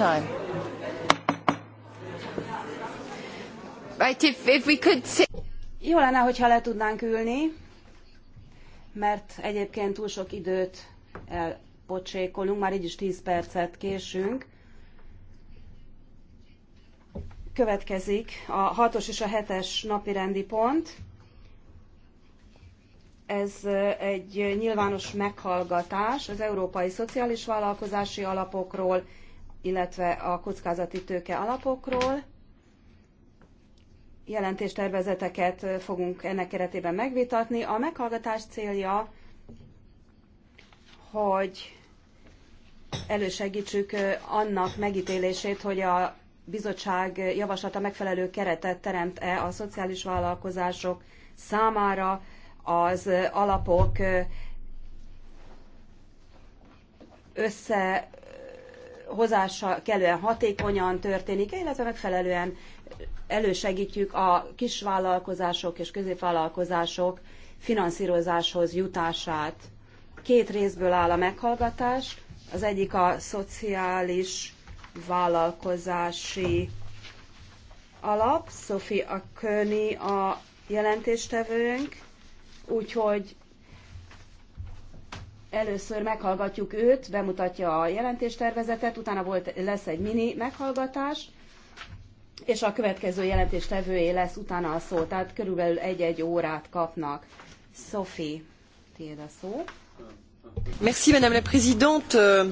time. if, if we could Jó lenne, hogyha le tudnánk ülni, mert egyébként túl sok időt elpocsékolunk, már így is 10 percet késünk. Következik a 6-os és a 7-es napi rendi pont. Ez egy nyilvános meghallgatás az Európai Szociális Vállalkozási Alapokról illetve a kockázati tőke alapokról. Jelentéstervezeteket fogunk ennek keretében megvitatni. A meghallgatás célja, hogy elősegítsük annak megítélését, hogy a bizottság javaslata megfelelő keretet teremt-e a szociális vállalkozások számára az alapok össze hozása kellően hatékonyan történik, illetve megfelelően elősegítjük a kisvállalkozások és középvállalkozások finanszírozáshoz jutását. Két részből áll a meghallgatás. Az egyik a szociális vállalkozási alap, Sophie Aköni a jelentéstevőnk, úgyhogy Először meghallgatjuk őt, bemutatja a jelentéstervezetet, utána volt, lesz egy mini meghallgatás, és a következő jelentéstevőé lesz utána a szó, tehát körülbelül egy-egy órát kapnak. Sophie, tiéd a szó. Merci, Madame la Présidente.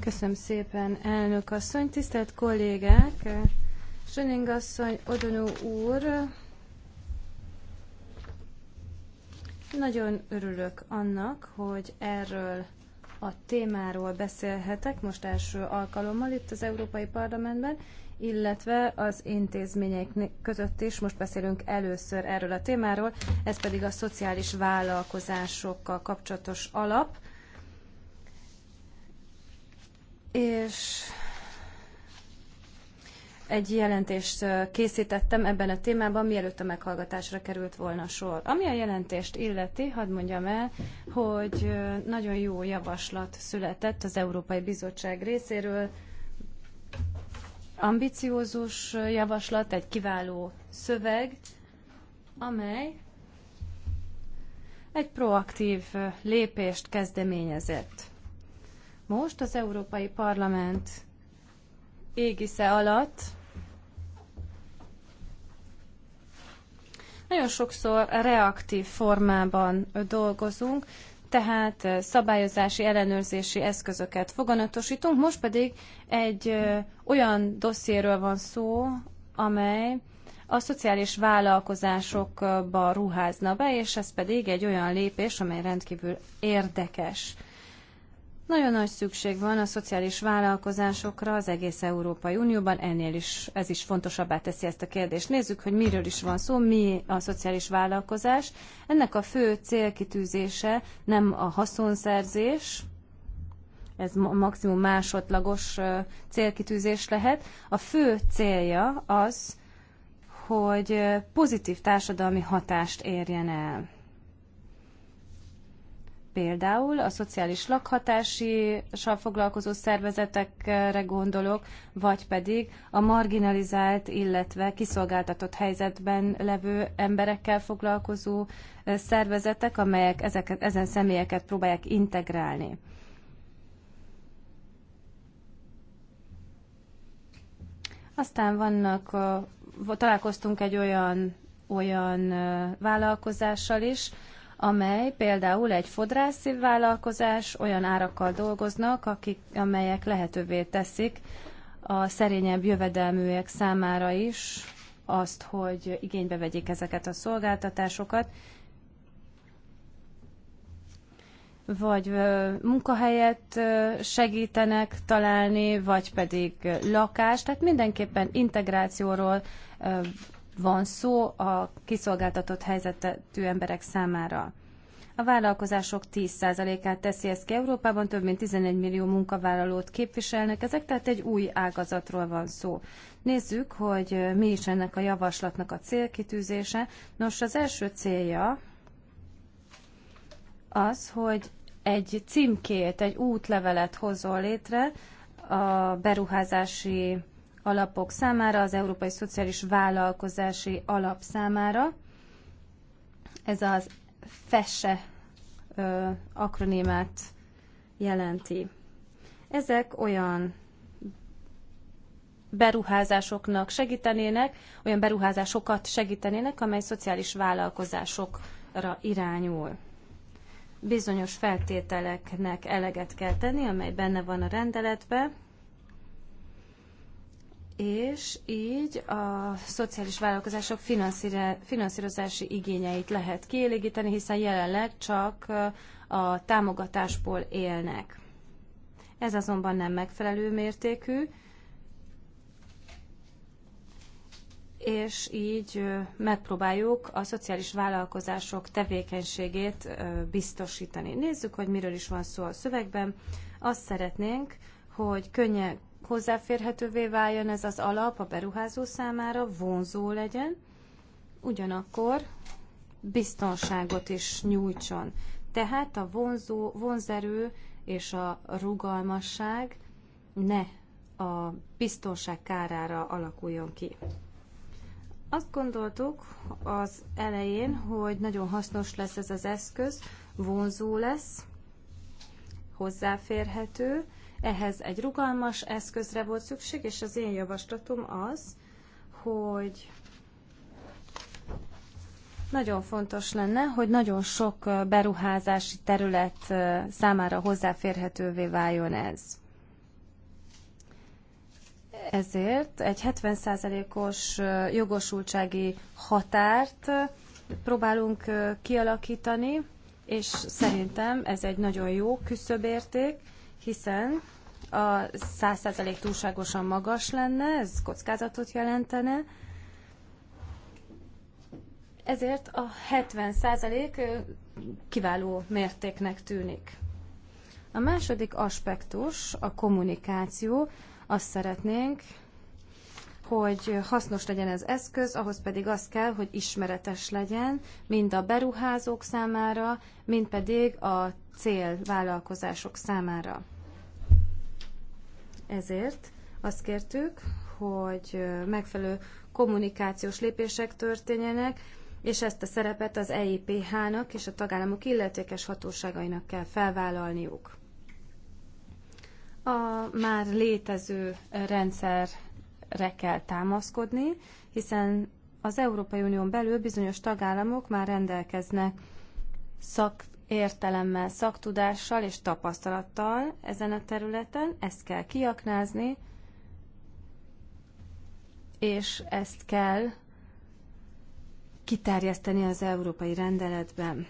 Köszönöm szépen, elnök asszony, tisztelt kollégák, Söning asszony, Odonó úr, Nagyon örülök annak, hogy erről a témáról beszélhetek most első alkalommal itt az Európai Parlamentben, illetve az intézmények között is most beszélünk először erről a témáról, ez pedig a szociális vállalkozásokkal kapcsolatos alap. És egy jelentést készítettem ebben a témában, mielőtt a meghallgatásra került volna sor. Ami a jelentést illeti, hadd mondjam el, hogy nagyon jó javaslat született az Európai Bizottság részéről. Ambiciózus javaslat, egy kiváló szöveg, amely egy proaktív lépést kezdeményezett. Most az Európai Parlament égisze alatt nagyon sokszor reaktív formában dolgozunk, tehát eh, szabályozási, ellenőrzési eszközöket foganatosítunk. Most pedig egy eh, olyan dossziéről van szó, amely a szociális vállalkozásokba ruházna be, és ez pedig egy olyan lépés, amely rendkívül érdekes. Nagyon nagy szükség van a szociális vállalkozásokra az egész Európai Unióban, ennél is ez is fontosabbá teszi ezt a kérdést. Nézzük, hogy miről is van szó, mi a szociális vállalkozás. Ennek a fő célkitűzése nem a haszonszerzés, ez maximum másodlagos célkitűzés lehet. A fő célja az, hogy pozitív társadalmi hatást érjen el. Például a szociális lakhatással foglalkozó szervezetekre gondolok, vagy pedig a marginalizált, illetve kiszolgáltatott helyzetben levő emberekkel foglalkozó szervezetek, amelyek ezeket, ezen személyeket próbálják integrálni. Aztán vannak, találkoztunk egy olyan, olyan vállalkozással is, amely például egy fodrászi vállalkozás, olyan árakkal dolgoznak, akik, amelyek lehetővé teszik a szerényebb jövedelműek számára is azt, hogy igénybe vegyék ezeket a szolgáltatásokat, vagy munkahelyet segítenek találni, vagy pedig lakást, tehát mindenképpen integrációról, van szó a kiszolgáltatott helyzetű emberek számára. A vállalkozások 10%-át teszi ezt ki Európában, több mint 11 millió munkavállalót képviselnek, ezek tehát egy új ágazatról van szó. Nézzük, hogy mi is ennek a javaslatnak a célkitűzése. Nos, az első célja az, hogy egy címkét, egy útlevelet hozol létre a beruházási alapok számára, az Európai Szociális Vállalkozási Alap számára. Ez az FESE akronimát jelenti. Ezek olyan beruházásoknak segítenének, olyan beruházásokat segítenének, amely szociális vállalkozásokra irányul. Bizonyos feltételeknek eleget kell tenni, amely benne van a rendeletben, és így a szociális vállalkozások finanszírozási igényeit lehet kielégíteni, hiszen jelenleg csak a támogatásból élnek. Ez azonban nem megfelelő mértékű, és így megpróbáljuk a szociális vállalkozások tevékenységét biztosítani. Nézzük, hogy miről is van szó a szövegben. Azt szeretnénk, hogy könnyen, hozzáférhetővé váljon ez az alap a beruházó számára, vonzó legyen, ugyanakkor biztonságot is nyújtson. Tehát a vonzó, vonzerő és a rugalmasság ne a biztonság kárára alakuljon ki. Azt gondoltuk az elején, hogy nagyon hasznos lesz ez az eszköz, vonzó lesz, hozzáférhető, ehhez egy rugalmas eszközre volt szükség, és az én javaslatom az, hogy nagyon fontos lenne, hogy nagyon sok beruházási terület számára hozzáférhetővé váljon ez. Ezért egy 70%-os jogosultsági határt próbálunk kialakítani, és szerintem ez egy nagyon jó küszöbérték, hiszen a 100% túlságosan magas lenne, ez kockázatot jelentene. Ezért a 70% kiváló mértéknek tűnik. A második aspektus a kommunikáció. Azt szeretnénk, hogy hasznos legyen az eszköz, ahhoz pedig az kell, hogy ismeretes legyen, mind a beruházók számára, mind pedig a célvállalkozások számára. Ezért azt kértük, hogy megfelelő kommunikációs lépések történjenek, és ezt a szerepet az EIPH-nak és a tagállamok illetékes hatóságainak kell felvállalniuk. A már létező rendszerre kell támaszkodni, hiszen az Európai Unión belül bizonyos tagállamok már rendelkeznek szak, értelemmel, szaktudással és tapasztalattal ezen a területen, ezt kell kiaknázni, és ezt kell kiterjeszteni az európai rendeletben.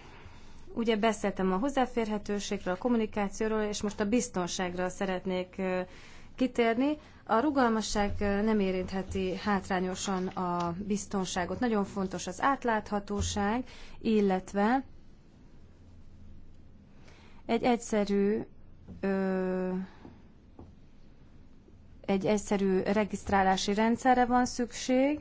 Ugye beszéltem a hozzáférhetőségről, a kommunikációról, és most a biztonságra szeretnék kitérni. A rugalmasság nem érintheti hátrányosan a biztonságot. Nagyon fontos az átláthatóság, illetve egy egyszerű ö, egy egyszerű regisztrálási rendszerre van szükség,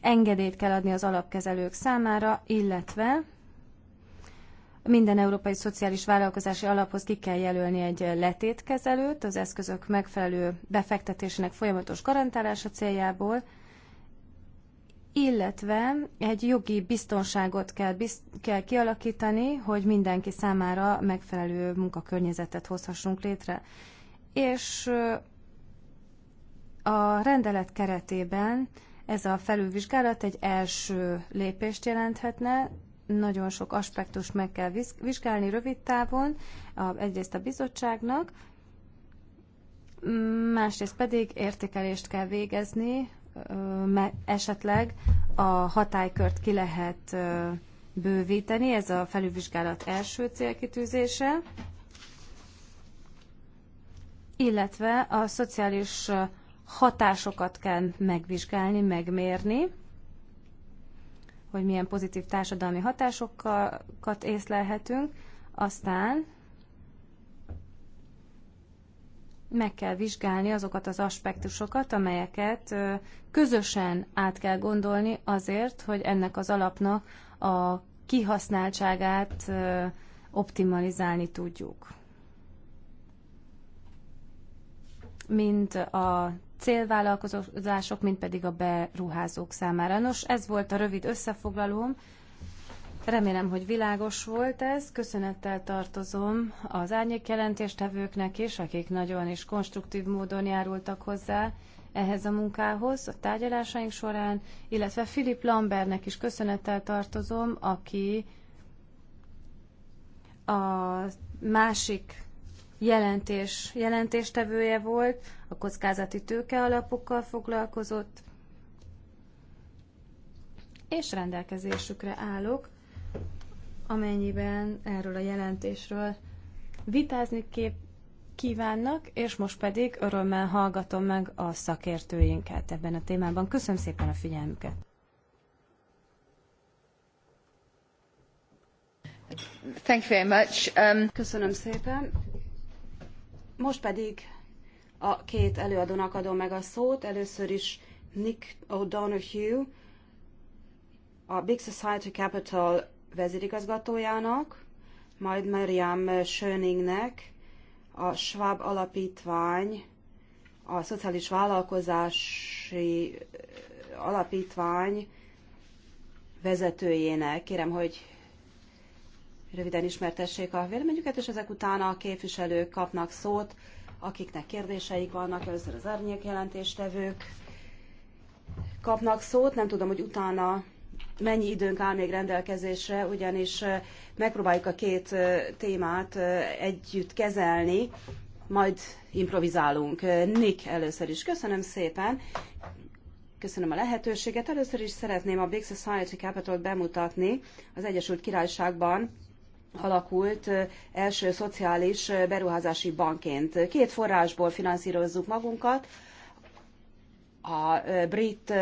engedélyt kell adni az alapkezelők számára, illetve minden európai szociális vállalkozási alaphoz ki kell jelölni egy letétkezelőt az eszközök megfelelő befektetésének folyamatos garantálása céljából, illetve egy jogi biztonságot kell, bizt, kell kialakítani, hogy mindenki számára megfelelő munkakörnyezetet hozhassunk létre. És a rendelet keretében ez a felülvizsgálat egy első lépést jelenthetne, nagyon sok aspektust meg kell vizsgálni rövid távon, a, egyrészt a bizottságnak, másrészt pedig értékelést kell végezni esetleg a hatálykört ki lehet bővíteni, ez a felülvizsgálat első célkitűzése, illetve a szociális hatásokat kell megvizsgálni, megmérni, hogy milyen pozitív társadalmi hatásokat észlelhetünk, aztán meg kell vizsgálni azokat az aspektusokat, amelyeket közösen át kell gondolni azért, hogy ennek az alapnak a kihasználtságát optimalizálni tudjuk. Mint a célvállalkozások, mint pedig a beruházók számára. Nos, ez volt a rövid összefoglalóm. Remélem, hogy világos volt ez. Köszönettel tartozom az árnyék jelentéstevőknek is, akik nagyon is konstruktív módon járultak hozzá ehhez a munkához a tárgyalásaink során, illetve Filip Lambernek is köszönettel tartozom, aki a másik jelentés, jelentéstevője volt, a kockázati tőke alapokkal foglalkozott, és rendelkezésükre állok amennyiben erről a jelentésről vitázni kép kívánnak, és most pedig örömmel hallgatom meg a szakértőinket ebben a témában. Köszönöm szépen a figyelmüket! Thank you very much. Um... Köszönöm szépen. Most pedig a két előadónak adom meg a szót. Először is Nick O'Donoghue, a Big Society Capital vezérigazgatójának, majd Mariam Schöningnek, a Schwab Alapítvány, a Szociális Vállalkozási eh, Alapítvány vezetőjének. Kérem, hogy röviden ismertessék a véleményüket, és ezek után a képviselők kapnak szót, akiknek kérdéseik vannak, először az árnyék jelentéstevők kapnak szót, nem tudom, hogy utána mennyi időnk áll még rendelkezésre, ugyanis megpróbáljuk a két témát együtt kezelni, majd improvizálunk. Nick először is. Köszönöm szépen. Köszönöm a lehetőséget. Először is szeretném a Big Society capital bemutatni. Az Egyesült Királyságban alakult első szociális beruházási bankként. Két forrásból finanszírozzuk magunkat. A brit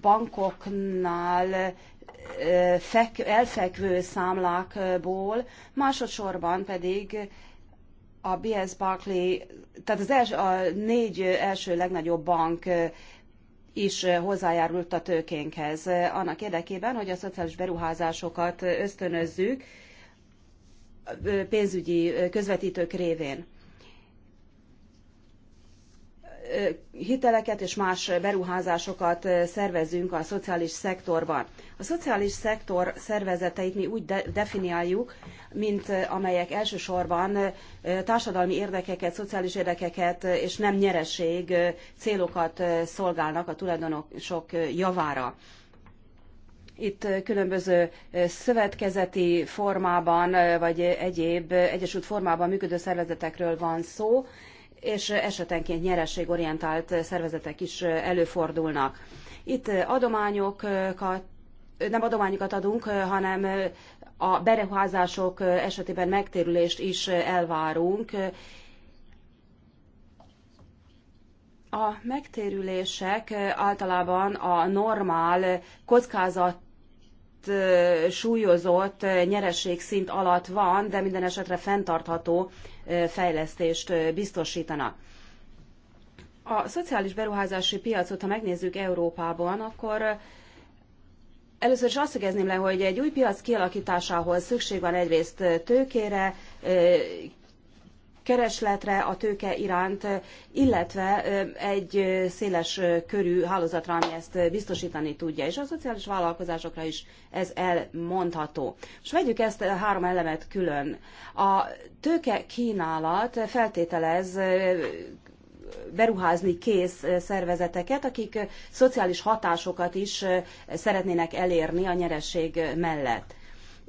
bankoknál elfekvő számlákból, másodszorban pedig a BS Barclay, tehát az els, a négy első legnagyobb bank is hozzájárult a tőkénkhez annak érdekében, hogy a szociális beruházásokat ösztönözzük pénzügyi közvetítők révén hiteleket és más beruházásokat szervezünk a szociális szektorban. A szociális szektor szervezeteit mi úgy de definiáljuk, mint amelyek elsősorban társadalmi érdekeket, szociális érdekeket és nem nyereség célokat szolgálnak a tulajdonosok javára. Itt különböző szövetkezeti formában, vagy egyéb egyesült formában működő szervezetekről van szó, és esetenként nyerességorientált szervezetek is előfordulnak. Itt adományokat, nem adományokat adunk, hanem a beruházások esetében megtérülést is elvárunk. A megtérülések általában a normál kockázat súlyozott nyereségszint alatt van, de minden esetre fenntartható fejlesztést biztosítanak. A szociális beruházási piacot, ha megnézzük Európában, akkor Először is azt szögezném le, hogy egy új piac kialakításához szükség van egyrészt tőkére, keresletre, a tőke iránt, illetve egy széles körű hálózatra, ami ezt biztosítani tudja, és a szociális vállalkozásokra is ez elmondható. Most vegyük ezt a három elemet külön. A tőke kínálat feltételez beruházni kész szervezeteket, akik szociális hatásokat is szeretnének elérni a nyeresség mellett.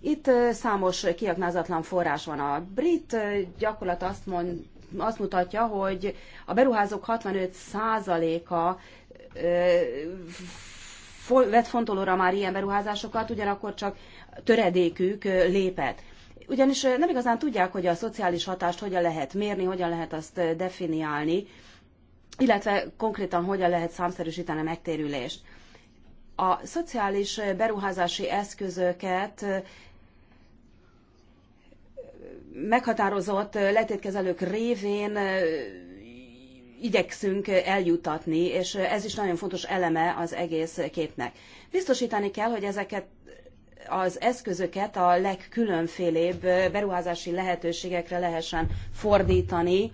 Itt számos kiaknázatlan forrás van. A brit gyakorlat azt, mond, azt mutatja, hogy a beruházók 65%-a vett fontolóra már ilyen beruházásokat, ugyanakkor csak töredékük lépett. Ugyanis nem igazán tudják, hogy a szociális hatást hogyan lehet mérni, hogyan lehet azt definiálni, illetve konkrétan hogyan lehet számszerűsíteni a megtérülést. A szociális beruházási eszközöket meghatározott letétkezelők révén igyekszünk eljutatni, és ez is nagyon fontos eleme az egész képnek. Biztosítani kell, hogy ezeket az eszközöket a legkülönfélébb beruházási lehetőségekre lehessen fordítani,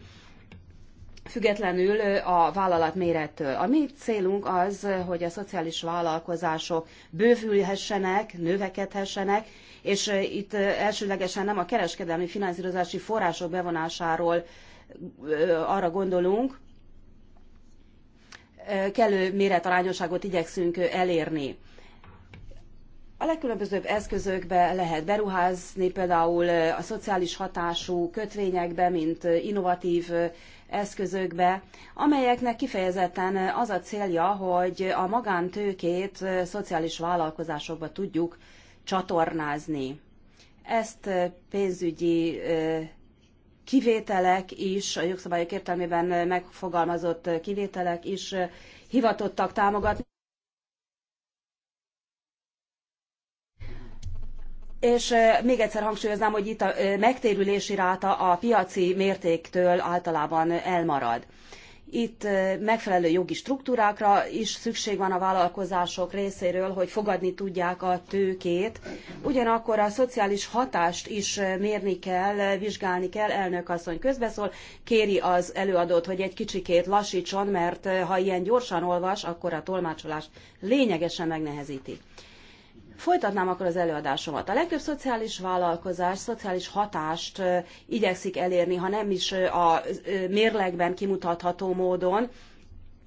függetlenül a vállalat mérettől. A mi célunk az, hogy a szociális vállalkozások bővülhessenek, növekedhessenek, és itt elsőlegesen nem a kereskedelmi finanszírozási források bevonásáról arra gondolunk, kellő méretarányosságot igyekszünk elérni. A legkülönbözőbb eszközökbe lehet beruházni, például a szociális hatású kötvényekbe, mint innovatív eszközökbe, amelyeknek kifejezetten az a célja, hogy a magántőkét szociális vállalkozásokba tudjuk csatornázni. Ezt pénzügyi kivételek is, a jogszabályok értelmében megfogalmazott kivételek is hivatottak támogatni. És még egyszer hangsúlyoznám, hogy itt a megtérülési ráta a piaci mértéktől általában elmarad. Itt megfelelő jogi struktúrákra is szükség van a vállalkozások részéről, hogy fogadni tudják a tőkét. Ugyanakkor a szociális hatást is mérni kell, vizsgálni kell. Elnök asszony közbeszól, kéri az előadót, hogy egy kicsikét lassítson, mert ha ilyen gyorsan olvas, akkor a tolmácsolás lényegesen megnehezíti. Folytatnám akkor az előadásomat. A legtöbb szociális vállalkozás szociális hatást igyekszik elérni, ha nem is a mérlegben kimutatható módon,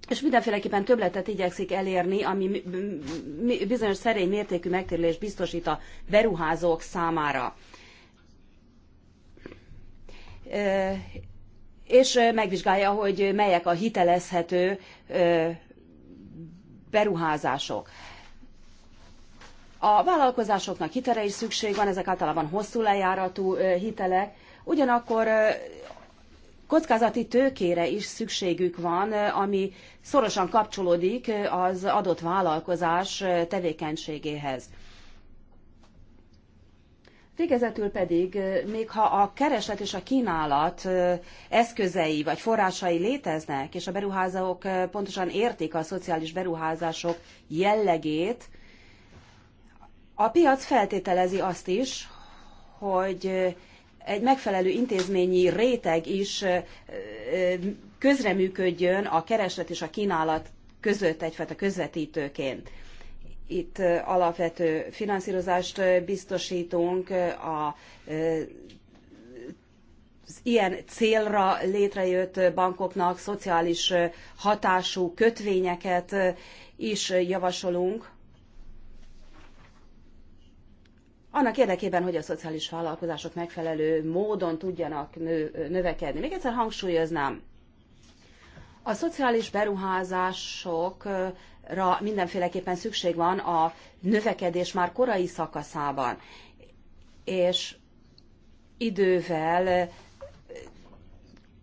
és mindenféleképpen többletet igyekszik elérni, ami bizonyos szerény mértékű megtérülést biztosít a beruházók számára. És megvizsgálja, hogy melyek a hitelezhető beruházások. A vállalkozásoknak hitele is szükség van, ezek általában hosszú lejáratú hitelek, ugyanakkor kockázati tőkére is szükségük van, ami szorosan kapcsolódik az adott vállalkozás tevékenységéhez. Végezetül pedig, még ha a kereslet és a kínálat eszközei vagy forrásai léteznek, és a beruházók pontosan értik a szociális beruházások jellegét, a piac feltételezi azt is, hogy egy megfelelő intézményi réteg is közreműködjön a kereslet és a kínálat között egyfajta közvetítőként. Itt alapvető finanszírozást biztosítunk a az ilyen célra létrejött bankoknak szociális hatású kötvényeket is javasolunk. annak érdekében, hogy a szociális vállalkozások megfelelő módon tudjanak nő, növekedni. Még egyszer hangsúlyoznám, a szociális beruházásokra mindenféleképpen szükség van a növekedés már korai szakaszában, és idővel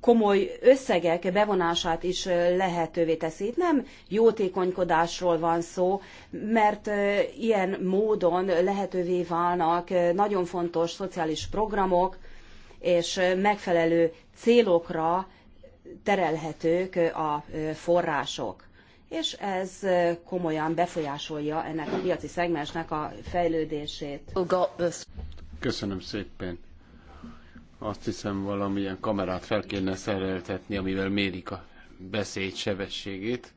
komoly összegek bevonását is lehetővé teszi. Itt nem jótékonykodásról van szó, mert ilyen módon lehetővé válnak nagyon fontos szociális programok, és megfelelő célokra terelhetők a források. És ez komolyan befolyásolja ennek a piaci szegmensnek a fejlődését. Köszönöm szépen. Azt hiszem valamilyen kamerát fel kéne szereltetni, amivel mérik a beszéd sebességét.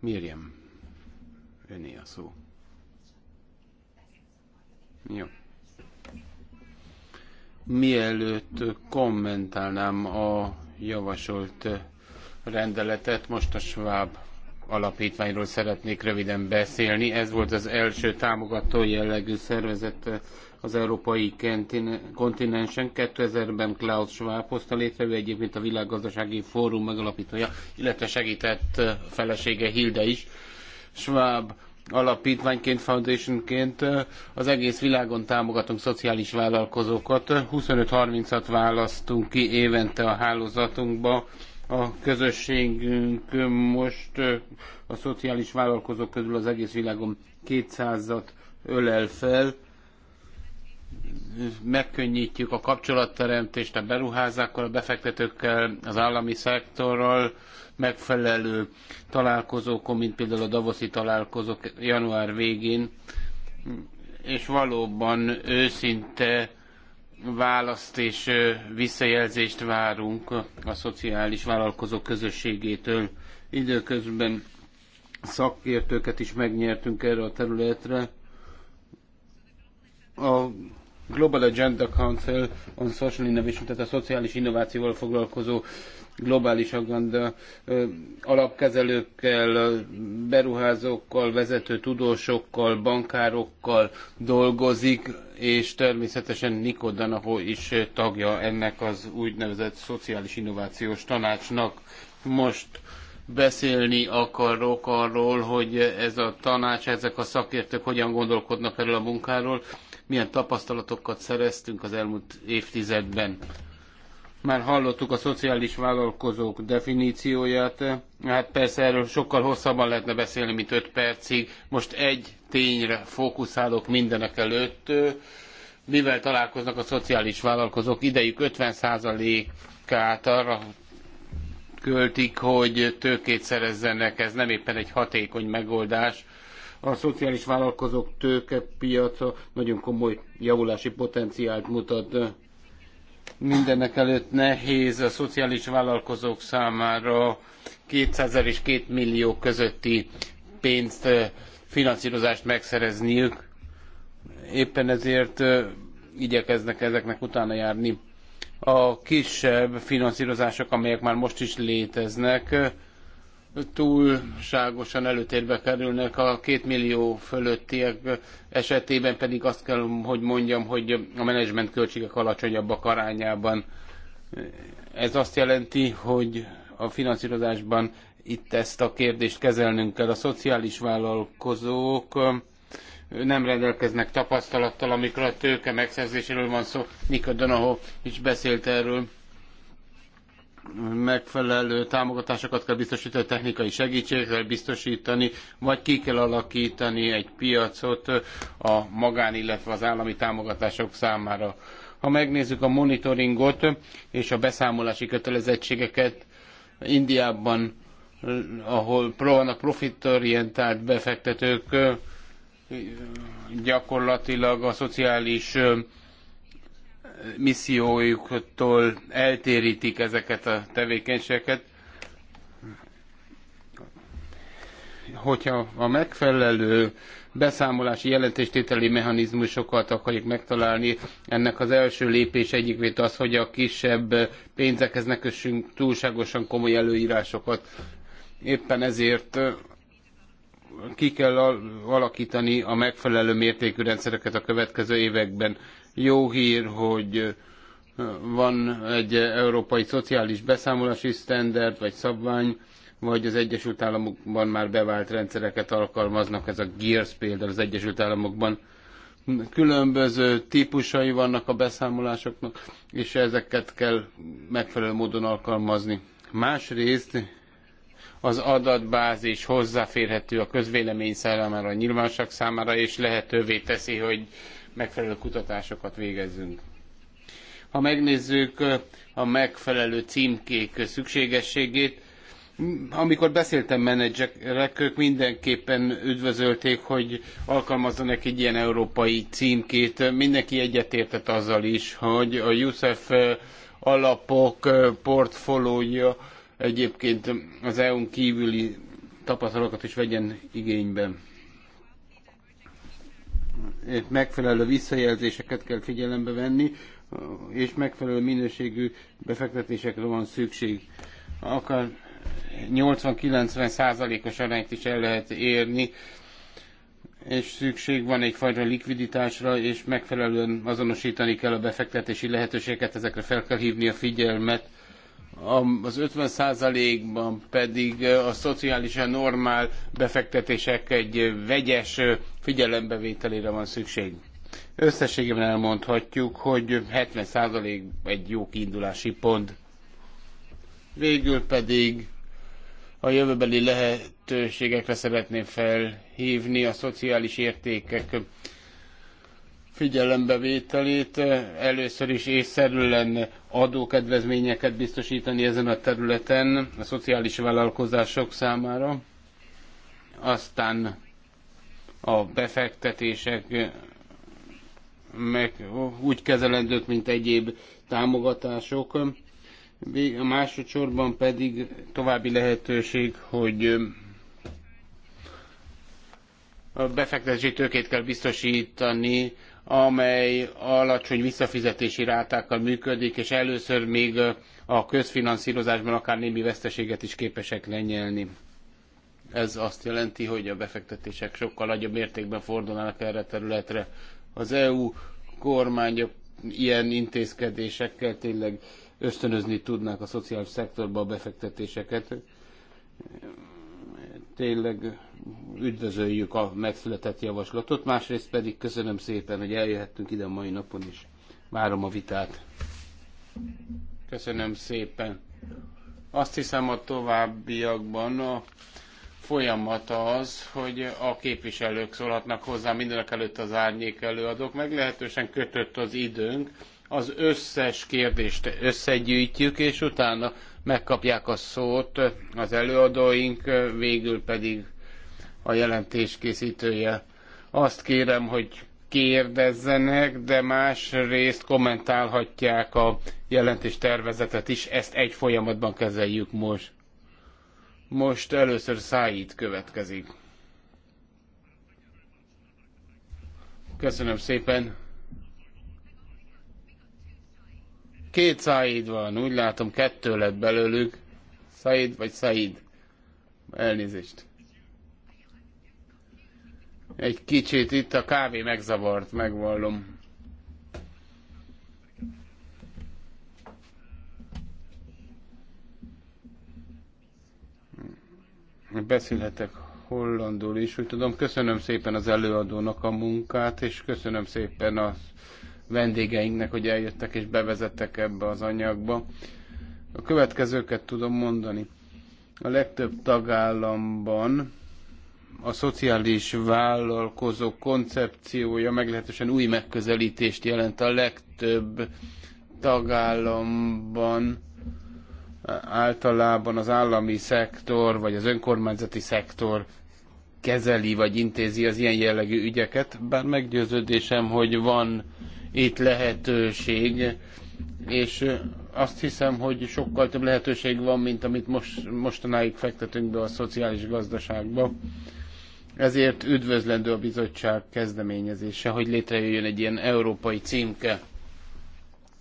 Mérjem, öné a szó. Jó. Mielőtt kommentálnám a javasolt rendeletet, most a Schwab alapítványról szeretnék röviden beszélni. Ez volt az első támogató jellegű szervezet az európai kontinensen. 2000-ben Klaus Schwab hozta létre, ő egyébként a világgazdasági fórum megalapítója, illetve segített felesége Hilde is. Schwab alapítványként, foundationként az egész világon támogatunk szociális vállalkozókat. 25-30-at választunk ki évente a hálózatunkba. A közösségünk most a szociális vállalkozók közül az egész világon 200-at ölel fel megkönnyítjük a kapcsolatteremtést a beruházákkal, a befektetőkkel, az állami szektorral, megfelelő találkozókon, mint például a Davoszi találkozók január végén, és valóban őszinte választ és visszajelzést várunk a szociális vállalkozók közösségétől. Időközben szakértőket is megnyertünk erre a területre. A Global Agenda Council on Social Innovation, tehát a szociális innovációval foglalkozó globális agenda alapkezelőkkel, beruházókkal, vezető tudósokkal, bankárokkal dolgozik, és természetesen Nico Danaho is tagja ennek az úgynevezett szociális innovációs tanácsnak. Most beszélni akarok arról, hogy ez a tanács, ezek a szakértők hogyan gondolkodnak erről a munkáról, milyen tapasztalatokat szereztünk az elmúlt évtizedben. Már hallottuk a szociális vállalkozók definícióját, hát persze erről sokkal hosszabban lehetne beszélni, mint 5 percig. Most egy tényre fókuszálok mindenek előtt. Mivel találkoznak a szociális vállalkozók? Idejük 50%-át arra költik, hogy tőkét szerezzenek, ez nem éppen egy hatékony megoldás. A szociális vállalkozók tőkepiaca nagyon komoly javulási potenciált mutat. Mindenek előtt nehéz a szociális vállalkozók számára 200 és 2 millió közötti pénzt, eh, finanszírozást megszerezniük. Éppen ezért eh, igyekeznek ezeknek utána járni. A kisebb finanszírozások, amelyek már most is léteznek, eh, túlságosan előtérbe kerülnek, a két millió fölöttiek esetében pedig azt kell, hogy mondjam, hogy a menedzsment költségek alacsonyabbak arányában. Ez azt jelenti, hogy a finanszírozásban itt ezt a kérdést kezelnünk kell. A szociális vállalkozók nem rendelkeznek tapasztalattal, amikor a tőke megszerzéséről van szó. Nika Donahó, is beszélt erről megfelelő támogatásokat kell biztosítani, technikai segítséget kell biztosítani, vagy ki kell alakítani egy piacot a magán, illetve az állami támogatások számára. Ha megnézzük a monitoringot és a beszámolási kötelezettségeket, Indiában, ahol vannak profitorientált befektetők, gyakorlatilag a szociális missziójuktól eltérítik ezeket a tevékenységeket. Hogyha a megfelelő beszámolási jelentéstételi mechanizmusokat akarjuk megtalálni, ennek az első lépés egyik az, hogy a kisebb pénzekhez ne kössünk túlságosan komoly előírásokat. Éppen ezért ki kell alakítani a megfelelő mértékű rendszereket a következő években. Jó hír, hogy van egy európai szociális beszámolási standard vagy szabvány, vagy az Egyesült Államokban már bevált rendszereket alkalmaznak, ez a GEARS például az Egyesült Államokban. Különböző típusai vannak a beszámolásoknak, és ezeket kell megfelelő módon alkalmazni. Másrészt az adatbázis hozzáférhető a közvélemény számára, a nyilvánosság számára, és lehetővé teszi, hogy megfelelő kutatásokat végezzünk. Ha megnézzük a megfelelő címkék szükségességét, amikor beszéltem menedzserek, ők mindenképpen üdvözölték, hogy alkalmazzanak egy ilyen európai címkét. Mindenki egyetértett azzal is, hogy a USEF alapok portfóliója egyébként az EU-n kívüli tapasztalatokat is vegyen igénybe megfelelő visszajelzéseket kell figyelembe venni, és megfelelő minőségű befektetésekre van szükség. Akár 80-90 százalékos arányt is el lehet érni, és szükség van egyfajta likviditásra, és megfelelően azonosítani kell a befektetési lehetőséget, ezekre fel kell hívni a figyelmet az 50%-ban pedig a szociálisan normál befektetések egy vegyes figyelembevételére van szükség. Összességében elmondhatjuk, hogy 70% egy jó kiindulási pont. Végül pedig a jövőbeli lehetőségekre szeretném felhívni a szociális értékek figyelembevételét. Először is észszerű lenne adókedvezményeket biztosítani ezen a területen a szociális vállalkozások számára. Aztán a befektetések meg úgy kezelendők, mint egyéb támogatások. A másodszorban pedig további lehetőség, hogy a befektetési tőkét kell biztosítani amely alacsony visszafizetési rátákkal működik, és először még a közfinanszírozásban akár némi veszteséget is képesek lenyelni. Ez azt jelenti, hogy a befektetések sokkal nagyobb mértékben fordulnának erre a területre. Az EU kormányok ilyen intézkedésekkel tényleg ösztönözni tudnák a szociális szektorba a befektetéseket. Tényleg üdvözöljük a megszületett javaslatot, másrészt pedig köszönöm szépen, hogy eljöhettünk ide a mai napon is. Várom a vitát. Köszönöm szépen. Azt hiszem a továbbiakban a folyamat az, hogy a képviselők szólhatnak hozzá mindenek előtt az árnyék előadók. Meglehetősen kötött az időnk, az összes kérdést összegyűjtjük, és utána megkapják a szót az előadóink, végül pedig a jelentés készítője. Azt kérem, hogy kérdezzenek, de másrészt kommentálhatják a jelentés tervezetet is. Ezt egy folyamatban kezeljük most. Most először Száid következik. Köszönöm szépen. Két Száid van, úgy látom kettő lett belőlük. Száid vagy Száid? Elnézést. Egy kicsit itt a kávé megzavart, megvallom. Beszélhetek hollandul is, úgy tudom. Köszönöm szépen az előadónak a munkát, és köszönöm szépen a vendégeinknek, hogy eljöttek és bevezettek ebbe az anyagba. A következőket tudom mondani. A legtöbb tagállamban a szociális vállalkozók koncepciója meglehetősen új megközelítést jelent a legtöbb tagállamban általában az állami szektor vagy az önkormányzati szektor kezeli vagy intézi az ilyen jellegű ügyeket, bár meggyőződésem, hogy van itt lehetőség, és azt hiszem, hogy sokkal több lehetőség van, mint amit most, mostanáig fektetünk be a szociális gazdaságba. Ezért üdvözlendő a bizottság kezdeményezése, hogy létrejöjjön egy ilyen európai címke.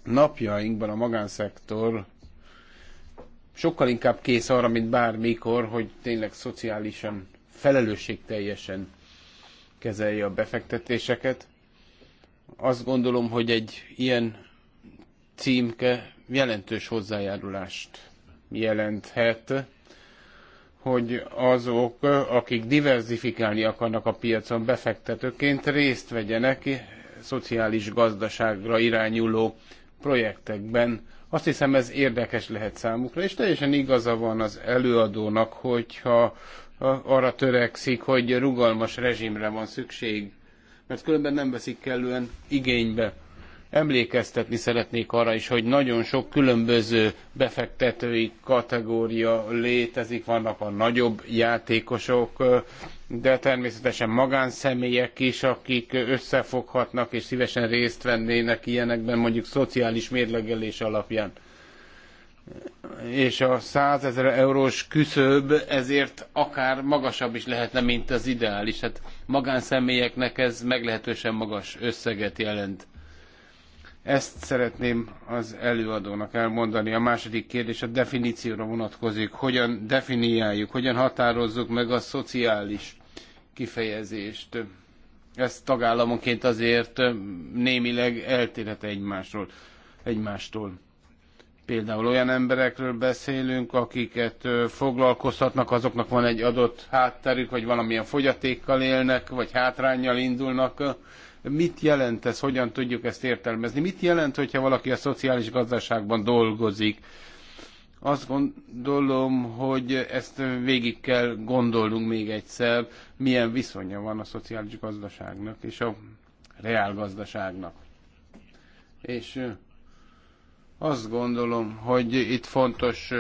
Napjainkban a magánszektor sokkal inkább kész arra, mint bármikor, hogy tényleg szociálisan, felelősségteljesen kezelje a befektetéseket. Azt gondolom, hogy egy ilyen címke jelentős hozzájárulást jelenthet hogy azok, akik diversifikálni akarnak a piacon befektetőként, részt vegyenek szociális gazdaságra irányuló projektekben. Azt hiszem ez érdekes lehet számukra, és teljesen igaza van az előadónak, hogyha arra törekszik, hogy rugalmas rezsimre van szükség, mert különben nem veszik kellően igénybe Emlékeztetni szeretnék arra is, hogy nagyon sok különböző befektetői kategória létezik, vannak a nagyobb játékosok, de természetesen magánszemélyek is, akik összefoghatnak és szívesen részt vennének ilyenekben, mondjuk szociális mérlegelés alapján és a 100 ezer eurós küszöb ezért akár magasabb is lehetne, mint az ideális. Hát magánszemélyeknek ez meglehetősen magas összeget jelent. Ezt szeretném az előadónak elmondani. A második kérdés a definícióra vonatkozik. Hogyan definiáljuk, hogyan határozzuk meg a szociális kifejezést? Ez tagállamonként azért némileg eltérhet egymásról, egymástól. Például olyan emberekről beszélünk, akiket foglalkoztatnak, azoknak van egy adott hátterük, vagy valamilyen fogyatékkal élnek, vagy hátrányjal indulnak Mit jelent ez, hogyan tudjuk ezt értelmezni? Mit jelent, hogyha valaki a szociális gazdaságban dolgozik? Azt gondolom, hogy ezt végig kell gondolnunk még egyszer, milyen viszonya van a szociális gazdaságnak és a reálgazdaságnak. És azt gondolom, hogy itt fontos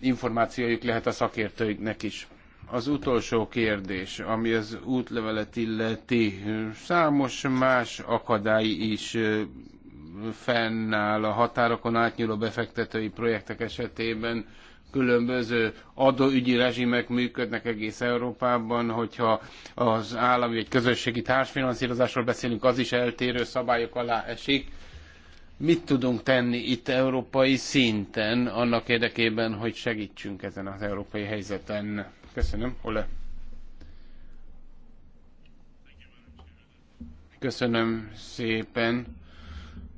információjuk lehet a szakértőiknek is. Az utolsó kérdés, ami az útlevelet illeti, számos más akadály is fennáll a határokon átnyúló befektetői projektek esetében. Különböző adóügyi rezsimek működnek egész Európában, hogyha az állami egy közösségi társfinanszírozásról beszélünk, az is eltérő szabályok alá esik mit tudunk tenni itt európai szinten annak érdekében, hogy segítsünk ezen az európai helyzeten? Köszönöm, Ole. Köszönöm szépen,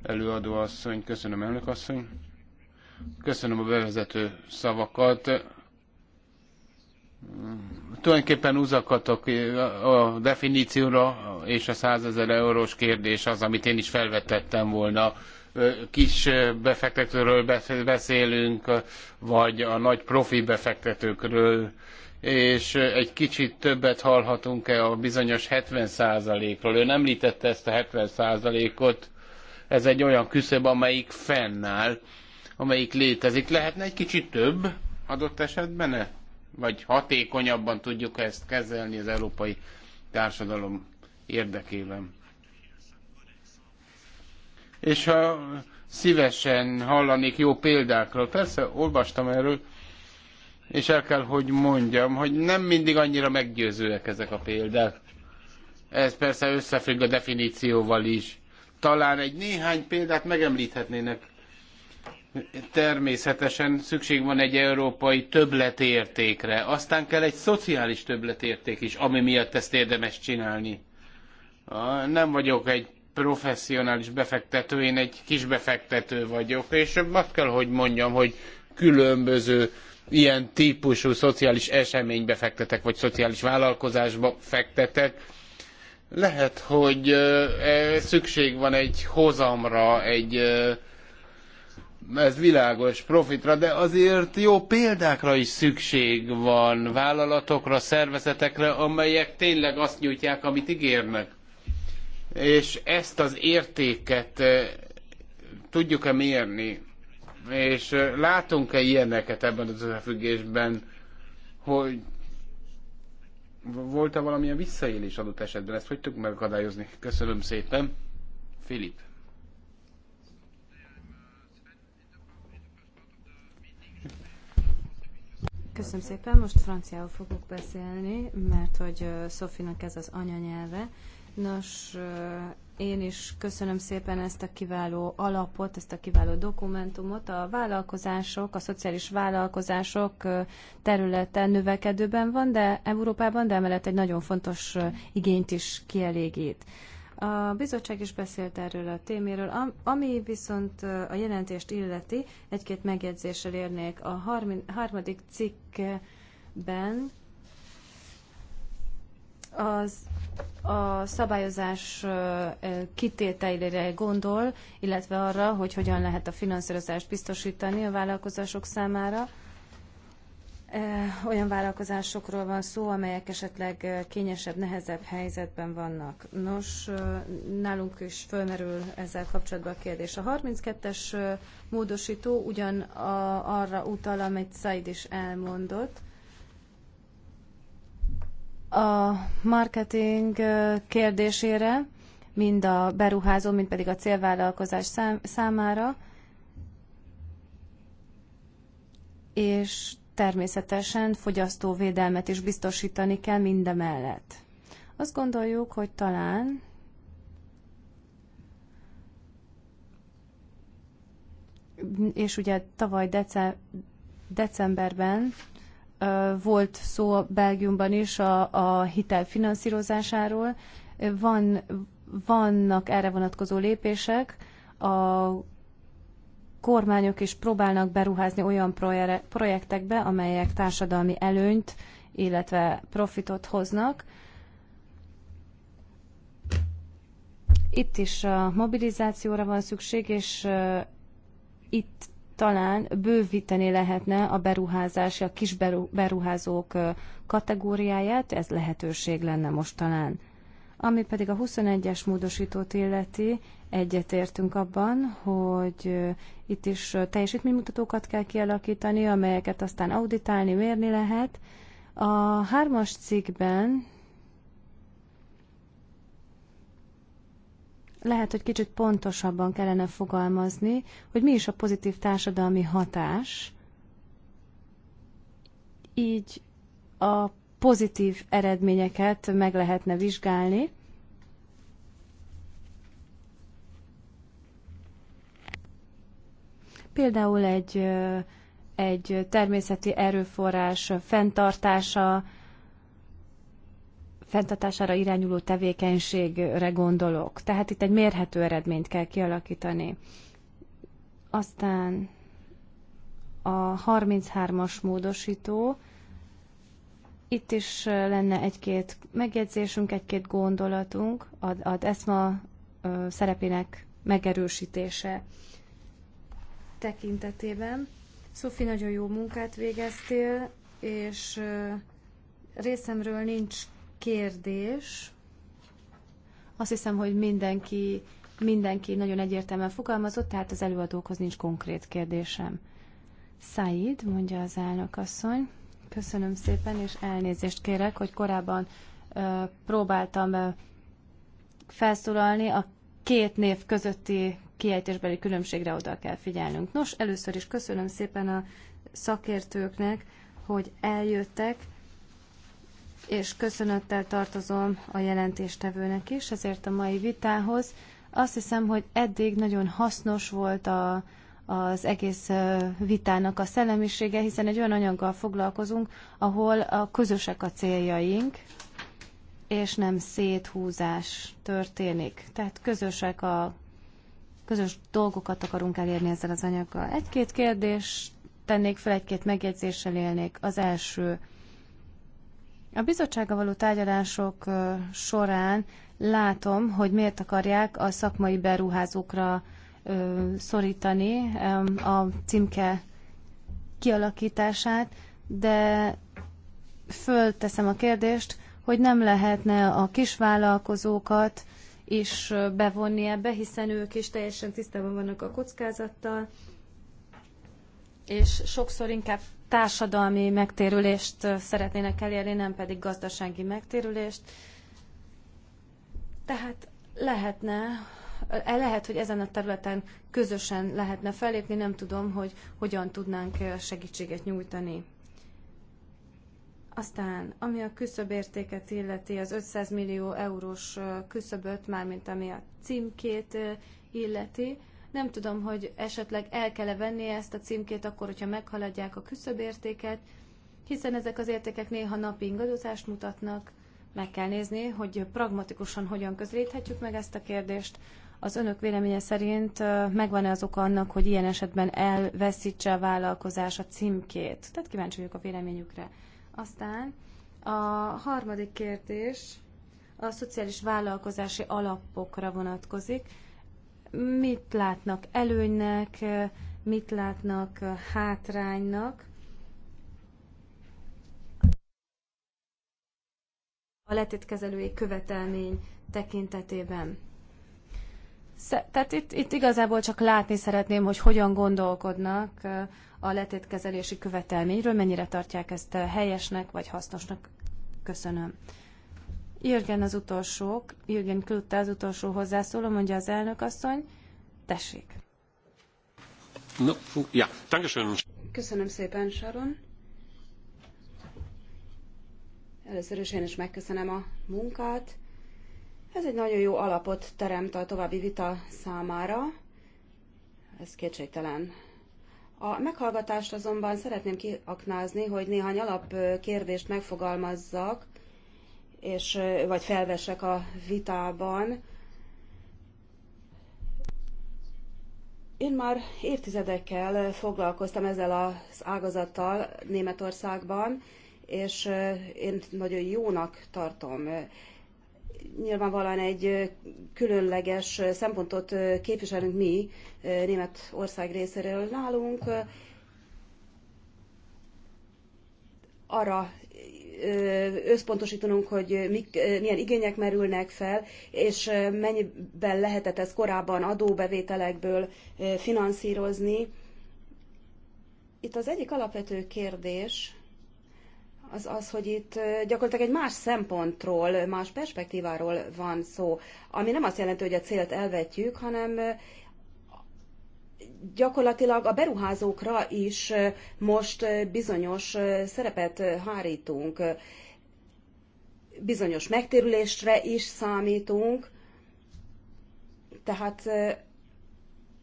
előadó asszony, köszönöm elnök asszony. Köszönöm a bevezető szavakat. Tulajdonképpen uzakatok a definícióra, és a 100 ezer eurós kérdés az, amit én is felvetettem volna kis befektetőről beszélünk, vagy a nagy profi befektetőkről, és egy kicsit többet hallhatunk-e a bizonyos 70%-ról. Ön említette ezt a 70%-ot, ez egy olyan küszöb, amelyik fennáll, amelyik létezik. Lehetne egy kicsit több adott esetben -e? Vagy hatékonyabban tudjuk ezt kezelni az európai társadalom érdekében? És ha szívesen hallanék jó példákról, persze olvastam erről, és el kell, hogy mondjam, hogy nem mindig annyira meggyőzőek ezek a példák. Ez persze összefügg a definícióval is. Talán egy néhány példát megemlíthetnének. Természetesen szükség van egy európai többletértékre, aztán kell egy szociális többletérték is, ami miatt ezt érdemes csinálni. Nem vagyok egy professzionális befektető, én egy kis befektető vagyok, és azt kell, hogy mondjam, hogy különböző ilyen típusú szociális eseménybe fektetek, vagy szociális vállalkozásba fektetek, lehet, hogy e, szükség van egy hozamra, egy ez világos profitra, de azért jó példákra is szükség van vállalatokra, szervezetekre, amelyek tényleg azt nyújtják, amit ígérnek. És ezt az értéket tudjuk-e mérni? És látunk-e ilyeneket ebben az összefüggésben, hogy volt-e valamilyen visszaélés adott esetben? Ezt hogy tudjuk megakadályozni? Köszönöm szépen. Filip. Köszönöm szépen, most franciául fogok beszélni, mert hogy Sofinak ez az anyanyelve. Nos, én is köszönöm szépen ezt a kiváló alapot, ezt a kiváló dokumentumot. A vállalkozások, a szociális vállalkozások területe növekedőben van, de Európában, de emellett egy nagyon fontos igényt is kielégít. A bizottság is beszélt erről a téméről, ami viszont a jelentést illeti, egy-két megjegyzéssel érnék. A harmadik cikkben az a szabályozás kitételére gondol, illetve arra, hogy hogyan lehet a finanszírozást biztosítani a vállalkozások számára. Olyan vállalkozásokról van szó, amelyek esetleg kényesebb, nehezebb helyzetben vannak. Nos, nálunk is fölmerül ezzel kapcsolatban a kérdés. A 32-es módosító ugyan arra utal, amit Said is elmondott, a marketing kérdésére, mind a beruházó, mind pedig a célvállalkozás szám, számára, és természetesen fogyasztóvédelmet is biztosítani kell mindemellett. Azt gondoljuk, hogy talán és ugye tavaly dece, decemberben volt szó Belgiumban is a, a hitel finanszírozásáról. Van, vannak erre vonatkozó lépések. A kormányok is próbálnak beruházni olyan projektekbe, amelyek társadalmi előnyt, illetve profitot hoznak. Itt is a mobilizációra van szükség, és itt talán bővíteni lehetne a beruházási, a kis beruházók kategóriáját, ez lehetőség lenne most talán. Ami pedig a 21-es módosítót illeti, egyetértünk abban, hogy itt is teljesítménymutatókat kell kialakítani, amelyeket aztán auditálni, mérni lehet. A hármas cikkben lehet, hogy kicsit pontosabban kellene fogalmazni, hogy mi is a pozitív társadalmi hatás, így a pozitív eredményeket meg lehetne vizsgálni. Például egy, egy természeti erőforrás fenntartása, fenntartására irányuló tevékenységre gondolok. Tehát itt egy mérhető eredményt kell kialakítani. Aztán a 33-as módosító, itt is lenne egy-két megjegyzésünk, egy-két gondolatunk, az ESMA szerepének megerősítése tekintetében. Szufi, nagyon jó munkát végeztél, és részemről nincs kérdés. Azt hiszem, hogy mindenki, mindenki nagyon egyértelműen fogalmazott, tehát az előadókhoz nincs konkrét kérdésem. Said, mondja az elnökasszony. Köszönöm szépen, és elnézést kérek, hogy korábban ö, próbáltam ö, felszólalni. A két név közötti kiejtésbeli különbségre oda kell figyelnünk. Nos, először is köszönöm szépen a szakértőknek, hogy eljöttek, és köszönöttel tartozom a jelentéstevőnek is ezért a mai vitához. Azt hiszem, hogy eddig nagyon hasznos volt a, az egész vitának a szellemisége, hiszen egy olyan anyaggal foglalkozunk, ahol a közösek a céljaink, és nem széthúzás történik. Tehát közösek a közös dolgokat akarunk elérni ezzel az anyaggal. Egy-két kérdés tennék fel, egy-két megjegyzéssel élnék. Az első, a bizottsága való tárgyalások során látom, hogy miért akarják a szakmai beruházókra szorítani a címke kialakítását, de fölteszem a kérdést, hogy nem lehetne a kisvállalkozókat is bevonni ebbe, hiszen ők is teljesen tisztában vannak a kockázattal, és sokszor inkább társadalmi megtérülést szeretnének elérni, nem pedig gazdasági megtérülést. Tehát lehetne, e lehet, hogy ezen a területen közösen lehetne felépni, nem tudom, hogy hogyan tudnánk segítséget nyújtani. Aztán, ami a küszöbértéket illeti, az 500 millió eurós küszöböt, mármint ami a címkét illeti, nem tudom, hogy esetleg el kell -e venni ezt a címkét akkor, hogyha meghaladják a küszöbértéket, hiszen ezek az értékek néha napi ingadozást mutatnak, meg kell nézni, hogy pragmatikusan hogyan közelíthetjük meg ezt a kérdést. Az önök véleménye szerint megvan-e az oka annak, hogy ilyen esetben elveszítse a vállalkozás a címkét? Tehát kíváncsi vagyok a véleményükre. Aztán a harmadik kérdés a szociális vállalkozási alapokra vonatkozik mit látnak előnynek, mit látnak hátránynak. a letétkezelői követelmény tekintetében. Tehát itt, itt igazából csak látni szeretném, hogy hogyan gondolkodnak a letétkezelési követelményről, mennyire tartják ezt helyesnek vagy hasznosnak. Köszönöm. Jürgen az utolsók, Jürgen Klutte az utolsó hozzászóló, mondja az elnök asszony. Tessék. No, ja, dankeschön. Köszönöm szépen, Sharon. Először is én is megköszönöm a munkát. Ez egy nagyon jó alapot teremt a további vita számára. Ez kétségtelen. A meghallgatást azonban szeretném kiaknázni, hogy néhány alapkérdést megfogalmazzak, és, vagy felvesek a vitában. Én már évtizedekkel foglalkoztam ezzel az ágazattal Németországban, és én nagyon jónak tartom. Nyilvánvalóan egy különleges szempontot képviselünk mi Németország részéről nálunk. Arra összpontosítanunk, hogy mik, milyen igények merülnek fel, és mennyiben lehetett ez korábban adóbevételekből finanszírozni. Itt az egyik alapvető kérdés az az, hogy itt gyakorlatilag egy más szempontról, más perspektíváról van szó, ami nem azt jelenti, hogy a célt elvetjük, hanem gyakorlatilag a beruházókra is most bizonyos szerepet hárítunk, bizonyos megtérülésre is számítunk, tehát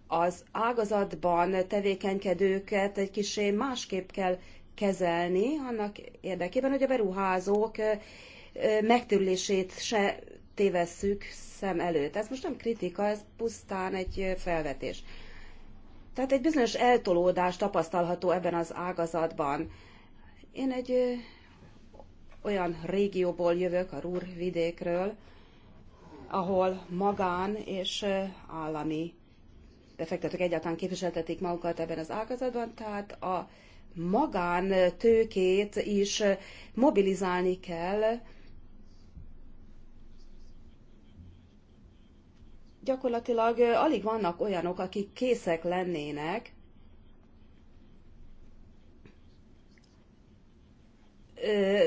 az ágazatban tevékenykedőket egy kicsi másképp kell kezelni, annak érdekében, hogy a beruházók megtérülését se tévesszük szem előtt. Ez most nem kritika, ez pusztán egy felvetés. Tehát egy bizonyos eltolódás tapasztalható ebben az ágazatban. Én egy ö, olyan régióból jövök, a Rúr vidékről, ahol magán és állami befektetők egyáltalán képviseltetik magukat ebben az ágazatban, tehát a tőkét is mobilizálni kell, gyakorlatilag alig vannak olyanok, akik készek lennének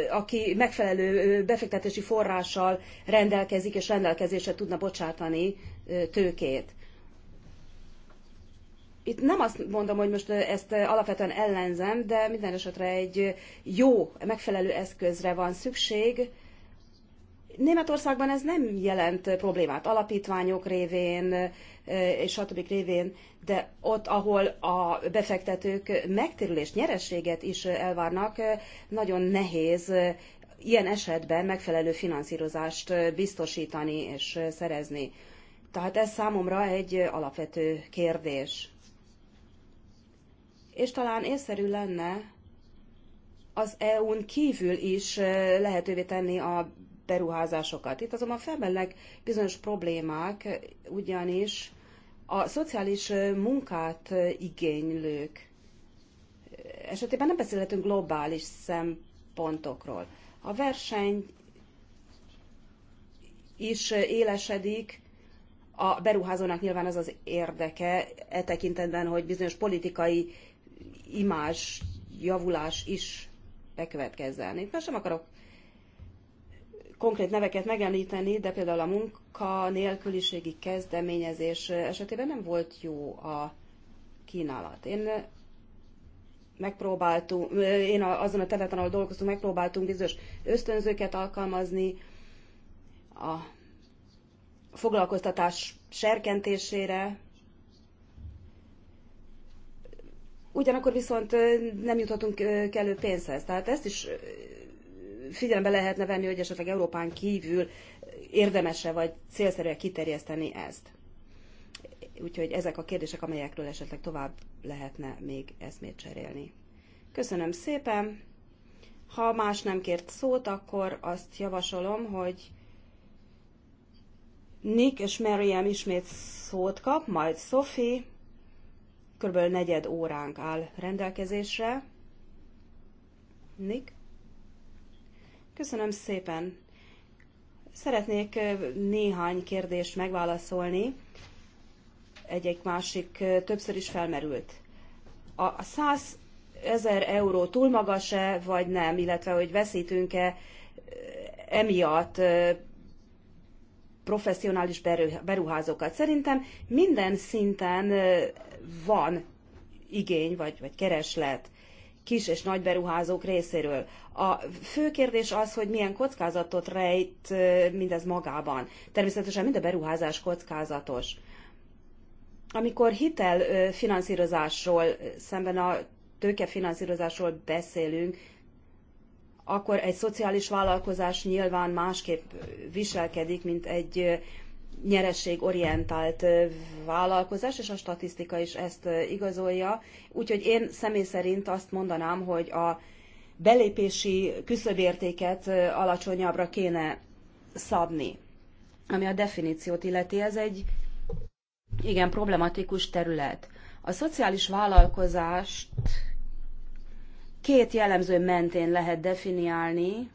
aki megfelelő befektetési forrással rendelkezik és rendelkezésre tudna bocsátani tőkét. Itt nem azt mondom, hogy most ezt alapvetően ellenzem, de minden esetre egy jó, megfelelő eszközre van szükség, Németországban ez nem jelent problémát alapítványok révén, és stb. révén, de ott, ahol a befektetők megtérülést, nyerességet is elvárnak, nagyon nehéz ilyen esetben megfelelő finanszírozást biztosítani és szerezni. Tehát ez számomra egy alapvető kérdés. És talán észszerű lenne az EU-n kívül is lehetővé tenni a beruházásokat. Itt azonban felmennek bizonyos problémák, ugyanis a szociális munkát igénylők esetében nem beszélhetünk globális szempontokról. A verseny is élesedik, a beruházónak nyilván az az érdeke e tekintetben, hogy bizonyos politikai imás javulás is bekövetkezzen. Itt már sem akarok konkrét neveket megemlíteni, de például a munka nélküliségi kezdeményezés esetében nem volt jó a kínálat. Én megpróbáltunk, én azon a területen, ahol dolgoztunk, megpróbáltunk bizonyos ösztönzőket alkalmazni a foglalkoztatás serkentésére, ugyanakkor viszont nem juthatunk kellő pénzhez. Tehát ezt is figyelembe lehetne venni, hogy esetleg Európán kívül érdemese vagy célszerűen kiterjeszteni ezt. Úgyhogy ezek a kérdések, amelyekről esetleg tovább lehetne még eszmét cserélni. Köszönöm szépen! Ha más nem kért szót, akkor azt javasolom, hogy Nick és Maryam ismét szót kap, majd Sophie. Körülbelül negyed óránk áll rendelkezésre. Nick? Köszönöm szépen. Szeretnék néhány kérdést megválaszolni. Egyik másik többször is felmerült. A 100 ezer euró túl magas-e, vagy nem, illetve hogy veszítünk-e emiatt professzionális beruházókat. Szerintem minden szinten van igény vagy, vagy kereslet kis és nagy beruházók részéről. A fő kérdés az, hogy milyen kockázatot rejt mindez magában. Természetesen mind a beruházás kockázatos. Amikor hitel finanszírozásról, szemben a tőkefinanszírozásról beszélünk, akkor egy szociális vállalkozás nyilván másképp viselkedik, mint egy nyerességorientált vállalkozás, és a statisztika is ezt igazolja. Úgyhogy én személy szerint azt mondanám, hogy a belépési küszöbértéket alacsonyabbra kéne szabni. Ami a definíciót illeti, ez egy igen problematikus terület. A szociális vállalkozást két jellemző mentén lehet definiálni.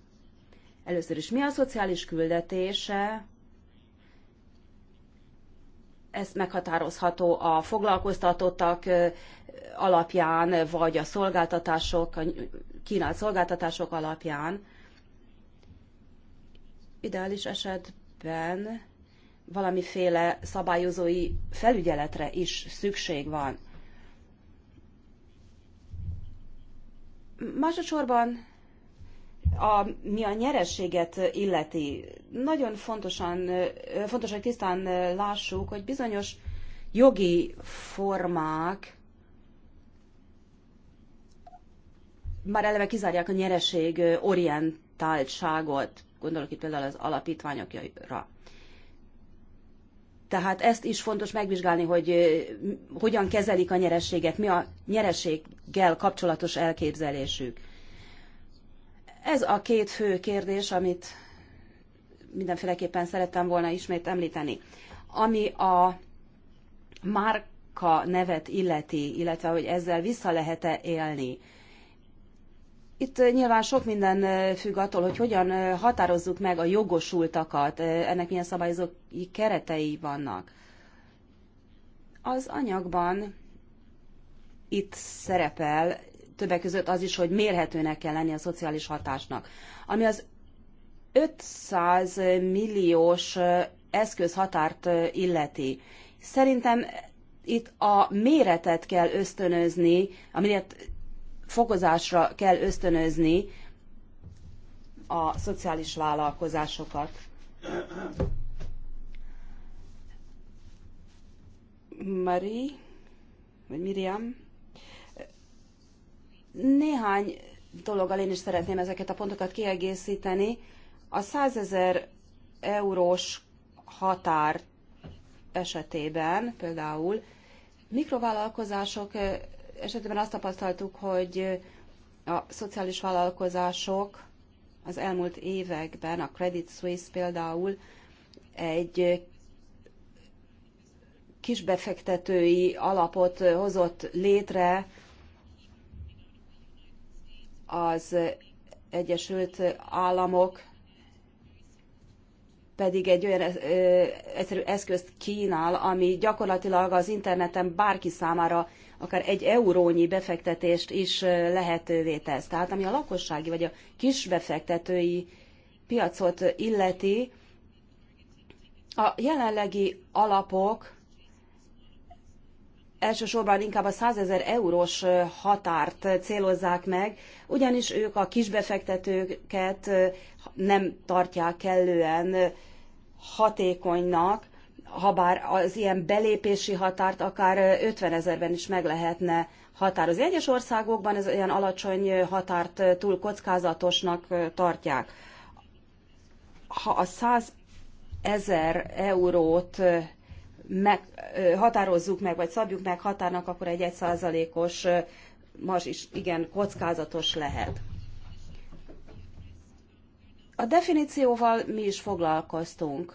Először is mi a szociális küldetése, ez meghatározható a foglalkoztatottak alapján, vagy a szolgáltatások, a kínált szolgáltatások alapján. Ideális esetben valamiféle szabályozói felügyeletre is szükség van. Másodszorban a, mi a nyerességet illeti, nagyon fontosan, fontos, hogy tisztán lássuk, hogy bizonyos jogi formák már eleve kizárják a nyereség orientáltságot, gondolok itt például az alapítványokra. Tehát ezt is fontos megvizsgálni, hogy hogyan kezelik a nyerességet, mi a nyerességgel kapcsolatos elképzelésük. Ez a két fő kérdés, amit mindenféleképpen szerettem volna ismét említeni. Ami a márka nevet illeti, illetve hogy ezzel vissza lehet-e élni. Itt eh, nyilván sok minden eh, függ attól, hogy hogyan eh, határozzuk meg a jogosultakat, ennek milyen szabályozói keretei vannak. Az anyagban itt szerepel többek között az is, hogy mérhetőnek kell lenni a szociális hatásnak. Ami az 500 milliós eszközhatárt illeti. Szerintem itt a méretet kell ösztönözni, a méret fokozásra kell ösztönözni a szociális vállalkozásokat. Marie, vagy Miriam? Néhány dologgal én is szeretném ezeket a pontokat kiegészíteni. A 100 ezer eurós határ esetében például mikrovállalkozások eh, esetében azt tapasztaltuk, hogy eh, a szociális vállalkozások az elmúlt években, a Credit Suisse például egy eh, kisbefektetői alapot hozott létre az Egyesült Államok pedig egy olyan egyszerű eszközt kínál, ami gyakorlatilag az interneten bárki számára akár egy eurónyi befektetést is lehetővé tesz. Tehát ami a lakossági vagy a kisbefektetői piacot illeti, a jelenlegi alapok elsősorban inkább a 100 ezer eurós határt célozzák meg, ugyanis ők a kisbefektetőket nem tartják kellően hatékonynak, habár az ilyen belépési határt akár 50 ezerben is meg lehetne határozni. Egyes országokban ez olyan alacsony határt túl kockázatosnak tartják. Ha a 100 ezer eurót meg, határozzuk meg, vagy szabjuk meg határnak, akkor egy 1%-os mas is igen kockázatos lehet. A definícióval mi is foglalkoztunk.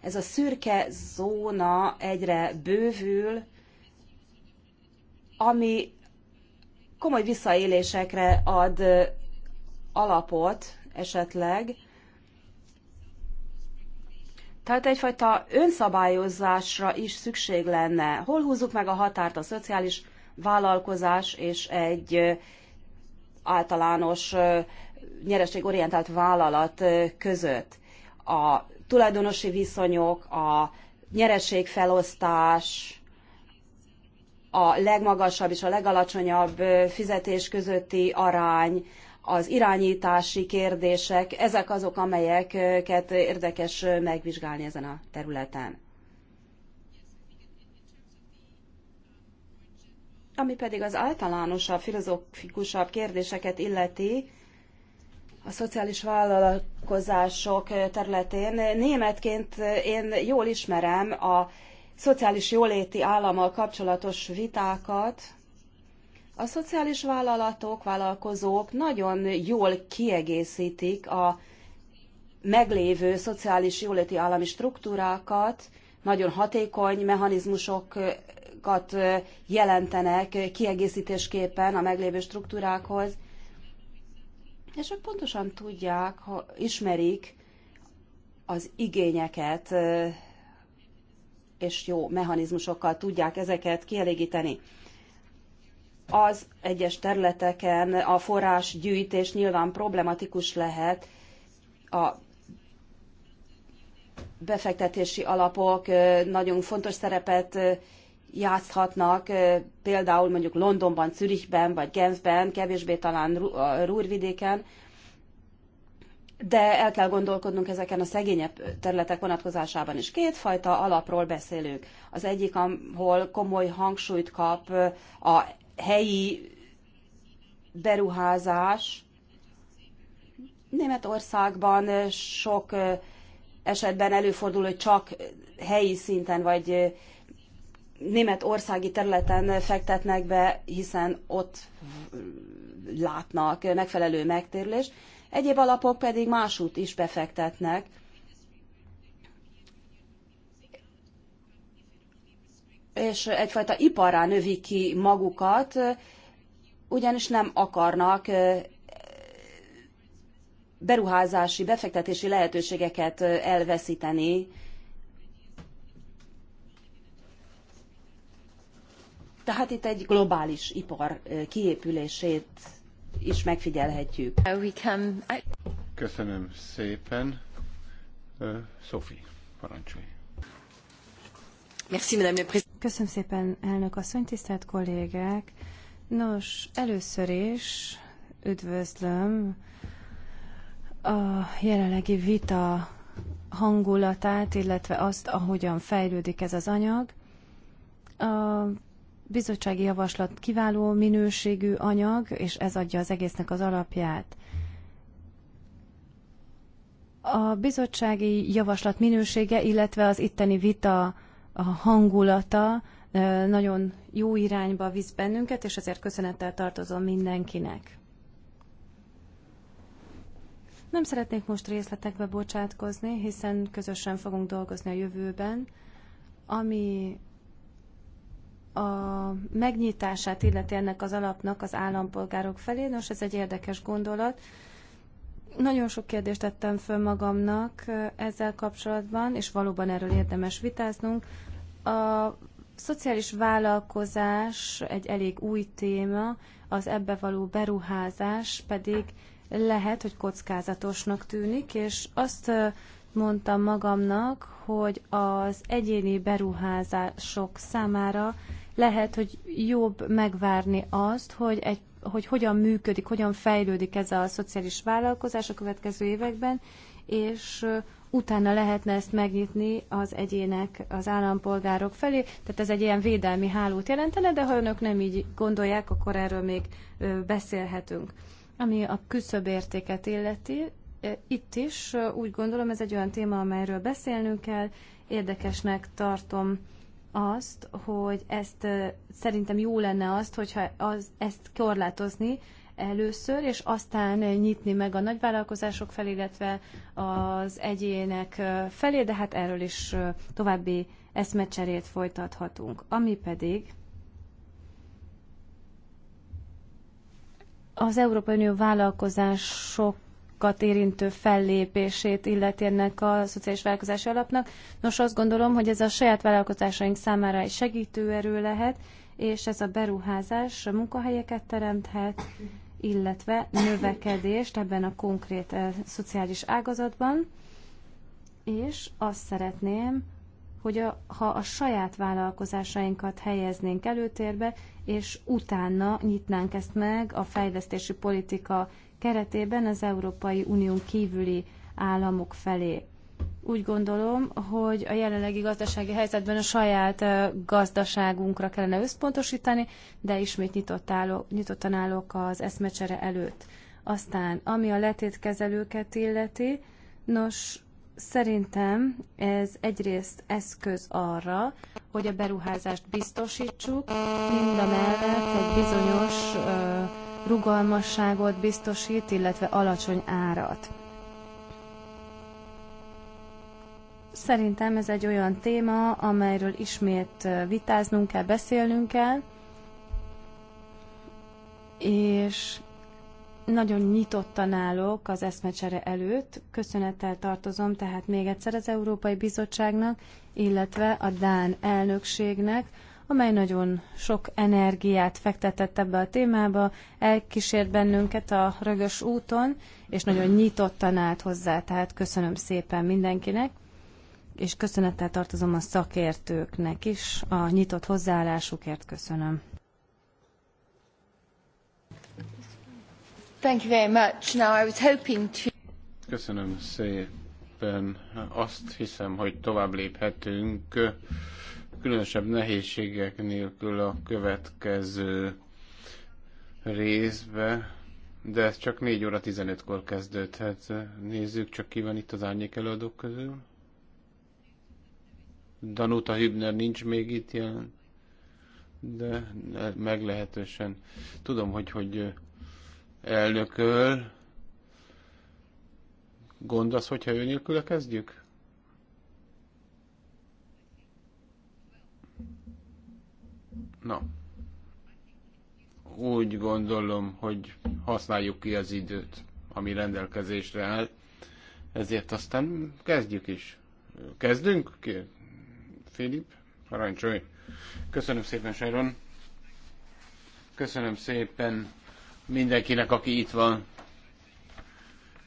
Ez a szürke zóna egyre bővül, ami komoly visszaélésekre ad alapot esetleg, tehát egyfajta önszabályozásra is szükség lenne. Hol húzzuk meg a határt a szociális vállalkozás és egy általános nyereségorientált vállalat között? A tulajdonosi viszonyok, a nyereségfelosztás, a legmagasabb és a legalacsonyabb fizetés közötti arány, az irányítási kérdések, ezek azok, amelyeket érdekes megvizsgálni ezen a területen. Ami pedig az általánosabb, filozófikusabb kérdéseket illeti, a szociális vállalkozások területén németként én jól ismerem a szociális jóléti állammal kapcsolatos vitákat, a szociális vállalatok, vállalkozók nagyon jól kiegészítik a meglévő szociális jóléti állami struktúrákat, nagyon hatékony mechanizmusokat jelentenek kiegészítésképpen a meglévő struktúrákhoz, és ők pontosan tudják, ha ismerik az igényeket, és jó mechanizmusokkal tudják ezeket kielégíteni az egyes területeken a forrásgyűjtés nyilván problematikus lehet a befektetési alapok nagyon fontos szerepet játszhatnak, például mondjuk Londonban, Zürichben vagy Genfben, kevésbé talán a Rúrvidéken, de el kell gondolkodnunk ezeken a szegényebb területek vonatkozásában is. Kétfajta alapról beszélünk. Az egyik, ahol komoly hangsúlyt kap a helyi beruházás. Németországban sok esetben előfordul, hogy csak helyi szinten vagy németországi területen fektetnek be, hiszen ott látnak megfelelő megtérülést. Egyéb alapok pedig másút is befektetnek. és egyfajta iparrá növi ki magukat, ugyanis nem akarnak beruházási, befektetési lehetőségeket elveszíteni. Tehát itt egy globális ipar kiépülését is megfigyelhetjük. Uh, Köszönöm szépen. Sophie, parancsolj. Merci, Madame la Köszönöm szépen, elnök asszony, tisztelt kollégák! Nos, először is üdvözlöm a jelenlegi vita hangulatát, illetve azt, ahogyan fejlődik ez az anyag. A bizottsági javaslat kiváló minőségű anyag, és ez adja az egésznek az alapját. A bizottsági javaslat minősége, illetve az itteni vita a hangulata nagyon jó irányba visz bennünket, és ezért köszönettel tartozom mindenkinek. Nem szeretnék most részletekbe bocsátkozni, hiszen közösen fogunk dolgozni a jövőben, ami a megnyitását illeti ennek az alapnak az állampolgárok felé. Nos, ez egy érdekes gondolat. Nagyon sok kérdést tettem föl magamnak ezzel kapcsolatban, és valóban erről érdemes vitáznunk. A szociális vállalkozás egy elég új téma, az ebbe való beruházás pedig lehet, hogy kockázatosnak tűnik, és azt mondtam magamnak, hogy az egyéni beruházások számára lehet, hogy jobb megvárni azt, hogy egy hogy hogyan működik, hogyan fejlődik ez a szociális vállalkozás a következő években, és utána lehetne ezt megnyitni az egyének, az állampolgárok felé. Tehát ez egy ilyen védelmi hálót jelentene, de ha önök nem így gondolják, akkor erről még beszélhetünk. Ami a küszöbértéket illeti, itt is úgy gondolom, ez egy olyan téma, amelyről beszélnünk kell. Érdekesnek tartom azt, hogy ezt szerintem jó lenne azt, hogyha az, ezt korlátozni először, és aztán nyitni meg a nagyvállalkozások felé, illetve az egyének felé, de hát erről is további eszmecserét folytathatunk. Ami pedig az Európai Unió vállalkozások vállalkozásokat érintő fellépését illeti ennek a szociális vállalkozási alapnak. Nos, azt gondolom, hogy ez a saját vállalkozásaink számára egy segítőerő lehet, és ez a beruházás munkahelyeket teremthet, illetve növekedést ebben a konkrét eh, szociális ágazatban. És azt szeretném, hogy a, ha a saját vállalkozásainkat helyeznénk előtérbe, és utána nyitnánk ezt meg a fejlesztési politika keretében az Európai Unión kívüli államok felé. Úgy gondolom, hogy a jelenlegi gazdasági helyzetben a saját gazdaságunkra kellene összpontosítani, de ismét nyitott álló, nyitottan állok az eszmecsere előtt. Aztán, ami a letétkezelőket illeti, nos, Szerintem ez egyrészt eszköz arra, hogy a beruházást biztosítsuk, mind a mellett egy bizonyos rugalmasságot biztosít, illetve alacsony árat. Szerintem ez egy olyan téma, amelyről ismét vitáznunk kell, beszélnünk kell, és nagyon nyitottan állok az eszmecsere előtt. Köszönettel tartozom tehát még egyszer az Európai Bizottságnak, illetve a Dán elnökségnek, amely nagyon sok energiát fektetett ebbe a témába, elkísért bennünket a rögös úton, és nagyon nyitottan állt hozzá, tehát köszönöm szépen mindenkinek, és köszönettel tartozom a szakértőknek is, a nyitott hozzáállásukért köszönöm. Köszönöm szépen. Azt hiszem, hogy tovább léphetünk különösebb nehézségek nélkül a következő részbe, de ez csak 4 óra 15-kor kezdődhet. Nézzük csak ki van itt az árnyék előadók közül. Danuta Hübner nincs még itt jelen, de meglehetősen tudom, hogy, hogy elnököl. Gond az, hogyha ő nélküle kezdjük? Na, úgy gondolom, hogy használjuk ki az időt, ami rendelkezésre áll, ezért aztán kezdjük is. Kezdünk? Filip, parancsolj. Köszönöm szépen, Sajron. Köszönöm szépen mindenkinek, aki itt van.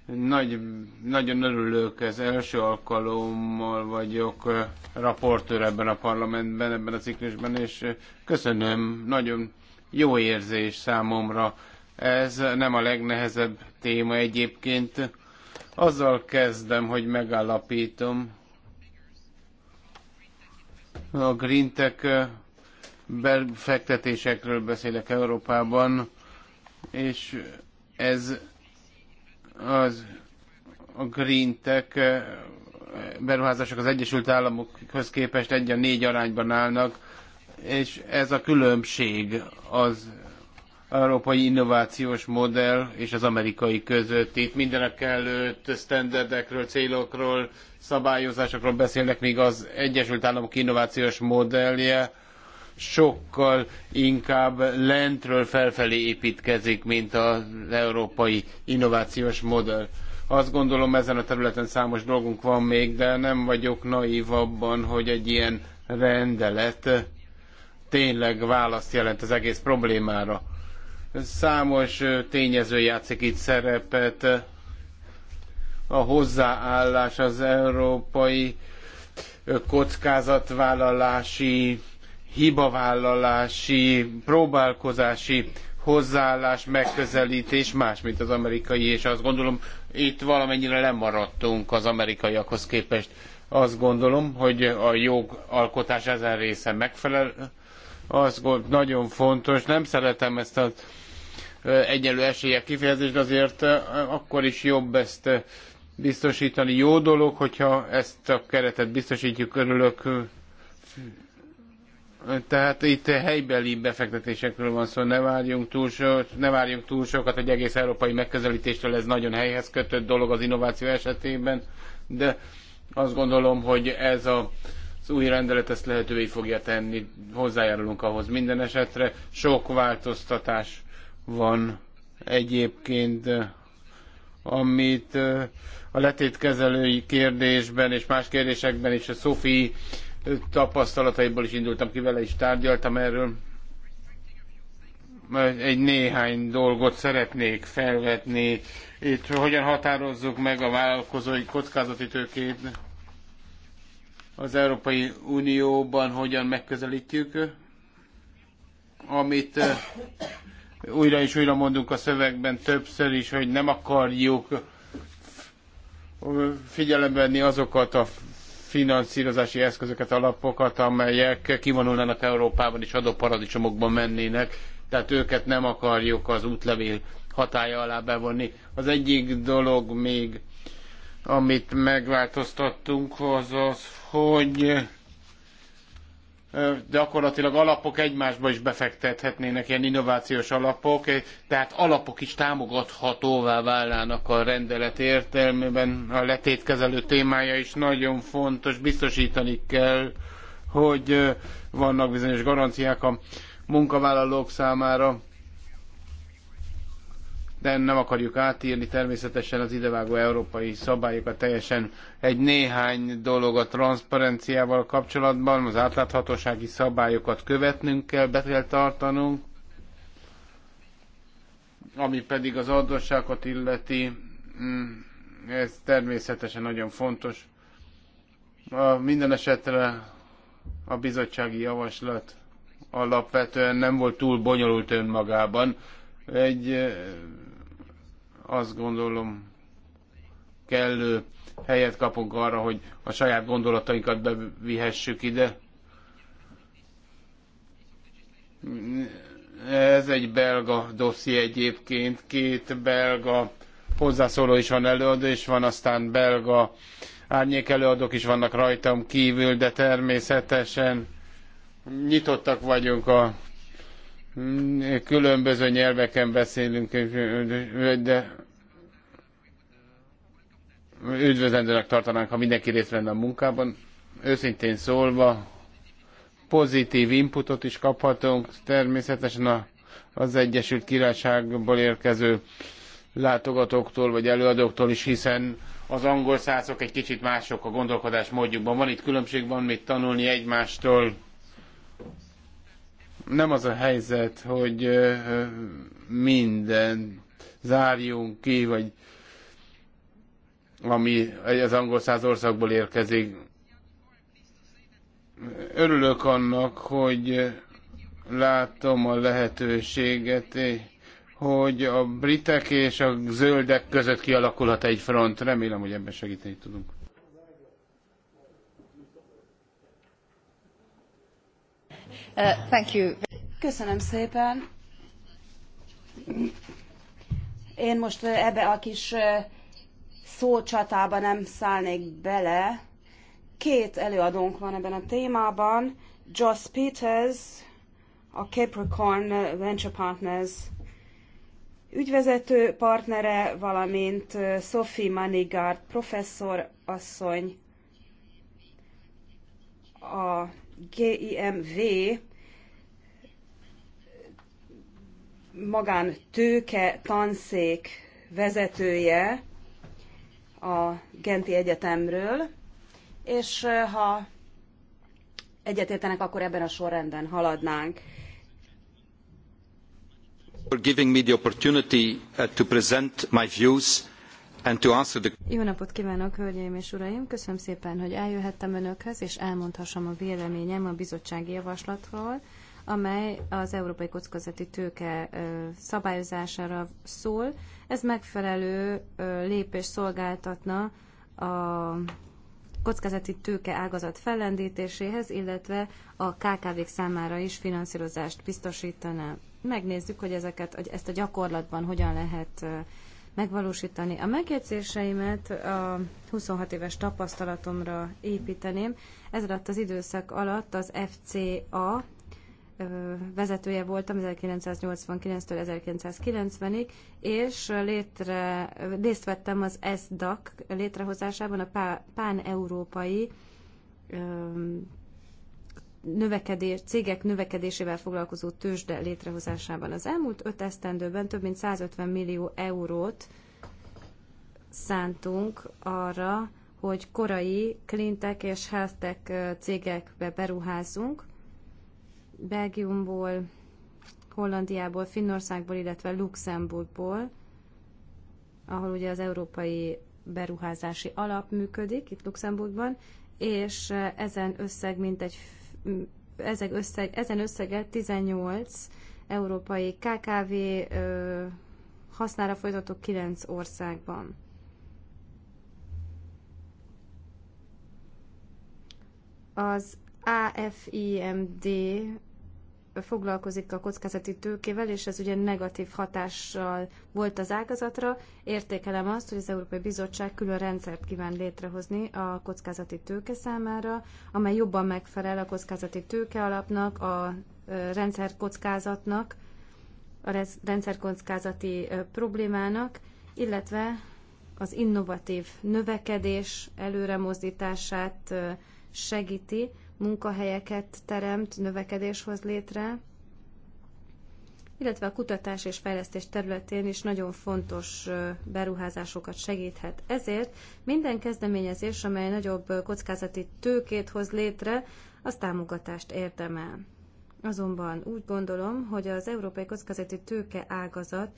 Nagy, nagyon örülök, ez első alkalommal vagyok raportőr ebben a parlamentben, ebben a ciklusban, és köszönöm, nagyon jó érzés számomra. Ez nem a legnehezebb téma egyébként. Azzal kezdem, hogy megállapítom. A Green Tech befektetésekről beszélek Európában és ez az a Green Tech eh, beruházások az Egyesült Államokhoz képest egy a négy arányban állnak, és ez a különbség az európai innovációs modell és az amerikai között. Itt mindenek előtt standardekről, célokról, szabályozásokról beszélnek, míg az Egyesült Államok innovációs modellje sokkal inkább lentről felfelé építkezik, mint az európai innovációs modell. Azt gondolom ezen a területen számos dolgunk van még, de nem vagyok naív abban, hogy egy ilyen rendelet tényleg választ jelent az egész problémára. Számos tényező játszik itt szerepet. A hozzáállás az európai kockázatvállalási hibavállalási, próbálkozási hozzáállás, megközelítés más, mint az amerikai, és azt gondolom, itt valamennyire lemaradtunk az amerikaiakhoz képest. Azt gondolom, hogy a jogalkotás ezen része megfelel, az nagyon fontos. Nem szeretem ezt az egyenlő esélyek kifejezést, azért akkor is jobb ezt biztosítani. Jó dolog, hogyha ezt a keretet biztosítjuk, örülök tehát itt helybeli befektetésekről van szó, ne várjunk, túl so, ne várjunk túl sokat egy egész európai megközelítéstől, ez nagyon helyhez kötött dolog az innováció esetében, de azt gondolom, hogy ez a, az új rendelet ezt lehetővé fogja tenni, hozzájárulunk ahhoz minden esetre. Sok változtatás van egyébként, amit eh, a letétkezelői kérdésben és más kérdésekben is a Sophie tapasztalataiból is indultam ki vele, és tárgyaltam erről. Egy néhány dolgot szeretnék felvetni. Itt hogyan határozzuk meg a vállalkozói kockázati tőkét az Európai Unióban, hogyan megközelítjük, amit eh, újra és újra mondunk a szövegben többször is, hogy nem akarjuk eh, figyelembe venni azokat a finanszírozási eszközöket, alapokat, amelyek kivonulnának Európában és adóparadicsomokba mennének, tehát őket nem akarjuk az útlevél hatája alá bevonni. Az egyik dolog még, amit megváltoztattunk, az az, hogy gyakorlatilag alapok egymásba is befektethetnének, ilyen innovációs alapok, tehát alapok is támogathatóvá válnának a rendelet értelmében. A letétkezelő témája is nagyon fontos, biztosítani kell, hogy vannak bizonyos garanciák a munkavállalók számára, de nem akarjuk átírni természetesen az idevágó európai szabályokat teljesen. Egy néhány dolog a transzparenciával kapcsolatban, az átláthatósági szabályokat követnünk kell, be kell tartanunk, ami pedig az adósságot illeti, mm, ez természetesen nagyon fontos. A minden esetre a bizottsági javaslat alapvetően nem volt túl bonyolult önmagában. Egy azt gondolom kellő helyet kapunk arra, hogy a saját gondolatainkat bevihessük ide. Ez egy belga dosszi egyébként, két belga hozzászóló is van előadó, és van aztán belga árnyék előadók is vannak rajtam kívül, de természetesen nyitottak vagyunk a különböző nyelveken beszélünk, de üdvözlendőnek tartanánk, ha mindenki részt venne a munkában. Őszintén szólva, pozitív inputot is kaphatunk, természetesen a, az Egyesült Királyságból érkező látogatóktól vagy előadóktól is, hiszen az angol szászok egy kicsit mások a gondolkodás módjukban. Van itt különbség, van mit tanulni egymástól, nem az a helyzet, hogy minden zárjunk ki, vagy ami az angol száz országból érkezik. Örülök annak, hogy látom a lehetőséget, hogy a britek és a zöldek között kialakulhat egy front. Remélem, hogy ebben segíteni tudunk. Uh, Köszönöm szépen. Én most uh, ebbe a kis uh, szócsatába nem szállnék bele. Két előadónk van ebben a témában. Joss Peters, a Capricorn Venture Partners ügyvezető partnere, valamint Sophie Manigard professzor asszony, a GIMV magántőke tanszék vezetője a Genti Egyetemről, és ha egyetértenek, akkor ebben a sorrendben haladnánk. For giving me the opportunity uh, to present my views jó napot kívánok, hölgyeim és uraim! Köszönöm szépen, hogy eljöhettem önökhez, és elmondhassam a véleményem a bizottsági javaslatról, amely az európai kockázati tőke szabályozására szól. Ez megfelelő lépés szolgáltatna a kockázati tőke ágazat fellendítéséhez, illetve a KKV-k számára is finanszírozást biztosítana. Megnézzük, hogy ezeket, hogy ezt a gyakorlatban hogyan lehet megvalósítani. A megjegyzéseimet a 26 éves tapasztalatomra építeném. Ez alatt az időszak alatt az FCA vezetője voltam 1989-től 1990-ig, és létre, részt vettem az SDAC létrehozásában, a pán-európai növekedés, cégek növekedésével foglalkozó tőzsde létrehozásában. Az elmúlt öt esztendőben több mint 150 millió eurót szántunk arra, hogy korai klintek és healthtech cégekbe beruházunk. Belgiumból, Hollandiából, Finnországból, illetve Luxemburgból, ahol ugye az Európai Beruházási Alap működik, itt Luxemburgban, és ezen összeg mintegy ezek összeg, ezen összeget 18 európai KKV ö, hasznára folytatott 9 országban. Az AFIMD foglalkozik a kockázati tőkével, és ez ugye negatív hatással volt az ágazatra. Értékelem azt, hogy az Európai Bizottság külön rendszert kíván létrehozni a kockázati tőke számára, amely jobban megfelel a kockázati tőke alapnak, a rendszerkockázatnak, a rendszerkockázati problémának, illetve az innovatív növekedés előremozdítását segíti, munkahelyeket teremt, növekedéshoz létre, illetve a kutatás és fejlesztés területén is nagyon fontos beruházásokat segíthet. Ezért minden kezdeményezés, amely nagyobb kockázati tőkét hoz létre, az támogatást érdemel. Azonban úgy gondolom, hogy az európai kockázati tőke ágazat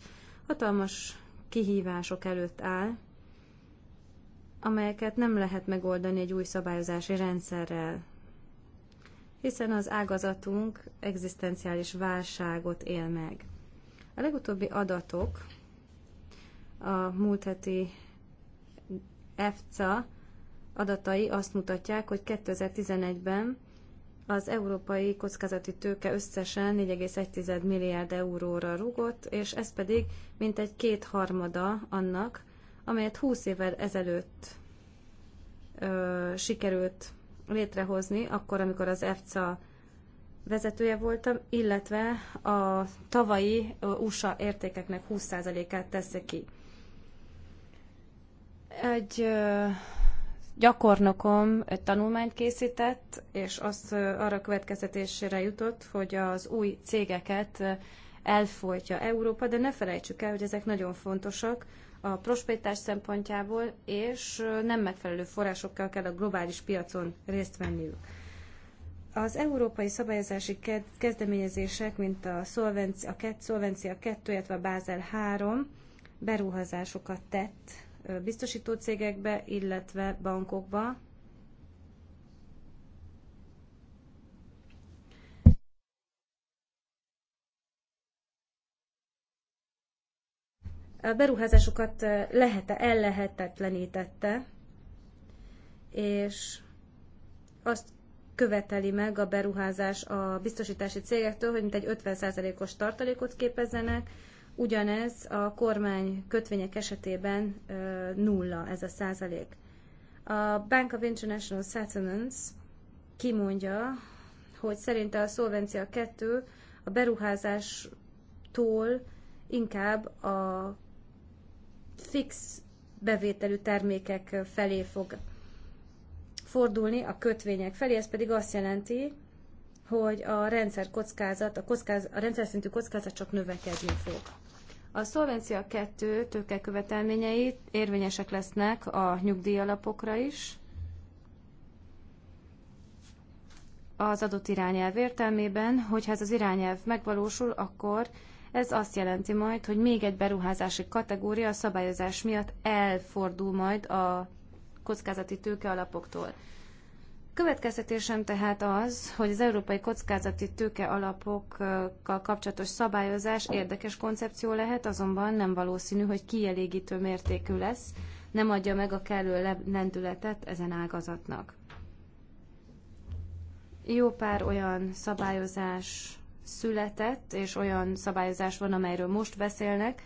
hatalmas kihívások előtt áll, amelyeket nem lehet megoldani egy új szabályozási rendszerrel hiszen az ágazatunk egzisztenciális válságot él meg. A legutóbbi adatok a múlt heti EFCA adatai azt mutatják, hogy 2011-ben az európai kockázati tőke összesen 4,1 milliárd euróra rúgott, és ez pedig mintegy kétharmada annak, amelyet 20 évvel ezelőtt ö, sikerült létrehozni, akkor, amikor az EFCA vezetője voltam, illetve a tavalyi USA értékeknek 20%-át teszek ki. Egy gyakornokom egy tanulmányt készített, és azt arra következtetésére jutott, hogy az új cégeket elfolytja Európa, de ne felejtsük el, hogy ezek nagyon fontosak a prosperitás szempontjából, és nem megfelelő forrásokkal kell a globális piacon részt venniük. Az európai szabályozási kezdeményezések, mint a, szolvenci, a Szolvencia 2, illetve a Bázel 3 beruházásokat tett biztosító cégekbe, illetve bankokba, a beruházásokat lehet ellehetetlenítette, és azt követeli meg a beruházás a biztosítási cégektől, hogy mintegy 50%-os tartalékot képezzenek, ugyanez a kormány kötvények esetében nulla ez a százalék. A Bank of International Settlements kimondja, hogy szerinte a Szolvencia 2 a beruházástól inkább a fix bevételű termékek felé fog fordulni, a kötvények felé. Ez pedig azt jelenti, hogy a rendszer kockázat, a, kockáz, a rendszer szintű kockázat csak növekedni fog. A Szolvencia 2 követelményei érvényesek lesznek a nyugdíjalapokra is. Az adott irányelv értelmében, hogyha ez az irányelv megvalósul, akkor ez azt jelenti majd, hogy még egy beruházási kategória a szabályozás miatt elfordul majd a kockázati tőke alapoktól. Következtetésem tehát az, hogy az európai kockázati tőke alapokkal kapcsolatos szabályozás érdekes koncepció lehet, azonban nem valószínű, hogy kielégítő mértékű lesz, nem adja meg a kellő lendületet ezen ágazatnak. Jó pár olyan szabályozás született, és olyan szabályozás van, amelyről most beszélnek,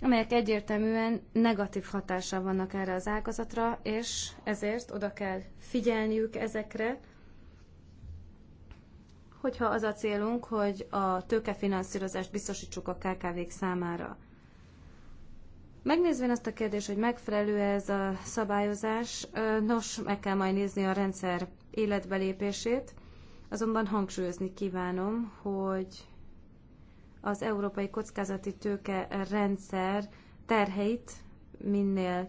amelyek egyértelműen negatív hatással vannak erre az ágazatra, és ezért oda kell figyelniük ezekre, hogyha az a célunk, hogy a tőkefinanszírozást biztosítsuk a KKV-k számára. megnézve azt a kérdést, hogy megfelelő -e ez a szabályozás, nos, meg kell majd nézni a rendszer életbelépését, Azonban hangsúlyozni kívánom, hogy az európai kockázati tőke rendszer terheit minél,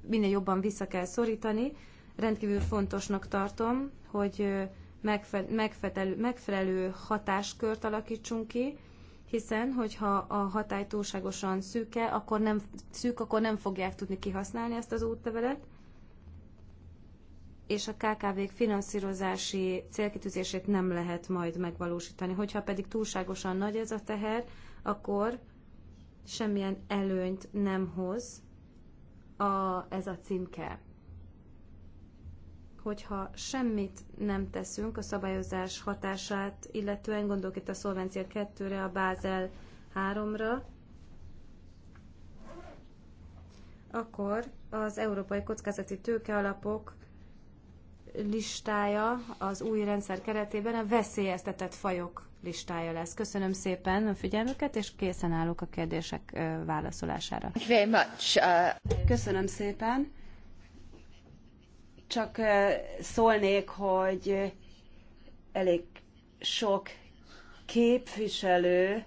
minél jobban vissza kell szorítani. Rendkívül fontosnak tartom, hogy megfelelő, megfelelő hatáskört alakítsunk ki, hiszen hogyha a hatály túlságosan szűke, akkor nem, szűk, akkor nem fogják tudni kihasználni ezt az útlevelet és a KKV-k finanszírozási célkitűzését nem lehet majd megvalósítani. Hogyha pedig túlságosan nagy ez a teher, akkor semmilyen előnyt nem hoz a, ez a címke. Hogyha semmit nem teszünk a szabályozás hatását, illetően gondolok itt a Szolvencia 2-re, a Bázel 3-ra, akkor az európai kockázati tőkealapok listája az új rendszer keretében a veszélyeztetett fajok listája lesz. Köszönöm szépen a figyelmüket, és készen állok a kérdések válaszolására. Very much. Uh, Köszönöm szépen. Csak szólnék, hogy elég sok képviselő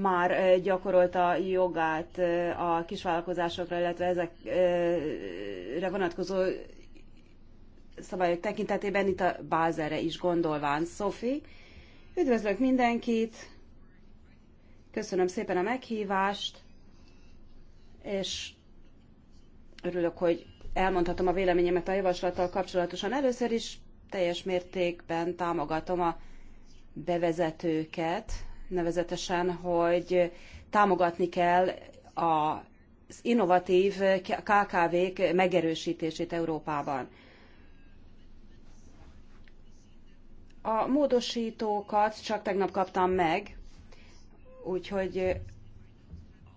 már gyakorolta jogát a kisvállalkozásokra, illetve ezekre vonatkozó szabályok tekintetében, itt a bázere is gondolván. Szofi, üdvözlök mindenkit, köszönöm szépen a meghívást, és örülök, hogy elmondhatom a véleményemet a javaslattal kapcsolatosan. Először is teljes mértékben támogatom a bevezetőket, nevezetesen, hogy támogatni kell az innovatív KKV-k megerősítését Európában. A módosítókat csak tegnap kaptam meg, úgyhogy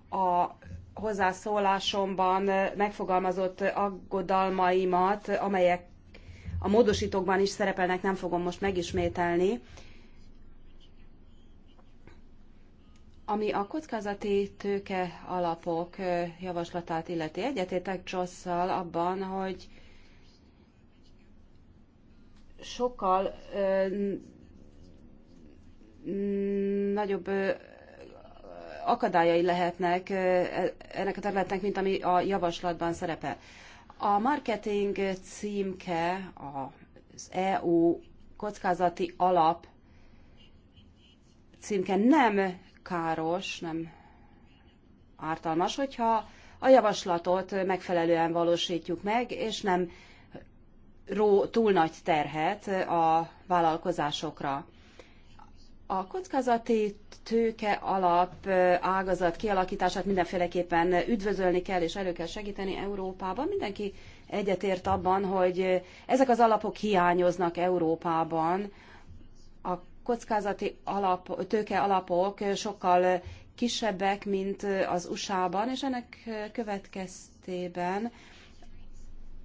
a hozzászólásomban megfogalmazott aggodalmaimat, amelyek a módosítókban is szerepelnek, nem fogom most megismételni, Ami a kockázati tőke alapok javaslatát illeti, egyetétek Csosszal abban, hogy sokkal ö, nagyobb ö, akadályai lehetnek ö, e-, ennek a területnek, mint ami a javaslatban szerepel. A marketing címke az EU kockázati alap címke nem káros, nem ártalmas, hogyha a javaslatot megfelelően valósítjuk meg, és nem ró túl nagy terhet a vállalkozásokra. A kockázati tőke alap ágazat kialakítását mindenféleképpen üdvözölni kell és elő kell segíteni Európában. Mindenki egyetért abban, hogy ezek az alapok hiányoznak Európában kockázati alap, tőke alapok sokkal kisebbek, mint az USA-ban, és ennek következtében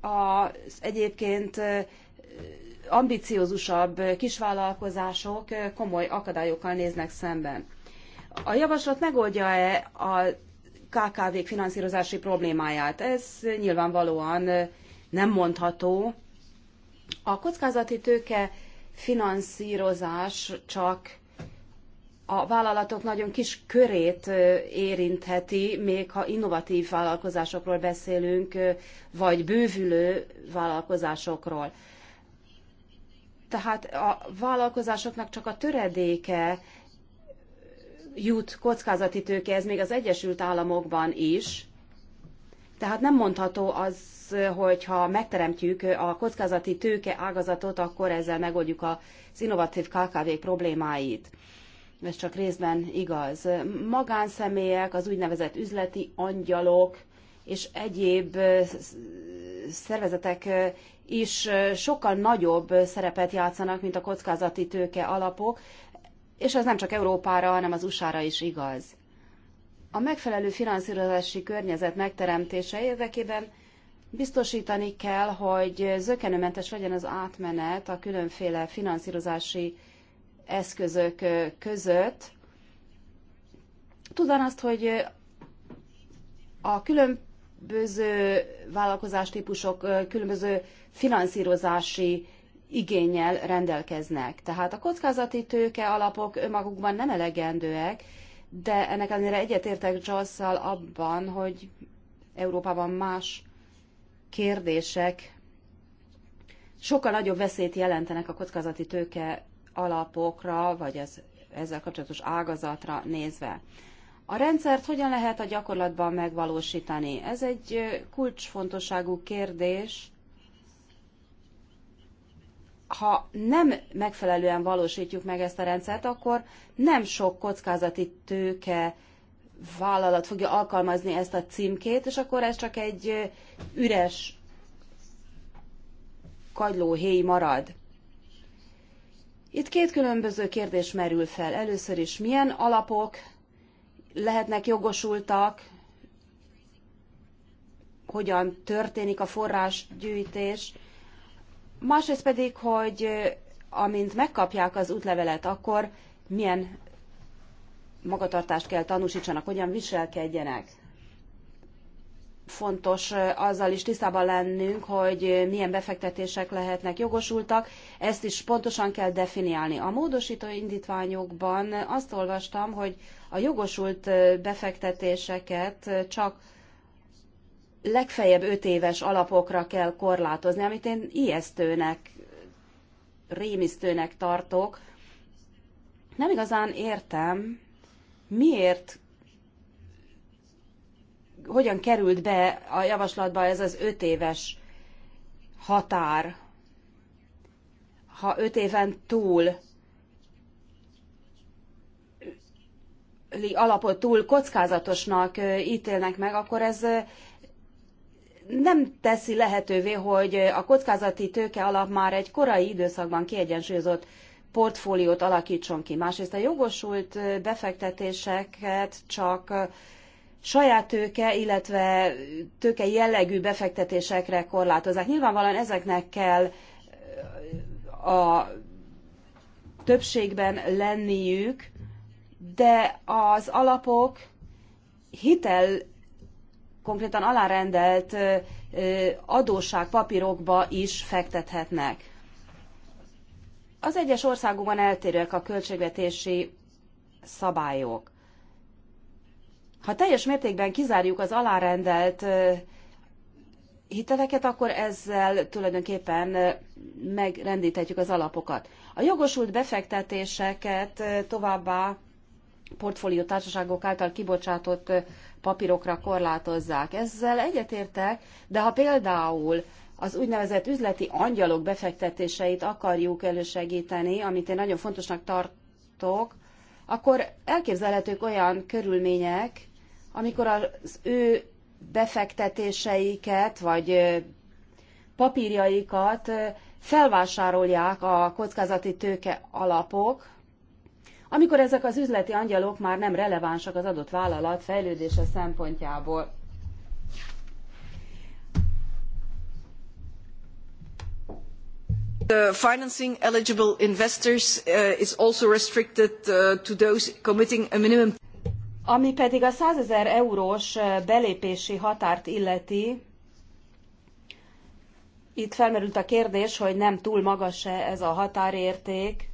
az egyébként ambiciózusabb kisvállalkozások komoly akadályokkal néznek szemben. A javaslat megoldja-e a kkv finanszírozási problémáját? Ez nyilvánvalóan nem mondható. A kockázati tőke finanszírozás csak a vállalatok nagyon kis körét érintheti, még ha innovatív vállalkozásokról beszélünk, vagy bővülő vállalkozásokról. Tehát a vállalkozásoknak csak a töredéke jut kockázati tőke, ez még az Egyesült Államokban is, tehát nem mondható az, hogy ha megteremtjük a kockázati tőke ágazatot, akkor ezzel megoldjuk az innovatív KKV problémáit. Ez csak részben igaz. Magánszemélyek, az úgynevezett üzleti angyalok és egyéb szervezetek is sokkal nagyobb szerepet játszanak, mint a kockázati tőke alapok, és ez nem csak Európára, hanem az USA-ra is igaz. A megfelelő finanszírozási környezet megteremtése érdekében biztosítani kell, hogy zökenőmentes legyen az átmenet a különféle finanszírozási eszközök között, Tudan azt, hogy a különböző vállalkozástípusok különböző finanszírozási igényel rendelkeznek. Tehát a kockázati tőke alapok önmagukban nem elegendőek, de ennek ellenére egyetértek Jossal abban, hogy Európában más kérdések sokkal nagyobb veszélyt jelentenek a kockázati tőke alapokra, vagy ez, ezzel kapcsolatos ágazatra nézve. A rendszert hogyan lehet a gyakorlatban megvalósítani? Ez egy kulcsfontosságú kérdés, ha nem megfelelően valósítjuk meg ezt a rendszert, akkor nem sok kockázati tőke vállalat fogja alkalmazni ezt a címkét, és akkor ez csak egy üres kagylóhéj marad. Itt két különböző kérdés merül fel. Először is, milyen alapok lehetnek jogosultak, hogyan történik a forrásgyűjtés, Másrészt pedig, hogy amint megkapják az útlevelet, akkor milyen magatartást kell tanúsítsanak, hogyan viselkedjenek. Fontos azzal is tisztában lennünk, hogy milyen befektetések lehetnek jogosultak, ezt is pontosan kell definiálni. A módosító indítványokban azt olvastam, hogy a jogosult befektetéseket csak legfeljebb öt éves alapokra kell korlátozni, amit én ijesztőnek, rémisztőnek tartok. Nem igazán értem, miért hogyan került be a javaslatba ez az öt éves határ, ha öt éven túl alapot túl kockázatosnak ítélnek meg, akkor ez nem teszi lehetővé, hogy a kockázati tőke alap már egy korai időszakban kiegyensúlyozott portfóliót alakítson ki. Másrészt a jogosult befektetéseket csak saját tőke, illetve tőke jellegű befektetésekre korlátozzák. Nyilvánvalóan ezeknek kell a többségben lenniük, de az alapok hitel konkrétan alárendelt adósságpapírokba is fektethetnek. Az egyes országokban eltérőek a költségvetési szabályok. Ha teljes mértékben kizárjuk az alárendelt hiteleket, akkor ezzel tulajdonképpen megrendíthetjük az alapokat. A jogosult befektetéseket továbbá portfólió társaságok által kibocsátott papírokra korlátozzák. Ezzel egyetértek, de ha például az úgynevezett üzleti angyalok befektetéseit akarjuk elősegíteni, amit én nagyon fontosnak tartok, akkor elképzelhetők olyan körülmények, amikor az ő befektetéseiket vagy papírjaikat felvásárolják a kockázati tőke alapok, amikor ezek az üzleti angyalok már nem relevánsak az adott vállalat fejlődése szempontjából. The financing eligible investors uh, is also restricted uh, to those committing a minimum. Ami pedig a 100 ezer eurós uh, belépési határt illeti, itt felmerült a kérdés, hogy nem túl magas-e ez a határérték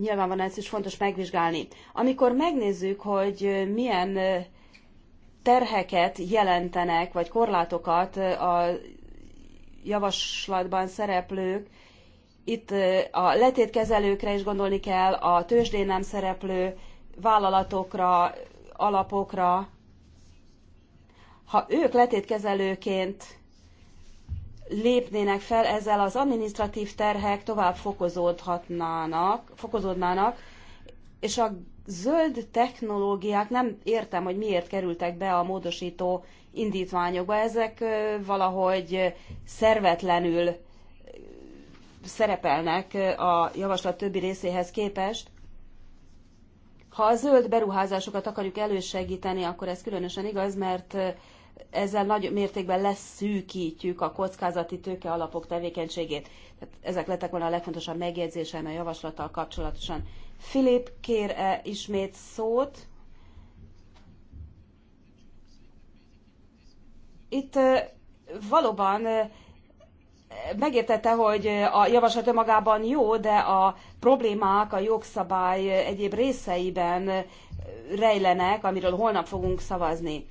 nyilvánvalóan ezt is fontos megvizsgálni. Amikor megnézzük, hogy milyen terheket jelentenek, vagy korlátokat a javaslatban szereplők, itt a letétkezelőkre is gondolni kell, a tőzsdén nem szereplő vállalatokra, alapokra. Ha ők letétkezelőként lépnének fel, ezzel az administratív terhek tovább fokozódhatnának, fokozódnának, és a zöld technológiák, nem értem, hogy miért kerültek be a módosító indítványokba, ezek valahogy szervetlenül szerepelnek a javaslat többi részéhez képest. Ha a zöld beruházásokat akarjuk elősegíteni, akkor ez különösen igaz, mert ezzel nagy mértékben leszűkítjük a kockázati tőke alapok tevékenységét. Tehát ezek lettek volna a legfontosabb megjegyzésem a javaslattal kapcsolatosan. Filip kér -e ismét szót. Itt valóban megértette, hogy a javaslat önmagában jó, de a problémák a jogszabály egyéb részeiben rejlenek, amiről holnap fogunk szavazni.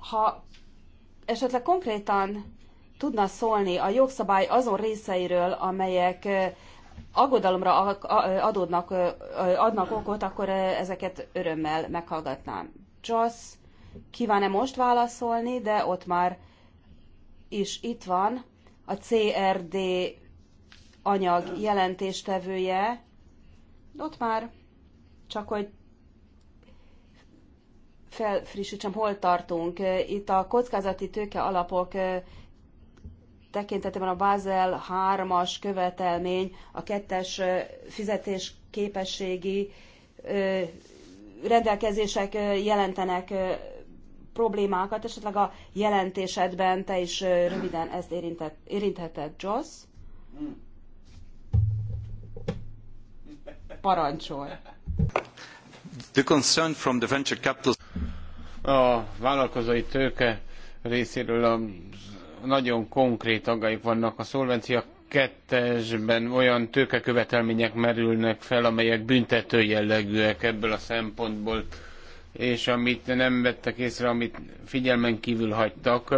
ha esetleg konkrétan tudna szólni a jogszabály azon részeiről, amelyek aggodalomra adódnak, adnak okot, akkor ezeket örömmel meghallgatnám. Joss kíván-e most válaszolni, de ott már is itt van a CRD anyag jelentéstevője. Ott már, csak hogy felfrissítsem, hol tartunk. Itt a kockázati tőke alapok tekintetében a Basel 3-as követelmény, a kettes fizetés képességi rendelkezések jelentenek problémákat, esetleg a jelentésedben te is röviden ezt érintett, érintheted, Joss. Parancsol. A vállalkozói tőke részéről nagyon konkrét aggályok vannak. A szolvencia kettesben olyan tőkekövetelmények merülnek fel, amelyek büntető jellegűek ebből a szempontból, és amit nem vettek észre, amit figyelmen kívül hagytak,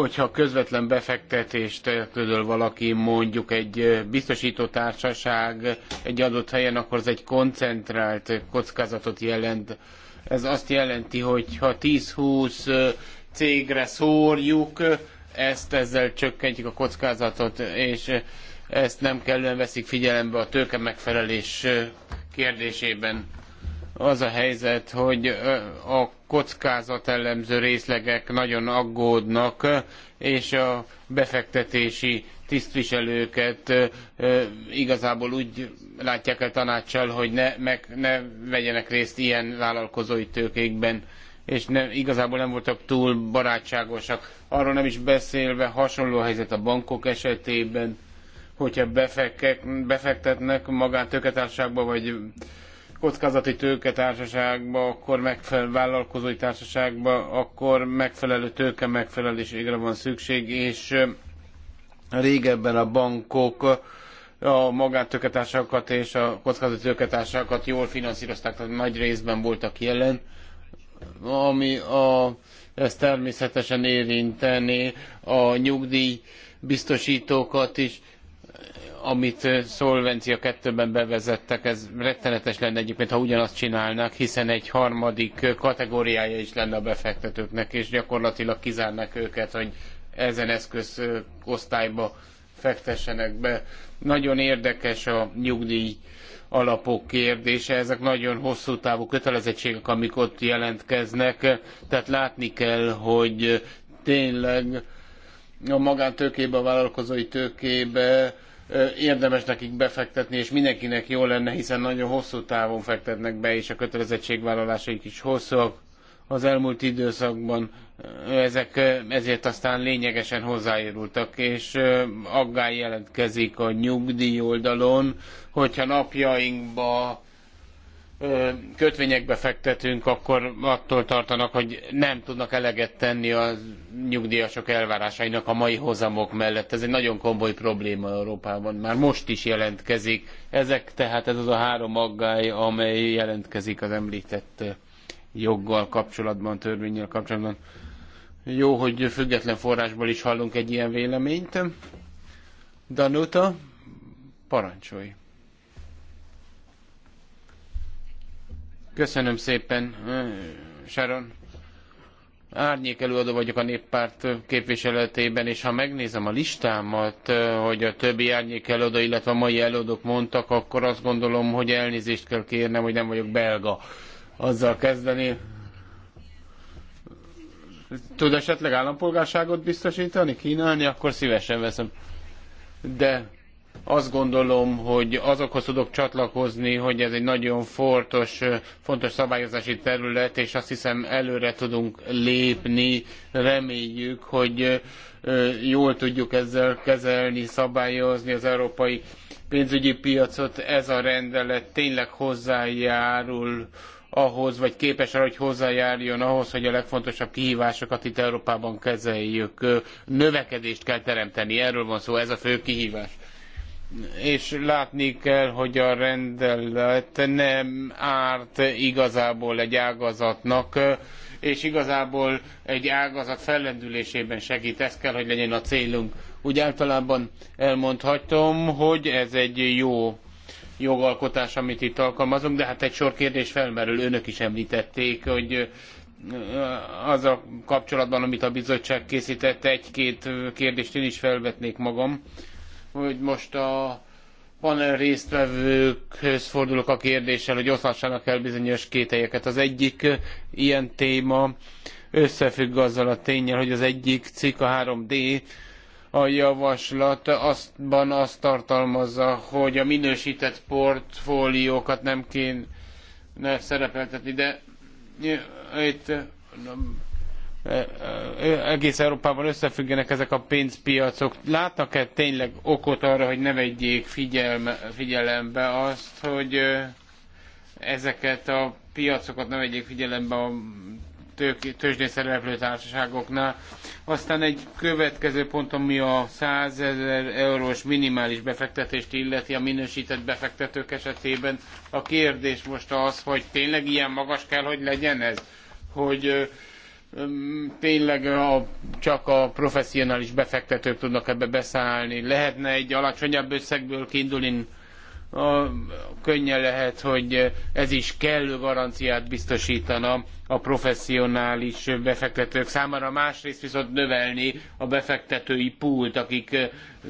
hogyha közvetlen befektetést közöl valaki, mondjuk egy biztosító társaság egy adott helyen, akkor ez egy koncentrált kockázatot jelent. Ez azt jelenti, hogy ha 10-20 cégre szórjuk, ezt ezzel csökkentjük a kockázatot, és ezt nem kellően veszik figyelembe a tőke megfelelés kérdésében az a helyzet, hogy a kockázatellemző részlegek nagyon aggódnak, és a befektetési tisztviselőket igazából úgy látják el tanácssal, hogy ne, meg, ne vegyenek részt ilyen vállalkozói tőkékben és ne, igazából nem voltak túl barátságosak. Arról nem is beszélve hasonló helyzet a bankok esetében, hogyha befekek, befektetnek magántőketárságba vagy kockázati tőke társaságba, akkor megfelelő vállalkozói társaságba, akkor megfelelő tőke megfelelőségre van szükség, és régebben a bankok a magántőketársakat és a kockázati tőketársakat jól finanszírozták, tehát nagy részben voltak jelen, ami a, ez természetesen érinteni a nyugdíj biztosítókat is, amit Szolvencia ii ben bevezettek, ez rettenetes lenne egyébként, ha ugyanazt csinálnák, hiszen egy harmadik kategóriája is lenne a befektetőknek, és gyakorlatilag kizárnák őket, hogy ezen eszköz osztályba fektessenek be. Nagyon érdekes a nyugdíj alapok kérdése, ezek nagyon hosszú távú kötelezettségek, amik ott jelentkeznek, tehát látni kell, hogy tényleg a magántőkébe, a vállalkozói tőkébe érdemes nekik befektetni, és mindenkinek jó lenne, hiszen nagyon hosszú távon fektetnek be, és a kötelezettségvállalásaik is hosszúak az elmúlt időszakban. Ezek ezért aztán lényegesen hozzájárultak, és aggály jelentkezik a nyugdíj oldalon, hogyha napjainkba kötvényekbe fektetünk, akkor attól tartanak, hogy nem tudnak eleget tenni a nyugdíjasok elvárásainak a mai hozamok mellett. Ez egy nagyon komoly probléma Európában, már most is jelentkezik. Ezek tehát ez az a három aggály, amely jelentkezik az említett joggal kapcsolatban, törvényel kapcsolatban. Jó, hogy független forrásból is hallunk egy ilyen véleményt. Danuta, parancsolj! Köszönöm szépen, Sharon. Árnyék előadó vagyok a néppárt képviseletében, és ha megnézem a listámat, hogy a többi árnyék előadó, illetve a mai előadók mondtak, akkor azt gondolom, hogy elnézést kell kérnem, hogy nem vagyok belga. Azzal kezdeni. Tud esetleg állampolgárságot biztosítani, kínálni, akkor szívesen veszem. De azt gondolom, hogy azokhoz tudok csatlakozni, hogy ez egy nagyon fontos, fontos szabályozási terület, és azt hiszem előre tudunk lépni. Reméljük, hogy jól tudjuk ezzel kezelni, szabályozni az európai pénzügyi piacot. Ez a rendelet tényleg hozzájárul ahhoz, vagy képes arra, hogy hozzájárjon ahhoz, hogy a legfontosabb kihívásokat itt Európában kezeljük. Növekedést kell teremteni, erről van szó, ez a fő kihívás és látni kell, hogy a rendelet nem árt igazából egy ágazatnak, és igazából egy ágazat fellendülésében segít. Ez kell, hogy legyen a célunk. Úgy általában elmondhatom, hogy ez egy jó jogalkotás, amit itt alkalmazunk, de hát egy sor kérdés felmerül, önök is említették, hogy az a kapcsolatban, amit a bizottság készített, egy-két kérdést én is felvetnék magam hogy most a panel résztvevőkhöz fordulok a kérdéssel, hogy oszlassanak el bizonyos kételyeket. Az egyik ilyen téma összefügg azzal a tényel, hogy az egyik cikk, a 3D, a javaslat aztban azt tartalmazza, hogy a minősített portfóliókat nem kéne szerepeltetni, de itt egész Európában összefüggenek ezek a pénzpiacok. Látnak-e tényleg okot arra, hogy ne vegyék figyelme, figyelembe azt, hogy ezeket a piacokat ne vegyék figyelembe a tőzsdén szereplő társaságoknál. Aztán egy következő pont, ami a 100 ezer eurós minimális befektetést illeti a minősített befektetők esetében. A kérdés most az, hogy tényleg ilyen magas kell, hogy legyen ez? Hogy tényleg csak a professzionális befektetők tudnak ebbe beszállni. Lehetne egy alacsonyabb összegből kiindulni, könnyen lehet, hogy ez is kellő garanciát biztosítana a professzionális befektetők számára, másrészt viszont növelni a befektetői pult, akik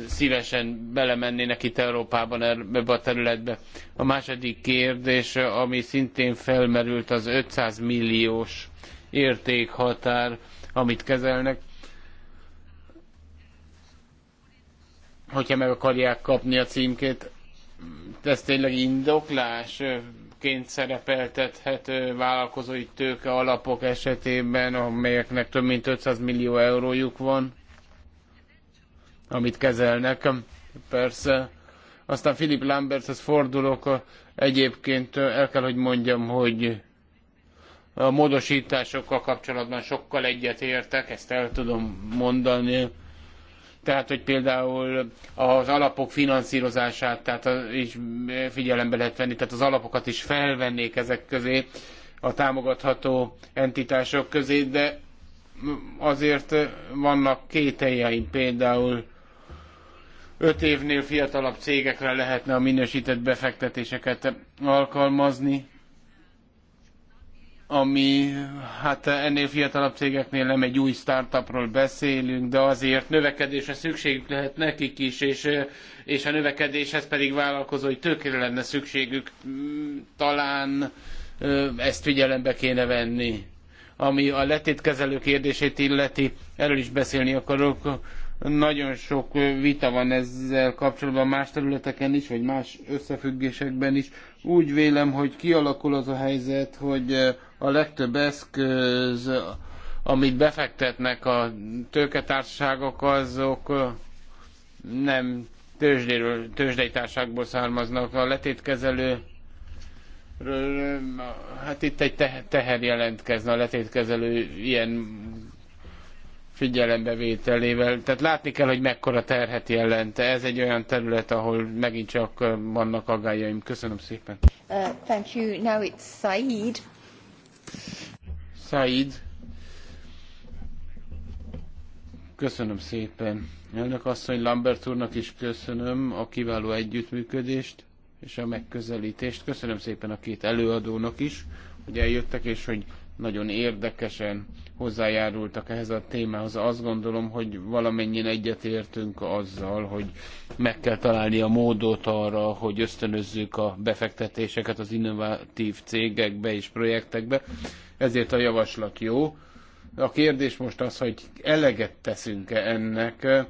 szívesen belemennének itt Európában ebbe a területbe. A második kérdés, ami szintén felmerült, az 500 milliós értékhatár, amit kezelnek. Hogyha meg akarják kapni a címkét, ez tényleg indoklásként szerepeltethető vállalkozói tőke alapok esetében, amelyeknek több mint 500 millió eurójuk van, amit kezelnek. Persze, aztán Philip Lamberthez fordulok, egyébként el kell, hogy mondjam, hogy a módosításokkal kapcsolatban sokkal egyetértek, ezt el tudom mondani. Tehát, hogy például az alapok finanszírozását tehát is figyelembe lehet venni, tehát az alapokat is felvennék ezek közé, a támogatható entitások közé, de azért vannak kételjeim például öt évnél fiatalabb cégekre lehetne a minősített befektetéseket alkalmazni, ami hát ennél fiatalabb cégeknél nem egy új startupról beszélünk, de azért növekedésre szükségük lehet nekik is, és, és a növekedéshez pedig vállalkozói tőkére lenne szükségük. Mm, talán ezt figyelembe kéne venni. Ami a letétkezelő kérdését illeti, erről is beszélni akarok. Nagyon sok vita van ezzel kapcsolatban más területeken is, vagy más összefüggésekben is. Úgy vélem, hogy kialakul az a helyzet, hogy a legtöbb eszköz, amit befektetnek a tőketársaságok, azok nem tőzsdéről, tőzsdei társágból származnak. A letétkezelő hát itt egy teher jelentkezne a letétkezelő ilyen figyelembevételével. Tehát látni kell, hogy mekkora terhet jelent. Ez egy olyan terület, ahol megint csak vannak aggájaim. Köszönöm szépen. Uh, thank you. Now it's Said Said. Köszönöm szépen. Elnök asszony Lambert úrnak is köszönöm a kiváló együttműködést és a megközelítést. Köszönöm szépen a két előadónak is, hogy eljöttek, és hogy nagyon érdekesen hozzájárultak ehhez a témához. Azt gondolom, hogy valamennyien egyetértünk azzal, hogy meg kell találni a módot arra, hogy ösztönözzük a befektetéseket az innovatív cégekbe és projektekbe. Ezért a javaslat jó. A kérdés most az, hogy eleget teszünk-e ennek,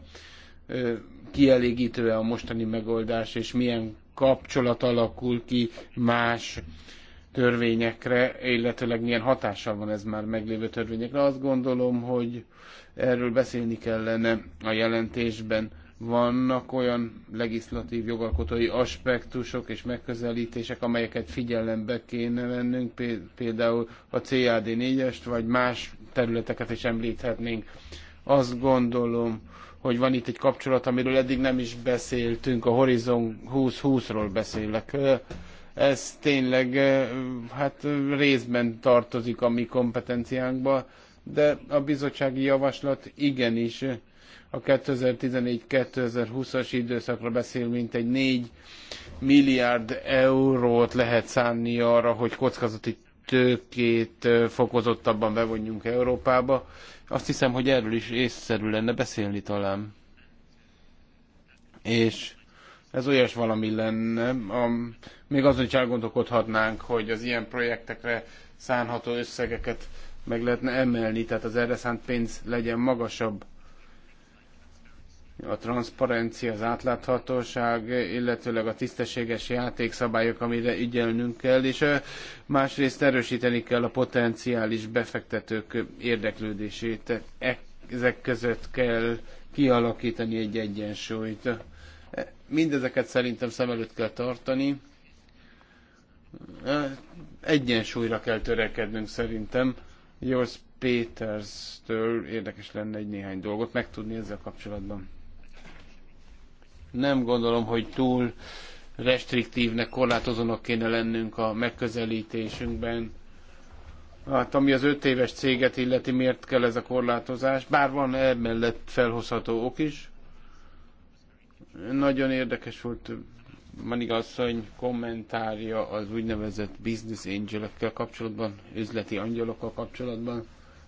kielégítő-e a mostani megoldás, és milyen kapcsolat alakul ki más törvényekre, illetőleg milyen hatással van ez már meglévő törvényekre. Azt gondolom, hogy erről beszélni kellene a jelentésben. Vannak olyan legislatív jogalkotói aspektusok és megközelítések, amelyeket figyelembe kéne vennünk, például a CAD 4-est, vagy más területeket is említhetnénk. Azt gondolom, hogy van itt egy kapcsolat, amiről eddig nem is beszéltünk, a Horizon 2020-ról beszélek ez tényleg hát részben tartozik a mi kompetenciánkba, de a bizottsági javaslat igenis a 2014-2020-as időszakra beszél, mint egy 4 milliárd eurót lehet szánni arra, hogy kockázati tőkét fokozottabban bevonjunk Európába. Azt hiszem, hogy erről is észszerű lenne beszélni talán. És ez olyas valami lenne, még azon is elgondolkodhatnánk, hogy az ilyen projektekre szánható összegeket meg lehetne emelni, tehát az erre szánt pénz legyen magasabb. A transzparencia, az átláthatóság, illetőleg a tisztességes játékszabályok, amire ügyelnünk kell, és másrészt erősíteni kell a potenciális befektetők érdeklődését. E, ezek között kell kialakítani egy egyensúlyt. Mindezeket szerintem szem előtt kell tartani, Egyensúlyra kell törekednünk szerintem. Jors Péterstől érdekes lenne egy néhány dolgot megtudni ezzel kapcsolatban. Nem gondolom, hogy túl restriktívnek, korlátozónak kéne lennünk a megközelítésünkben. Hát ami az öt éves céget illeti, miért kell ez a korlátozás? Bár van emellett felhozható ok is. Nagyon érdekes volt asszony kommentárja az úgynevezett business angelekkel kapcsolatban, üzleti angyalokkal kapcsolatban,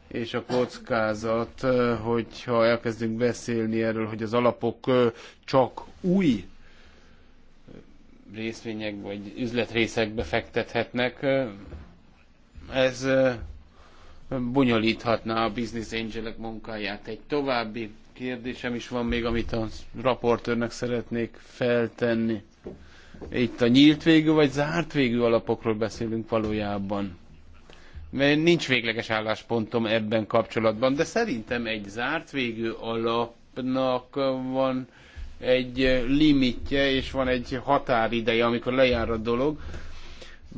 és a kockázat, hogyha elkezdünk beszélni erről, hogy az alapok csak új részvények vagy üzletrészekbe fektethetnek, ez bonyolíthatná a business angelek munkáját. Egy további kérdésem is van még, amit a raportőrnek szeretnék feltenni. Itt a nyílt végű vagy zárt végű alapokról beszélünk valójában. Mert nincs végleges álláspontom ebben kapcsolatban, de szerintem egy zárt végű alapnak van egy limitje, és van egy határideje, amikor lejár a dolog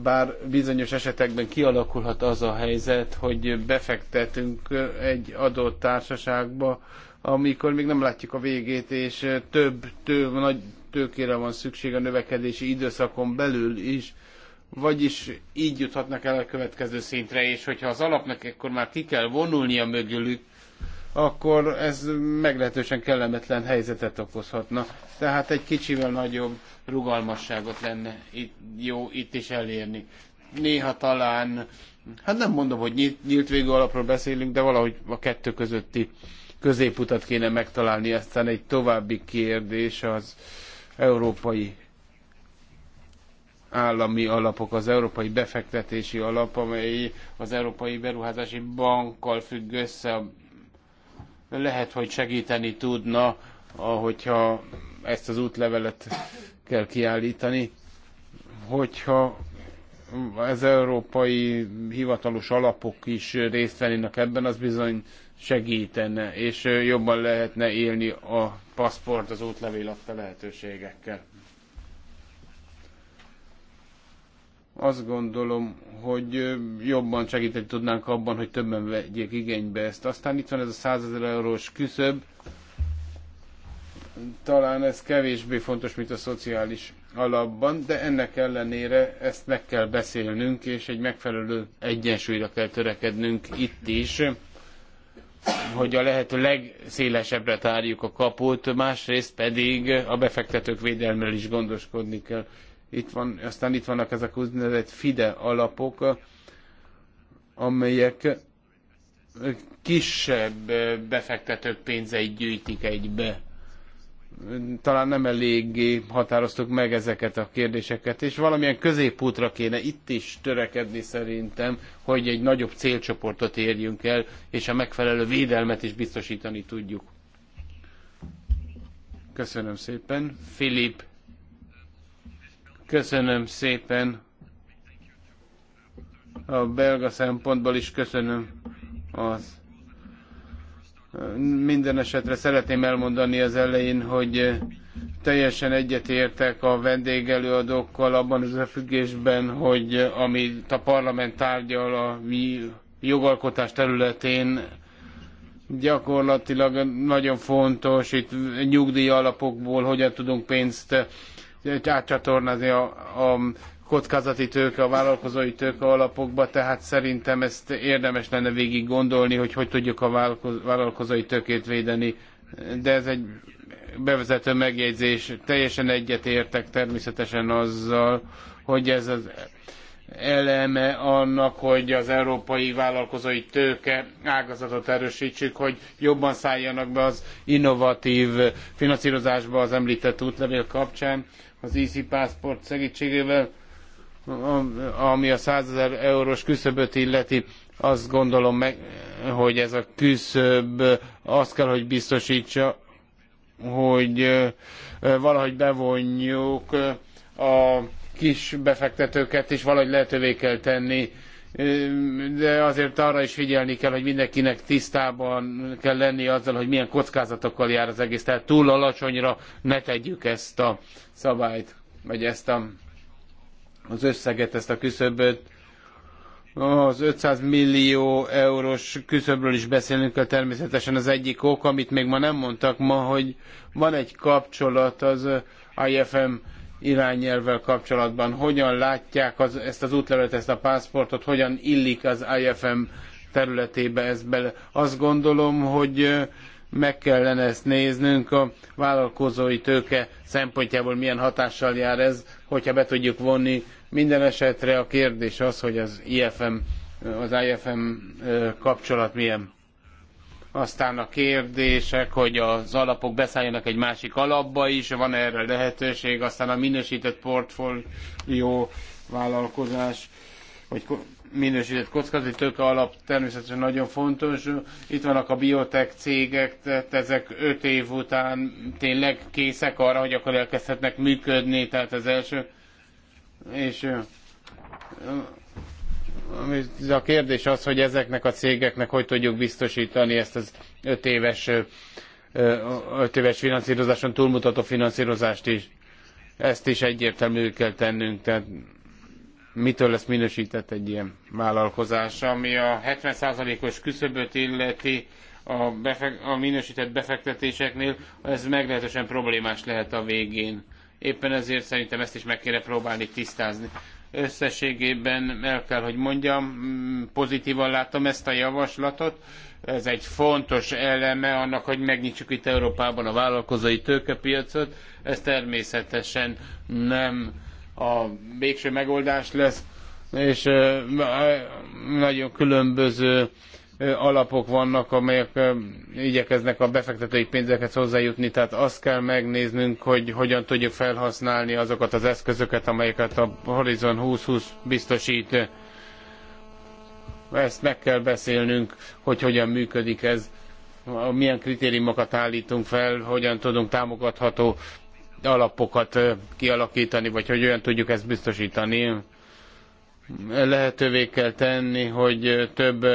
bár bizonyos esetekben kialakulhat az a helyzet, hogy befektetünk egy adott társaságba, amikor még nem látjuk a végét, és több, több, nagy, tőkére van szükség a növekedési időszakon belül is, vagyis így juthatnak el a következő szintre, és hogyha az alapnak ekkor már ki kell vonulnia mögülük, akkor ez meglehetősen kellemetlen helyzetet okozhatna. Tehát egy kicsivel nagyobb rugalmasságot lenne itt, jó itt is elérni. Néha talán, hát nem mondom, hogy nyílt, nyílt végű alapról beszélünk, de valahogy a kettő közötti középutat kéne megtalálni. Aztán egy további kérdés az európai állami alapok, az Európai Befektetési Alap, amely az Európai Beruházási Bankkal függ össze, lehet, hogy segíteni tudna, ahogyha ezt az útlevelet kell kiállítani, hogyha az európai hivatalos alapok is részt vennének ebben, az bizony segítene, és jobban lehetne élni a paszport, az útlevél adta lehetőségekkel. Azt gondolom, hogy jobban segíteni tudnánk abban, hogy többen vegyék igénybe ezt. Aztán itt van ez a 100 ezer eurós küszöb. Talán ez kevésbé fontos, mint a szociális alapban, de ennek ellenére ezt meg kell beszélnünk, és egy megfelelő egyensúlyra kell törekednünk itt is hogy a lehető legszélesebbre tárjuk a kaput, másrészt pedig a befektetők védelméről is gondoskodni kell. Itt van, aztán itt vannak ezek az úgynevezett FIDE alapok, amelyek kisebb befektetők pénzeit gyűjtik egybe talán nem eléggé határoztuk meg ezeket a kérdéseket, és valamilyen középútra kéne itt is törekedni szerintem, hogy egy nagyobb célcsoportot érjünk el, és a megfelelő védelmet is biztosítani tudjuk. Köszönöm szépen. Filip, köszönöm szépen. A belga szempontból is köszönöm az minden esetre szeretném elmondani az elején, hogy eh, teljesen egyetértek a vendégelőadókkal abban az összefüggésben, hogy eh, amit a parlament tárgyal a jogalkotás területén, gyakorlatilag nagyon fontos, itt nyugdíj alapokból hogyan tudunk pénzt eh, átcsatornázni a, a kockázati tőke, a vállalkozói tőke alapokba, tehát szerintem ezt érdemes lenne végig gondolni, hogy hogy tudjuk a vállalkozói tőkét védeni, de ez egy bevezető megjegyzés. Teljesen egyetértek természetesen azzal, hogy ez az eleme annak, hogy az európai vállalkozói tőke ágazatot erősítsük, hogy jobban szálljanak be az innovatív finanszírozásba az említett útlevél kapcsán, az EC Passport segítségével ami a 100 ezer eurós küszöböt illeti, azt gondolom meg, hogy ez a küszöb azt kell, hogy biztosítsa, hogy valahogy bevonjuk a kis befektetőket, és valahogy lehetővé kell tenni, de azért arra is figyelni kell, hogy mindenkinek tisztában kell lenni azzal, hogy milyen kockázatokkal jár az egész. Tehát túl alacsonyra ne tegyük ezt a szabályt, vagy ezt a az összeget, ezt a küszöböt. Az 500 millió eurós küszöbről is beszélünk a természetesen az egyik ok, amit még ma nem mondtak ma, hogy van egy kapcsolat az IFM irányelvvel kapcsolatban. Hogyan látják az, ezt az útlevet ezt a pászportot, hogyan illik az IFM területébe ez bele. Azt gondolom, hogy meg kellene ezt néznünk a vállalkozói tőke szempontjából milyen hatással jár ez, hogyha be tudjuk vonni minden esetre a kérdés az, hogy az IFM, az IFM kapcsolat milyen. Aztán a kérdések, hogy az alapok beszálljanak egy másik alapba is, van erre lehetőség, aztán a minősített portfólió vállalkozás, vagy minősített kockázati tőke alap természetesen nagyon fontos. Itt vannak a biotech cégek, tehát ezek öt év után tényleg készek arra, hogy akkor elkezdhetnek működni, tehát az első és a kérdés az, hogy ezeknek a cégeknek hogy tudjuk biztosítani ezt az öt éves, öt éves finanszírozáson túlmutató finanszírozást is. Ezt is egyértelmű kell tennünk, tehát mitől lesz minősített egy ilyen vállalkozás, ami a 70%-os küszöböt illeti a, befe- a minősített befektetéseknél, ez meglehetősen problémás lehet a végén Éppen ezért szerintem ezt is meg kéne próbálni tisztázni. Összességében el kell, hogy mondjam, mm, pozitívan látom ezt a javaslatot. Ez egy fontos eleme annak, hogy megnyitsuk itt Európában a vállalkozói tőkepiacot. Ez természetesen nem a végső megoldás lesz, és nagyon különböző alapok vannak, amelyek igyekeznek a befektetői pénzekhez hozzájutni, tehát azt kell megnéznünk, hogy hogyan tudjuk felhasználni azokat az eszközöket, amelyeket a Horizon 2020 biztosít. Ezt meg kell beszélnünk, hogy hogyan működik ez, milyen kritériumokat állítunk fel, hogyan tudunk támogatható alapokat kialakítani, vagy hogy olyan tudjuk ezt biztosítani. Lehetővé kell tenni, hogy több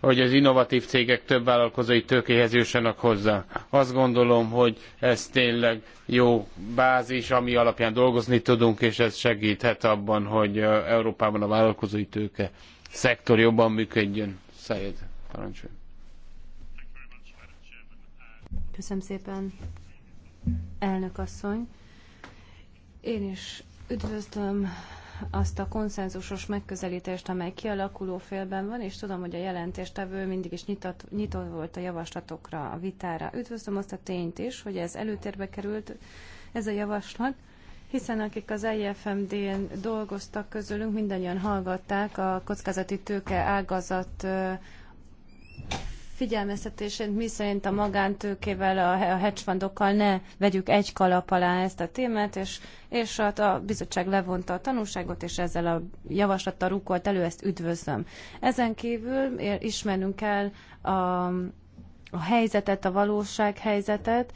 hogy az innovatív cégek több vállalkozói tőkéhez jussanak hozzá. Azt gondolom, hogy ez tényleg jó bázis, ami alapján dolgozni tudunk, és ez segíthet abban, hogy Európában a vállalkozói tőke szektor jobban működjön. Szájed, parancsolj. Köszönöm szépen, elnök asszony. Én is üdvözlöm azt a konszenzusos megközelítést, amely kialakuló félben van, és tudom, hogy a jelentéstevő mindig is nyitott, nyitott volt a javaslatokra, a vitára. Üdvözlöm azt a tényt is, hogy ez előtérbe került, ez a javaslat, hiszen akik az IFMD-n dolgoztak közülünk, mindannyian hallgatták a kockázati tőke ágazat figyelmeztetését, mi szerint a magántőkével, a hedge fundokkal ne vegyük egy kalap alá ezt a témát, és, és a, hát a bizottság levonta a tanulságot, és ezzel a javaslattal rúkolt elő, ezt üdvözlöm. Ezen kívül ismernünk kell a, a helyzetet, a valóság helyzetet,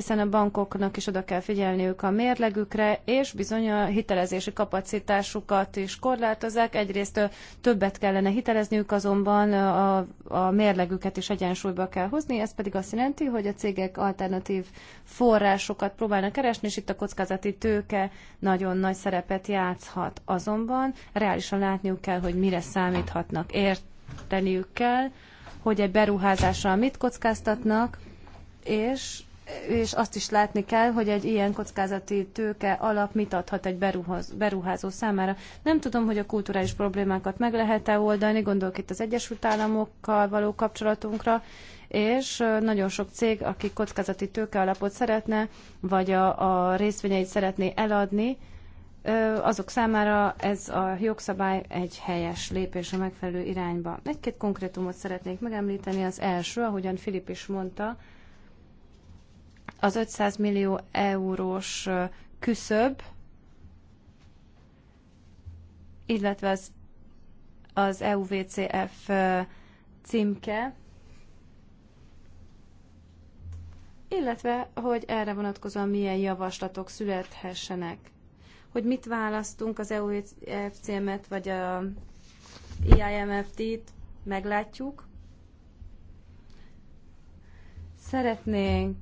hiszen a bankoknak is oda kell figyelniük a mérlegükre, és bizony a hitelezési kapacitásukat is korlátozák. Egyrészt többet kellene hitelezniük, azonban a, a mérlegüket is egyensúlyba kell hozni, ez pedig azt jelenti, hogy a cégek alternatív forrásokat próbálnak keresni, és itt a kockázati tőke nagyon nagy szerepet játszhat. Azonban reálisan látniuk kell, hogy mire számíthatnak, érteniük kell, hogy egy beruházással mit kockáztatnak, és és azt is látni kell, hogy egy ilyen kockázati tőke alap mit adhat egy beruházó számára. Nem tudom, hogy a kulturális problémákat meg lehet-e oldani, gondolok itt az Egyesült Államokkal való kapcsolatunkra, és nagyon sok cég, aki kockázati tőke alapot szeretne, vagy a, a részvényeit szeretné eladni, azok számára ez a jogszabály egy helyes lépés a megfelelő irányba. Egy-két konkrétumot szeretnék megemlíteni. Az első, ahogyan Filip is mondta, az 500 millió eurós küszöb, illetve az, az EUVCF címke, illetve hogy erre vonatkozóan milyen javaslatok születhessenek. Hogy mit választunk az euvcf et vagy a IIMFT-t, meglátjuk. Szeretnénk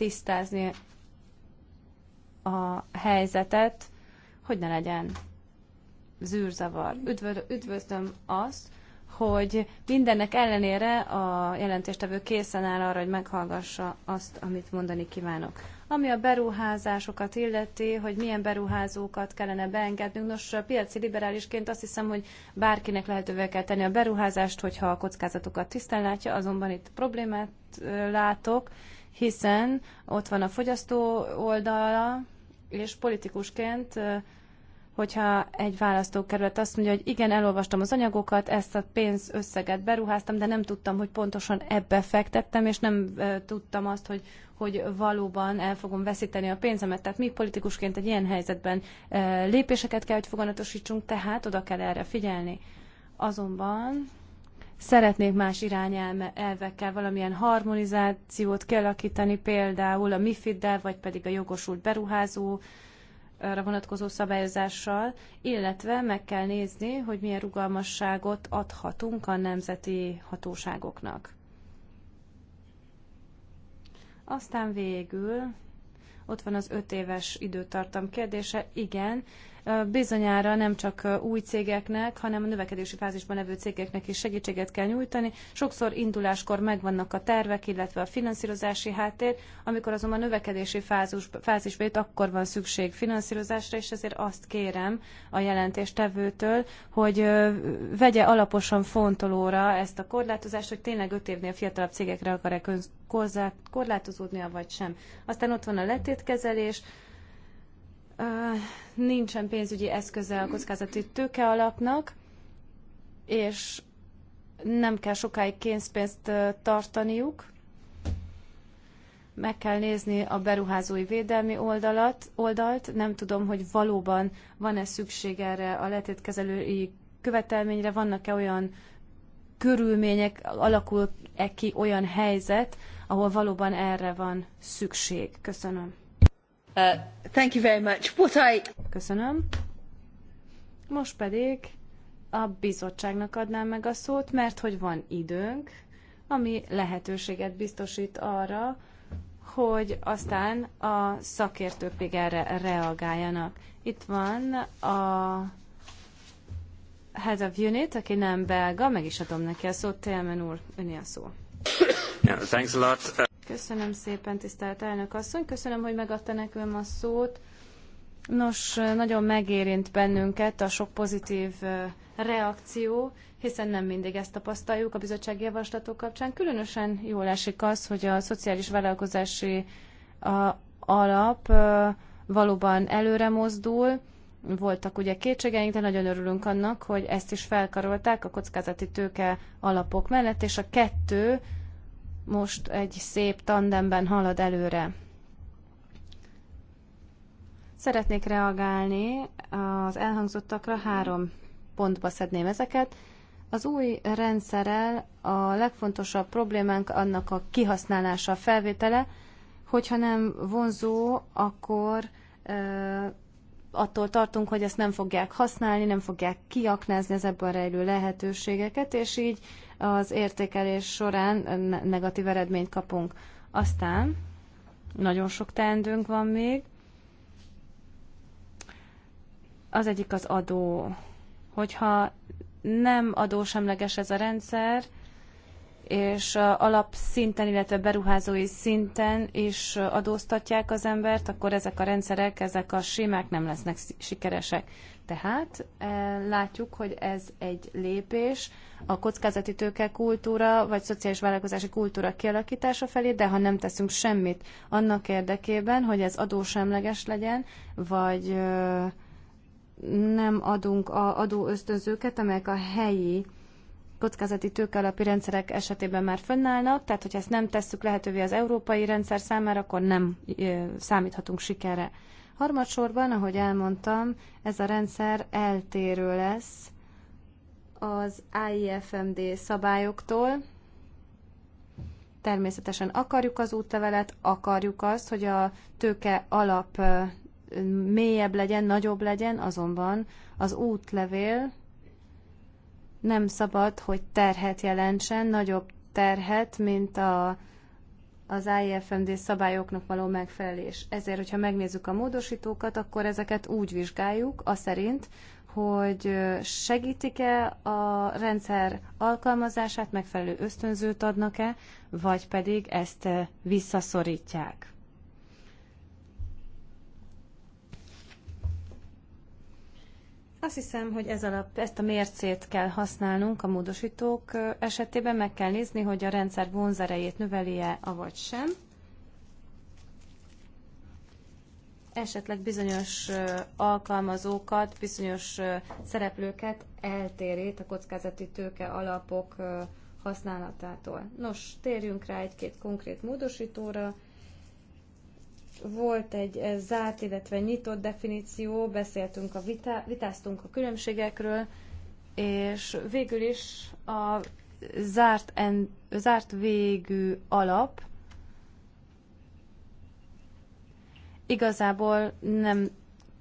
tisztázni a helyzetet, hogy ne legyen zűrzavar. Üdvöl, üdvözlöm azt, hogy mindennek ellenére a jelentéstevő készen áll arra, hogy meghallgassa azt, amit mondani kívánok. Ami a beruházásokat illeti, hogy milyen beruházókat kellene beengednünk, nos, piaci liberálisként azt hiszem, hogy bárkinek lehetővé kell tenni a beruházást, hogyha a kockázatokat tisztán látja, azonban itt problémát látok, hiszen ott van a fogyasztó oldala, és politikusként, hogyha egy választókerület azt mondja, hogy igen, elolvastam az anyagokat, ezt a pénzösszeget beruháztam, de nem tudtam, hogy pontosan ebbe fektettem, és nem tudtam azt, hogy, hogy valóban el fogom veszíteni a pénzemet. Tehát mi politikusként egy ilyen helyzetben lépéseket kell, hogy foganatosítsunk, tehát oda kell erre figyelni. Azonban szeretnék más irányelvekkel valamilyen harmonizációt kialakítani, például a MIFID-del, vagy pedig a jogosult beruházó vonatkozó szabályozással, illetve meg kell nézni, hogy milyen rugalmasságot adhatunk a nemzeti hatóságoknak. Aztán végül ott van az öt éves időtartam kérdése. Igen, bizonyára nem csak új cégeknek, hanem a növekedési fázisban levő cégeknek is segítséget kell nyújtani. Sokszor induláskor megvannak a tervek, illetve a finanszírozási háttér, amikor azonban a növekedési fázis, fázisba jut, akkor van szükség finanszírozásra, és ezért azt kérem a jelentéstevőtől, hogy vegye alaposan fontolóra ezt a korlátozást, hogy tényleg öt évnél fiatalabb cégekre akar-e korlátozódnia, vagy sem. Aztán ott van a letétkezelés, nincsen pénzügyi eszköze a kockázati tőke alapnak, és nem kell sokáig kénzpénzt tartaniuk. Meg kell nézni a beruházói védelmi oldalat, oldalt. Nem tudom, hogy valóban van-e szükség erre a letétkezelői követelményre, vannak-e olyan körülmények, alakul-e ki olyan helyzet, ahol valóban erre van szükség. Köszönöm. Uh, thank you very much. What I... Köszönöm. Most pedig a bizottságnak adnám meg a szót, mert hogy van időnk, ami lehetőséget biztosít arra, hogy aztán a szakértők még erre reagáljanak. Itt van a Head of Unit, aki nem belga, meg is adom neki a szót, Télmen úr, öné a szó. Yeah, thanks a lot. Köszönöm szépen, tisztelt elnök asszony. Köszönöm, hogy megadta nekünk a szót. Nos, nagyon megérint bennünket a sok pozitív reakció, hiszen nem mindig ezt tapasztaljuk a bizottsági javaslatok kapcsán. Különösen jól esik az, hogy a szociális vállalkozási alap valóban előre mozdul. Voltak ugye kétségeink, de nagyon örülünk annak, hogy ezt is felkarolták a kockázati tőke alapok mellett, és a kettő most egy szép tandemben halad előre. Szeretnék reagálni az elhangzottakra, három pontba szedném ezeket. Az új rendszerrel a legfontosabb problémánk annak a kihasználása, a felvétele, hogyha nem vonzó, akkor attól tartunk, hogy ezt nem fogják használni, nem fogják kiaknázni az ebből rejlő lehetőségeket, és így az értékelés során negatív eredményt kapunk. Aztán nagyon sok teendőnk van még. Az egyik az adó. Hogyha nem adósemleges ez a rendszer, és alapszinten, illetve beruházói szinten is adóztatják az embert, akkor ezek a rendszerek, ezek a sémák nem lesznek sikeresek. Tehát látjuk, hogy ez egy lépés a kockázati tőke kultúra, vagy szociális vállalkozási kultúra kialakítása felé, de ha nem teszünk semmit annak érdekében, hogy ez adósemleges legyen, vagy nem adunk a adóösztönzőket, amelyek a helyi kockázati tőkealapi rendszerek esetében már fönnállnak, tehát hogyha ezt nem tesszük lehetővé az európai rendszer számára, akkor nem számíthatunk sikerre. Harmadsorban, ahogy elmondtam, ez a rendszer eltérő lesz az AIFMD szabályoktól. Természetesen akarjuk az útlevelet, akarjuk azt, hogy a tőke alap mélyebb legyen, nagyobb legyen, azonban az útlevél nem szabad, hogy terhet jelentsen, nagyobb terhet, mint a, az IFMD szabályoknak való megfelelés. Ezért, hogyha megnézzük a módosítókat, akkor ezeket úgy vizsgáljuk, a szerint, hogy segítik-e a rendszer alkalmazását, megfelelő ösztönzőt adnak-e, vagy pedig ezt visszaszorítják. Azt hiszem, hogy ez alap, ezt a mércét kell használnunk a módosítók esetében, meg kell nézni, hogy a rendszer vonzerejét növeli-e, avagy sem. Esetleg bizonyos alkalmazókat, bizonyos szereplőket eltérít a kockázati tőke alapok használatától. Nos, térjünk rá egy-két konkrét módosítóra volt egy eh, zárt, illetve nyitott definíció, beszéltünk a vita, vitáztunk a különbségekről, és végül is a zárt, en, zárt végű alap igazából nem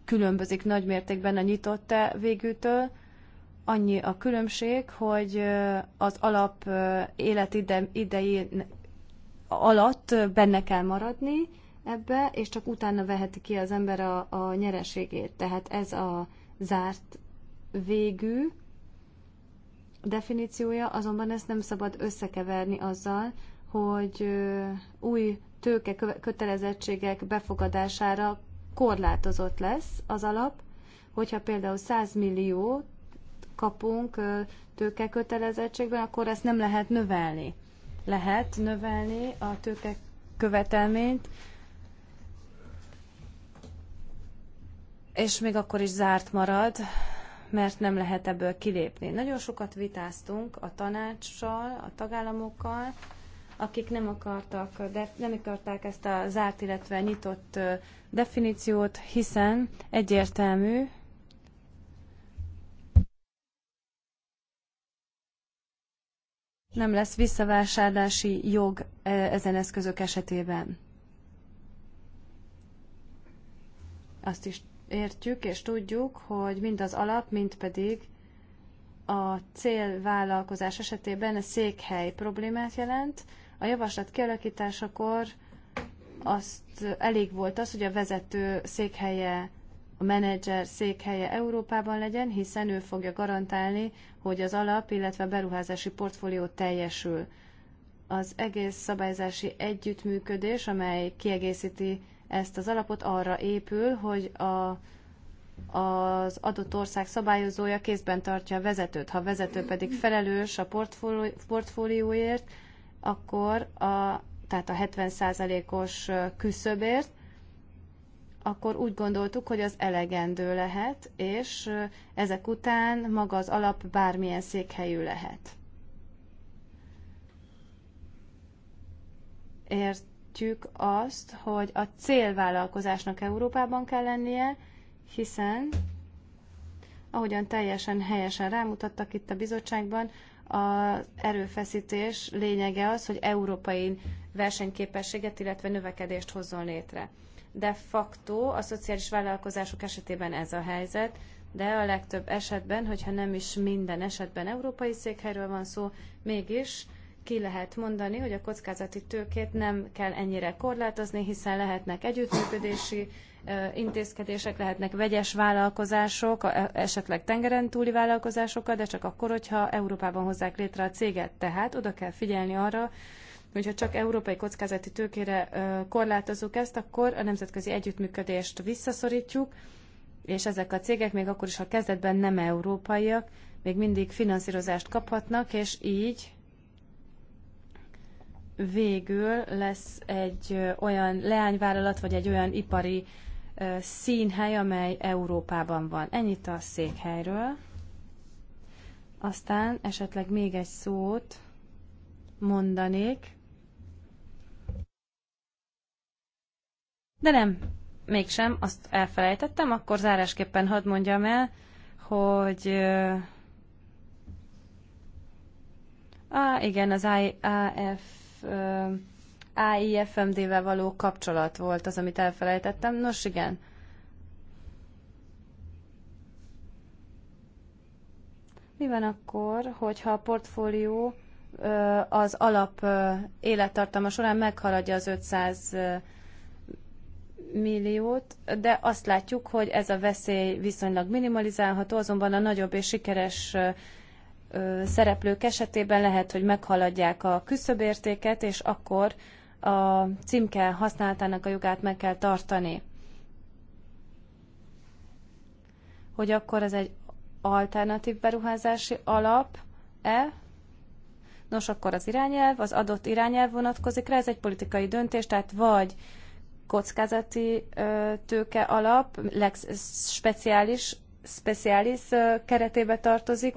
különbözik nagy mértékben a nyitott végűtől, annyi a különbség, hogy eh, az alap eh, életidei alatt benne kell maradni, ebbe, és csak utána veheti ki az ember a, a nyereségét. Tehát ez a zárt végű definíciója, azonban ezt nem szabad összekeverni azzal, hogy új tőke kötelezettségek befogadására korlátozott lesz az alap, hogyha például 100 millió kapunk tőke kötelezettségben, akkor ezt nem lehet növelni. Lehet növelni a tőke követelményt, és még akkor is zárt marad, mert nem lehet ebből kilépni. Nagyon sokat vitáztunk a tanácssal, a tagállamokkal, akik nem akartak, de nem akarták ezt a zárt, illetve nyitott definíciót, hiszen egyértelmű, nem lesz visszavásárlási jog ezen eszközök esetében. Azt is értjük és tudjuk, hogy mind az alap, mind pedig a célvállalkozás esetében a székhely problémát jelent. A javaslat kialakításakor azt elég volt az, hogy a vezető székhelye, a menedzser székhelye Európában legyen, hiszen ő fogja garantálni, hogy az alap, illetve a beruházási portfólió teljesül. Az egész szabályzási együttműködés, amely kiegészíti ezt az alapot arra épül, hogy a az adott ország szabályozója kézben tartja a vezetőt. Ha a vezető pedig felelős a portfólióért, akkor a, tehát a 70%-os küszöbért, akkor úgy gondoltuk, hogy az elegendő lehet, és ezek után maga az alap bármilyen székhelyű lehet. Ért értjük azt, hogy a célvállalkozásnak Európában kell lennie, hiszen, ahogyan teljesen helyesen rámutattak itt a bizottságban, az erőfeszítés lényege az, hogy európai versenyképességet, illetve növekedést hozzon létre. De facto a szociális vállalkozások esetében ez a helyzet, de a legtöbb esetben, hogyha nem is minden esetben európai székhelyről van szó, mégis ki lehet mondani, hogy a kockázati tőkét nem kell ennyire korlátozni, hiszen lehetnek együttműködési intézkedések, lehetnek vegyes vállalkozások, esetleg tengeren túli vállalkozásokat, de csak akkor, hogyha Európában hozzák létre a céget. Tehát oda kell figyelni arra, hogyha csak európai kockázati tőkére korlátozunk ezt, akkor a nemzetközi együttműködést visszaszorítjuk, és ezek a cégek még akkor is, ha kezdetben nem európaiak, még mindig finanszírozást kaphatnak, és így végül lesz egy olyan leányvállalat, vagy egy olyan ipari színhely, amely Európában van. Ennyit a székhelyről. Aztán esetleg még egy szót mondanék. De nem, mégsem, azt elfelejtettem, akkor zárásképpen hadd mondjam el, hogy Á, igen, az IAF AIFMD-vel való kapcsolat volt az, amit elfelejtettem. Nos, igen. Mi van akkor, hogyha a portfólió az alap élettartama során meghaladja az 500 milliót, de azt látjuk, hogy ez a veszély viszonylag minimalizálható, azonban a nagyobb és sikeres szereplők esetében lehet, hogy meghaladják a küszöbértéket, és akkor a címke használatának a jogát meg kell tartani. Hogy akkor ez egy alternatív beruházási alap-e? Nos, akkor az irányelv, az adott irányelv vonatkozik rá, ez egy politikai döntés, tehát vagy kockázati tőke alap, legspeciális speciális keretébe tartozik,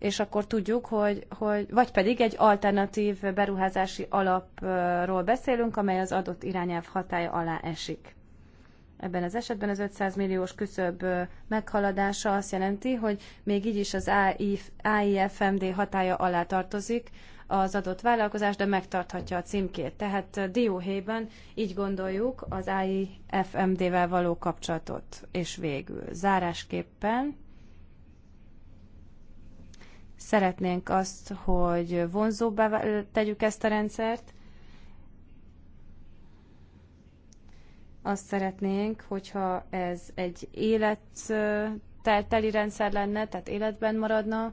és akkor tudjuk, hogy, hogy vagy pedig egy alternatív beruházási alapról beszélünk, amely az adott irányelv hatája alá esik. Ebben az esetben az 500 milliós küszöb meghaladása azt jelenti, hogy még így is az AIFMD hatája alá tartozik az adott vállalkozás, de megtarthatja a címkét. Tehát dióhéjban így gondoljuk az AIFMD-vel való kapcsolatot. És végül zárásképpen Szeretnénk azt, hogy vonzóbbá tegyük ezt a rendszert. Azt szeretnénk, hogyha ez egy életteli rendszer lenne, tehát életben maradna,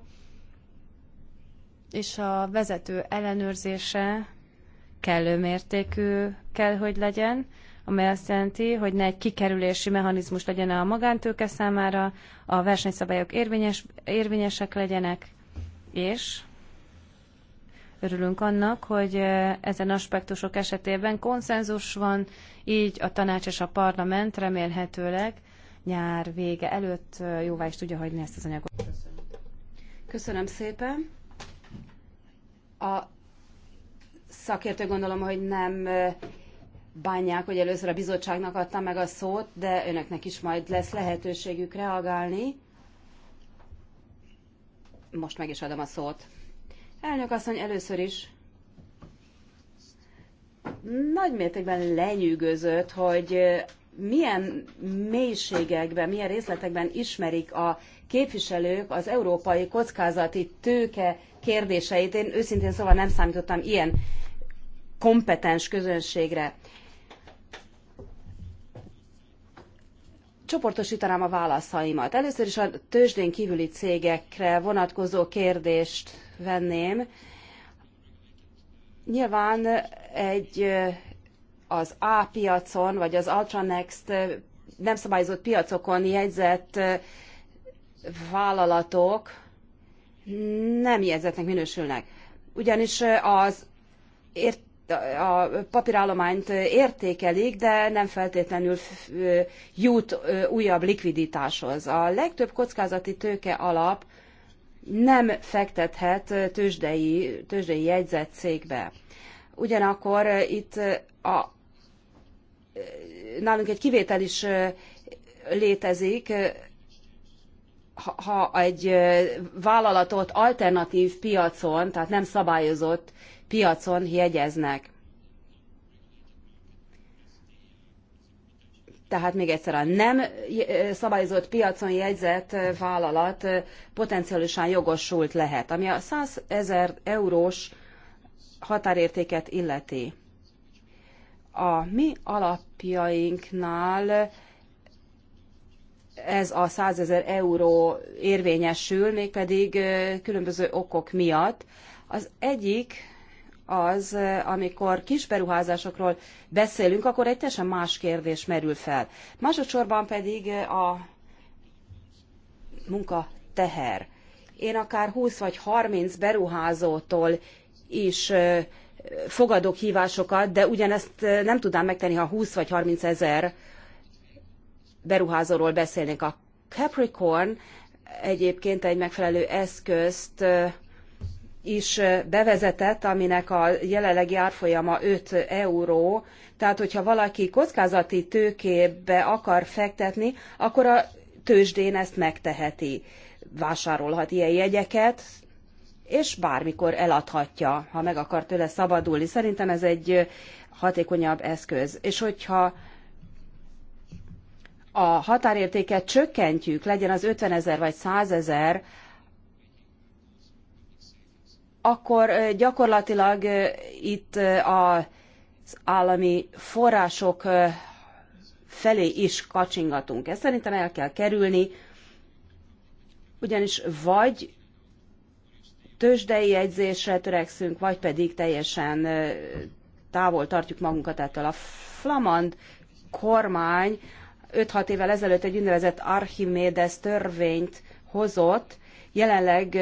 és a vezető ellenőrzése kellő mértékű kell, hogy legyen, amely azt jelenti, hogy ne egy kikerülési mechanizmus legyen a magántőke számára, a versenyszabályok érvényes, érvényesek legyenek, és örülünk annak, hogy ezen aspektusok esetében konszenzus van, így a tanács és a parlament remélhetőleg nyár vége előtt jóvá is tudja hagyni ezt az anyagot. Köszönöm, Köszönöm szépen. A szakértő gondolom, hogy nem bánják, hogy először a bizottságnak adtam meg a szót, de önöknek is majd lesz lehetőségük reagálni. Most meg is adom a szót. Elnök asszony, először is nagy mértékben lenyűgözött, hogy milyen mélységekben, milyen részletekben ismerik a képviselők az európai kockázati tőke kérdéseit. Én őszintén szóval nem számítottam ilyen kompetens közönségre. csoportosítanám a válaszaimat. Először is a tőzsdén kívüli cégekre vonatkozó kérdést venném. Nyilván egy az A piacon, vagy az Next nem szabályozott piacokon jegyzett vállalatok nem jegyzetnek minősülnek. Ugyanis az ért a papírállományt értékelik, de nem feltétlenül jut újabb likviditáshoz. A legtöbb kockázati tőke alap nem fektethet tőzsdei, tőzsdei jegyzett cégbe. Ugyanakkor itt a, nálunk egy kivétel is létezik, ha egy vállalatot alternatív piacon, tehát nem szabályozott piacon jegyeznek. Tehát még egyszer a nem szabályozott piacon jegyzett vállalat potenciálisan jogosult lehet, ami a 100 ezer eurós határértéket illeti. A mi alapjainknál ez a 100 ezer euró érvényesül, mégpedig különböző okok miatt. Az egyik az, amikor kis beruházásokról beszélünk, akkor egy teljesen más kérdés merül fel. Másodszorban pedig a munka teher. Én akár 20 vagy 30 beruházótól is fogadok hívásokat, de ugyanezt nem tudnám megtenni, ha 20 vagy 30 ezer beruházóról beszélnék. A Capricorn egyébként egy megfelelő eszközt is bevezetett, aminek a jelenlegi árfolyama 5 euró, tehát hogyha valaki kockázati tőkébe akar fektetni, akkor a tőzsdén ezt megteheti. Vásárolhat ilyen jegyeket, és bármikor eladhatja, ha meg akar tőle szabadulni. Szerintem ez egy hatékonyabb eszköz. És hogyha a határértéket csökkentjük, legyen az 50 ezer vagy 100 ezer, akkor gyakorlatilag itt az állami források felé is kacsingatunk. Ezt szerintem el kell kerülni, ugyanis vagy tőzsdei jegyzésre törekszünk, vagy pedig teljesen távol tartjuk magunkat ettől. A flamand kormány 5-6 évvel ezelőtt egy úgynevezett Archimedes törvényt hozott, jelenleg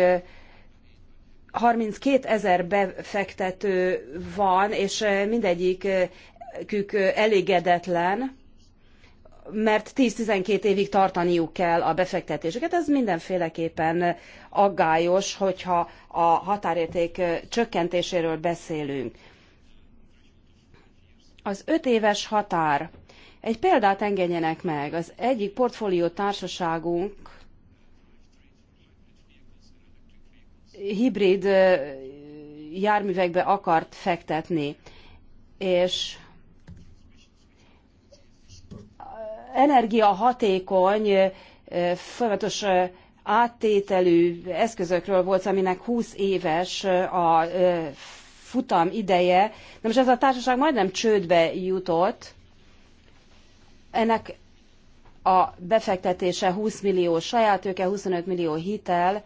32 ezer befektető van, és eh, mindegyikük eh, elégedetlen, mert 10-12 évig tartaniuk kell a befektetéseket. Ez mindenféleképpen eh, aggályos, hogyha a határérték csökkentéséről beszélünk. Az öt éves határ. Egy példát engedjenek meg. Az egyik portfólió társaságunk hibrid járművekbe akart fektetni. És energiahatékony, folyamatos áttételű eszközökről volt, aminek 20 éves a futam ideje. Na most ez a társaság majdnem csődbe jutott. Ennek a befektetése 20 millió saját tőke, 25 millió hitel,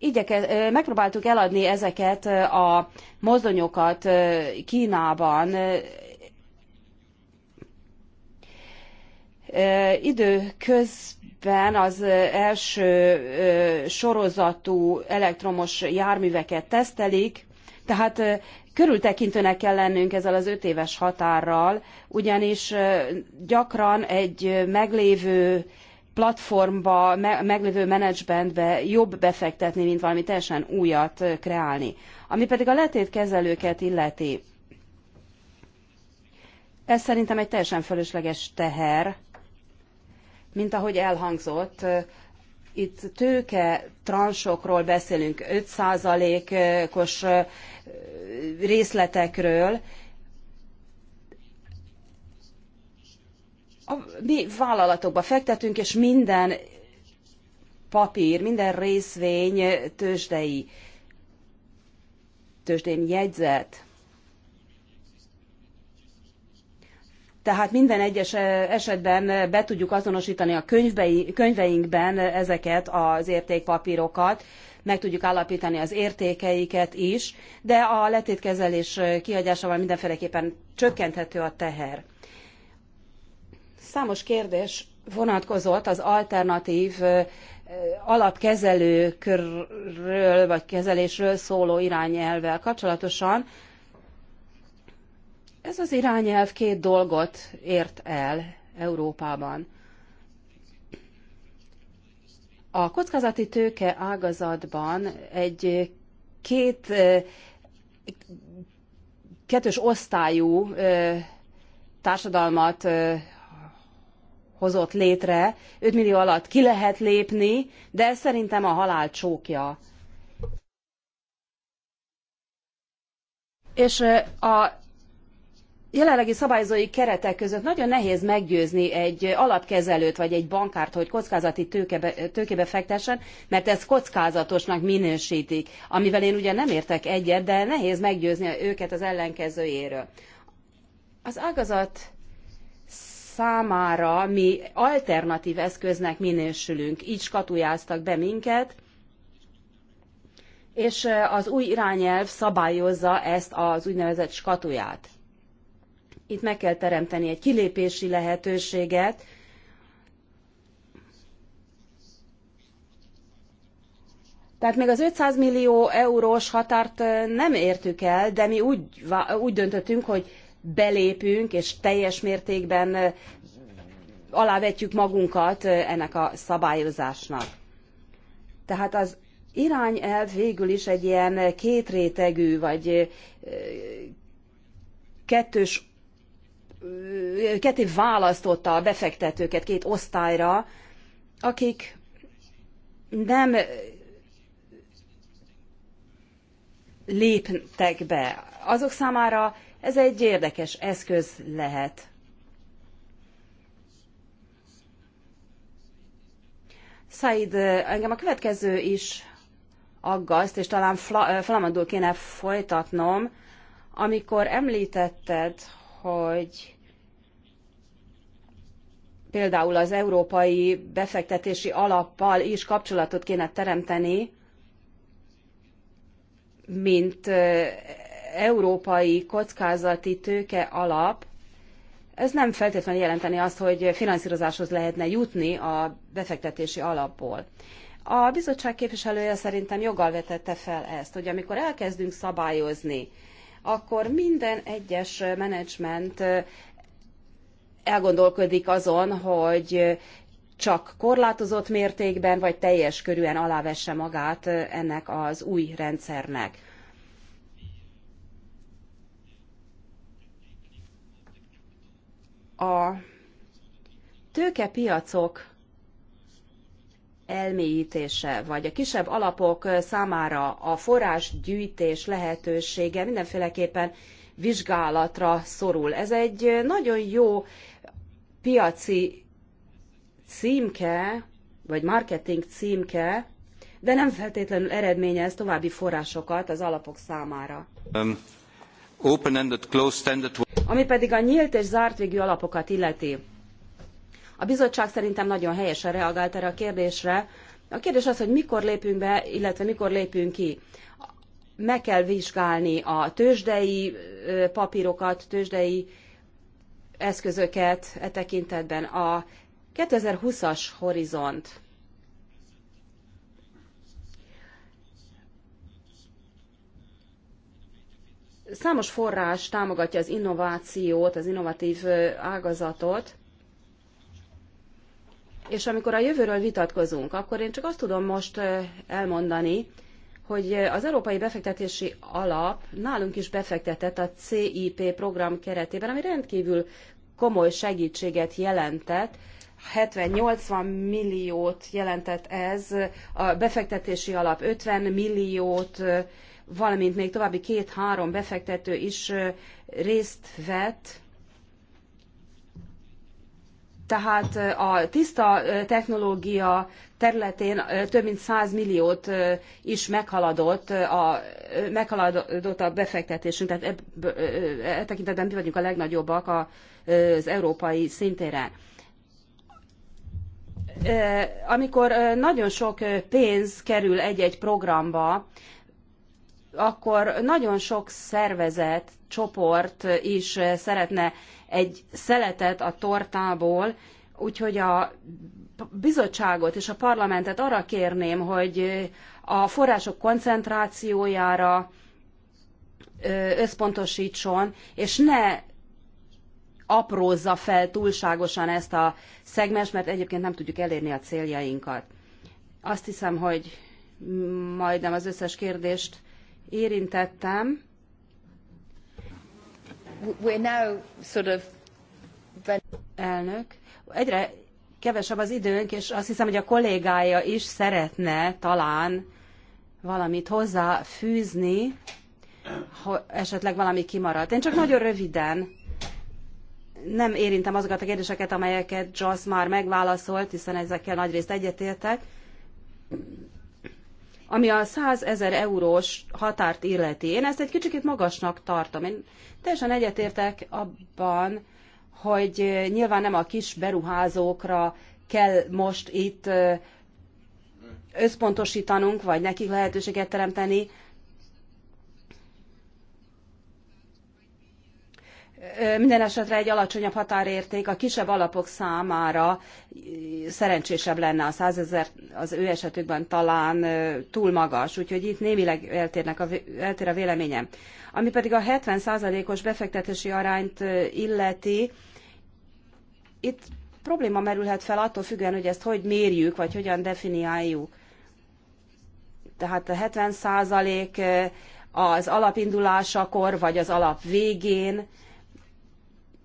igyeke, megpróbáltuk eladni ezeket a mozdonyokat Kínában, időközben az első sorozatú elektromos járműveket tesztelik, tehát körültekintőnek kell lennünk ezzel az öt éves határral, ugyanis gyakran egy meglévő platformba, me meglévő menedzsmentbe jobb befektetni, mint valami teljesen újat kreálni. Ami pedig a letétkezelőket illeti, ez szerintem egy teljesen fölösleges teher, mint ahogy elhangzott, itt tőke transokról beszélünk, 5%-os részletekről, mi vállalatokba fektetünk, és minden papír, minden részvény tőzsdei, tőzsdén jegyzet. Tehát minden egyes eh, esetben be tudjuk azonosítani a könyveinkben ezeket az értékpapírokat, meg tudjuk állapítani az értékeiket is, de a letétkezelés kiadásával mindenféleképpen csökkenthető a teher. Számos kérdés vonatkozott az alternatív alapkezelőkről vagy kezelésről szóló irányelvvel kapcsolatosan. Ez az irányelv két dolgot ért el Európában. A kockázati tőke ágazatban egy két kettős osztályú társadalmat hozott létre, 5 millió alatt ki lehet lépni, de ez szerintem a halál csókja. És a jelenlegi szabályozói keretek között nagyon nehéz meggyőzni egy alapkezelőt vagy egy bankárt, hogy kockázati tőkebe, tőkébe fektessen, mert ez kockázatosnak minősítik, amivel én ugyan nem értek egyet, de nehéz meggyőzni őket az ellenkezőjéről. Az ágazat számára mi alternatív eszköznek minősülünk. Így skatujáztak be minket, és az új irányelv szabályozza ezt az úgynevezett skatuját. Itt meg kell teremteni egy kilépési lehetőséget, Tehát még az 500 millió eurós határt nem értük el, de mi úgy, úgy döntöttünk, hogy belépünk, és teljes mértékben alávetjük magunkat ennek a szabályozásnak. Tehát az irányelv végül is egy ilyen kétrétegű, vagy kettős ketté választotta a befektetőket két osztályra, akik nem léptek be. Azok számára ez egy érdekes eszköz lehet. Said, engem a következő is aggaszt, és talán flamandul kéne folytatnom, amikor említetted, hogy például az európai befektetési alappal is kapcsolatot kéne teremteni, mint európai kockázati tőke alap, ez nem feltétlenül jelenteni azt, hogy finanszírozáshoz lehetne jutni a befektetési alapból. A bizottság képviselője szerintem joggal vetette fel ezt, hogy amikor elkezdünk szabályozni, akkor minden egyes menedzsment elgondolkodik azon, hogy csak korlátozott mértékben, vagy teljes körűen alávesse magát ennek az új rendszernek. a tőkepiacok elmélyítése, vagy a kisebb alapok számára a forrásgyűjtés lehetősége mindenféleképpen vizsgálatra szorul. Ez egy nagyon jó piaci címke, vagy marketing címke, de nem feltétlenül eredményez további forrásokat az alapok számára. Um, ami pedig a nyílt és zárt végű alapokat illeti. A bizottság szerintem nagyon helyesen reagált erre a kérdésre. A kérdés az, hogy mikor lépünk be, illetve mikor lépünk ki. Meg kell vizsgálni a tőzsdei papírokat, tőzsdei eszközöket e tekintetben. A 2020-as horizont Számos forrás támogatja az innovációt, az innovatív ágazatot, és amikor a jövőről vitatkozunk, akkor én csak azt tudom most elmondani, hogy az Európai Befektetési Alap nálunk is befektetett a CIP program keretében, ami rendkívül komoly segítséget jelentett. 70-80 milliót jelentett ez, a befektetési alap 50 milliót, valamint még további két-három befektető is részt vett. Tehát a tiszta technológia területén több mint 100 milliót is meghaladott a, meghaladott a befektetésünk, tehát e, e tekintetben mi vagyunk a legnagyobbak az európai szintéren amikor nagyon sok pénz kerül egy-egy programba, akkor nagyon sok szervezet, csoport is szeretne egy szeletet a tortából, úgyhogy a bizottságot és a parlamentet arra kérném, hogy a források koncentrációjára összpontosítson, és ne aprózza fel túlságosan ezt a szegmens, mert egyébként nem tudjuk elérni a céljainkat. Azt hiszem, hogy majdnem az összes kérdést érintettem. We're now sort of... Elnök, egyre kevesebb az időnk, és azt hiszem, hogy a kollégája is szeretne talán valamit hozzáfűzni, ha esetleg valami kimaradt. Én csak nagyon röviden nem érintem azokat a kérdéseket, amelyeket Joss már megválaszolt, hiszen ezekkel nagyrészt egyetértek. Ami a 100 ezer eurós határt illeti, én ezt egy kicsit magasnak tartom. Én teljesen egyetértek abban, hogy nyilván nem a kis beruházókra kell most itt összpontosítanunk, vagy nekik lehetőséget teremteni, minden esetre egy alacsonyabb határérték a kisebb alapok számára szerencsésebb lenne a 100 az ő esetükben talán túl magas, úgyhogy itt némileg eltérnek a, eltér a véleményem. Ami pedig a 70%-os befektetési arányt illeti, itt probléma merülhet fel attól függően, hogy ezt hogy mérjük, vagy hogyan definiáljuk. Tehát a 70 az alapindulásakor, vagy az alap végén,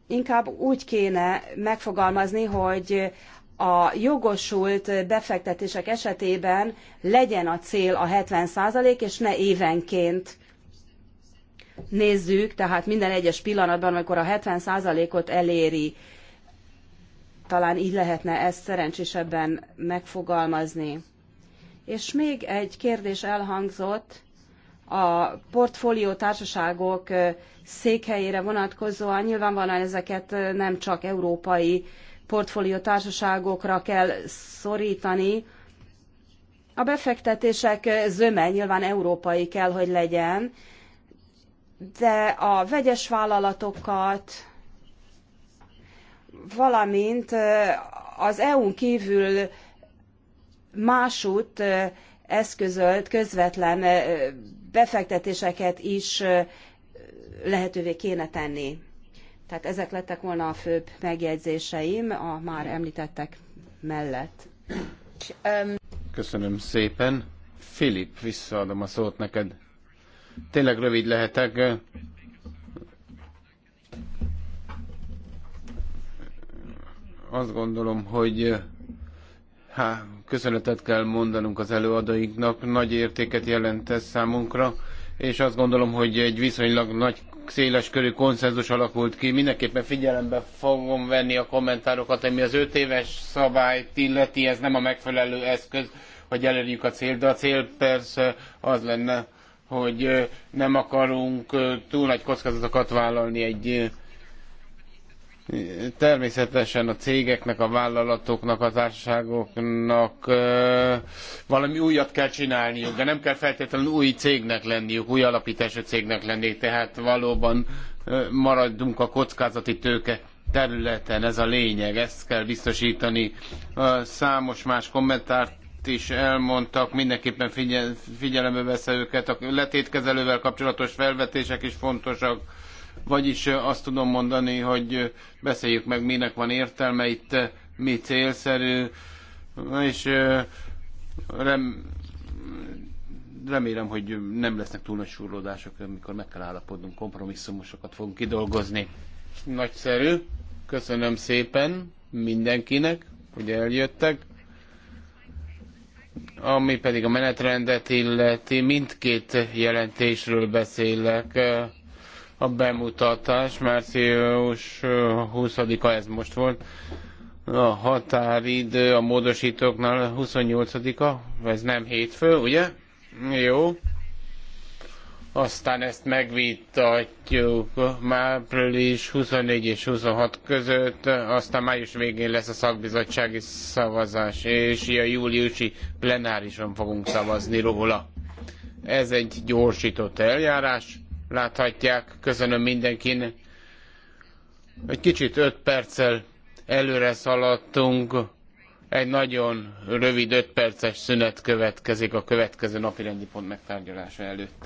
inkább úgy kéne megfogalmazni, hogy a jogosult befektetések esetében legyen a cél a 70% és ne évenként nézzük, tehát minden egyes pillanatban, amikor a 70%-ot eléri, talán így lehetne ezt szerencsésebben megfogalmazni. És még egy kérdés elhangzott, a portfólió társaságok székhelyére vonatkozóan nyilvánvalóan ezeket nem csak európai portfólió társaságokra kell szorítani. A befektetések zöme nyilván európai kell, hogy legyen, de a vegyes vállalatokat, valamint az EU-n kívül másút eszközölt közvetlen befektetéseket is lehetővé kéne tenni. Tehát ezek lettek volna a főbb megjegyzéseim a már említettek mellett. Köszönöm szépen. Filip, visszaadom a szót neked. Tényleg rövid lehetek. Azt gondolom, hogy Há, köszönetet kell mondanunk az előadóinknak, nagy értéket jelent ez számunkra, és azt gondolom, hogy egy viszonylag nagy széles körű konszenzus alakult ki. Mindenképpen figyelembe fogom venni a kommentárokat, ami az öt éves szabályt illeti, ez nem a megfelelő eszköz, hogy elérjük a cél, de a cél persze az lenne, hogy nem akarunk túl nagy kockázatokat vállalni egy Természetesen a cégeknek, a vállalatoknak, a társaságoknak valami újat kell csinálniuk, de nem kell feltétlenül új cégnek lenniük, új alapítású cégnek lenni. tehát valóban maradjunk a kockázati tőke területen, ez a lényeg, ezt kell biztosítani. Számos más kommentárt is elmondtak, mindenképpen figyel, figyelembe vesz őket. A letétkezelővel kapcsolatos felvetések is fontosak vagyis azt tudom mondani, hogy beszéljük meg, minek van értelme itt, mi célszerű, és rem, remélem, hogy nem lesznek túl nagy súrlódások, amikor meg kell állapodnunk, kompromisszumosokat fogunk kidolgozni. Nagyszerű, köszönöm szépen mindenkinek, hogy eljöttek. Ami pedig a menetrendet illeti, mindkét jelentésről beszélek a bemutatás, március 20-a ez most volt, a határidő a módosítóknál 28-a, ez nem hétfő, ugye? Jó. Aztán ezt megvitatjuk április 24 és 26 között, aztán május végén lesz a szakbizottsági szavazás, és a júliusi plenárison fogunk szavazni róla. Ez egy gyorsított eljárás láthatják. Köszönöm mindenkinek. Egy kicsit öt perccel előre szaladtunk. Egy nagyon rövid öt perces szünet következik a következő napirendi pont megtárgyalása előtt.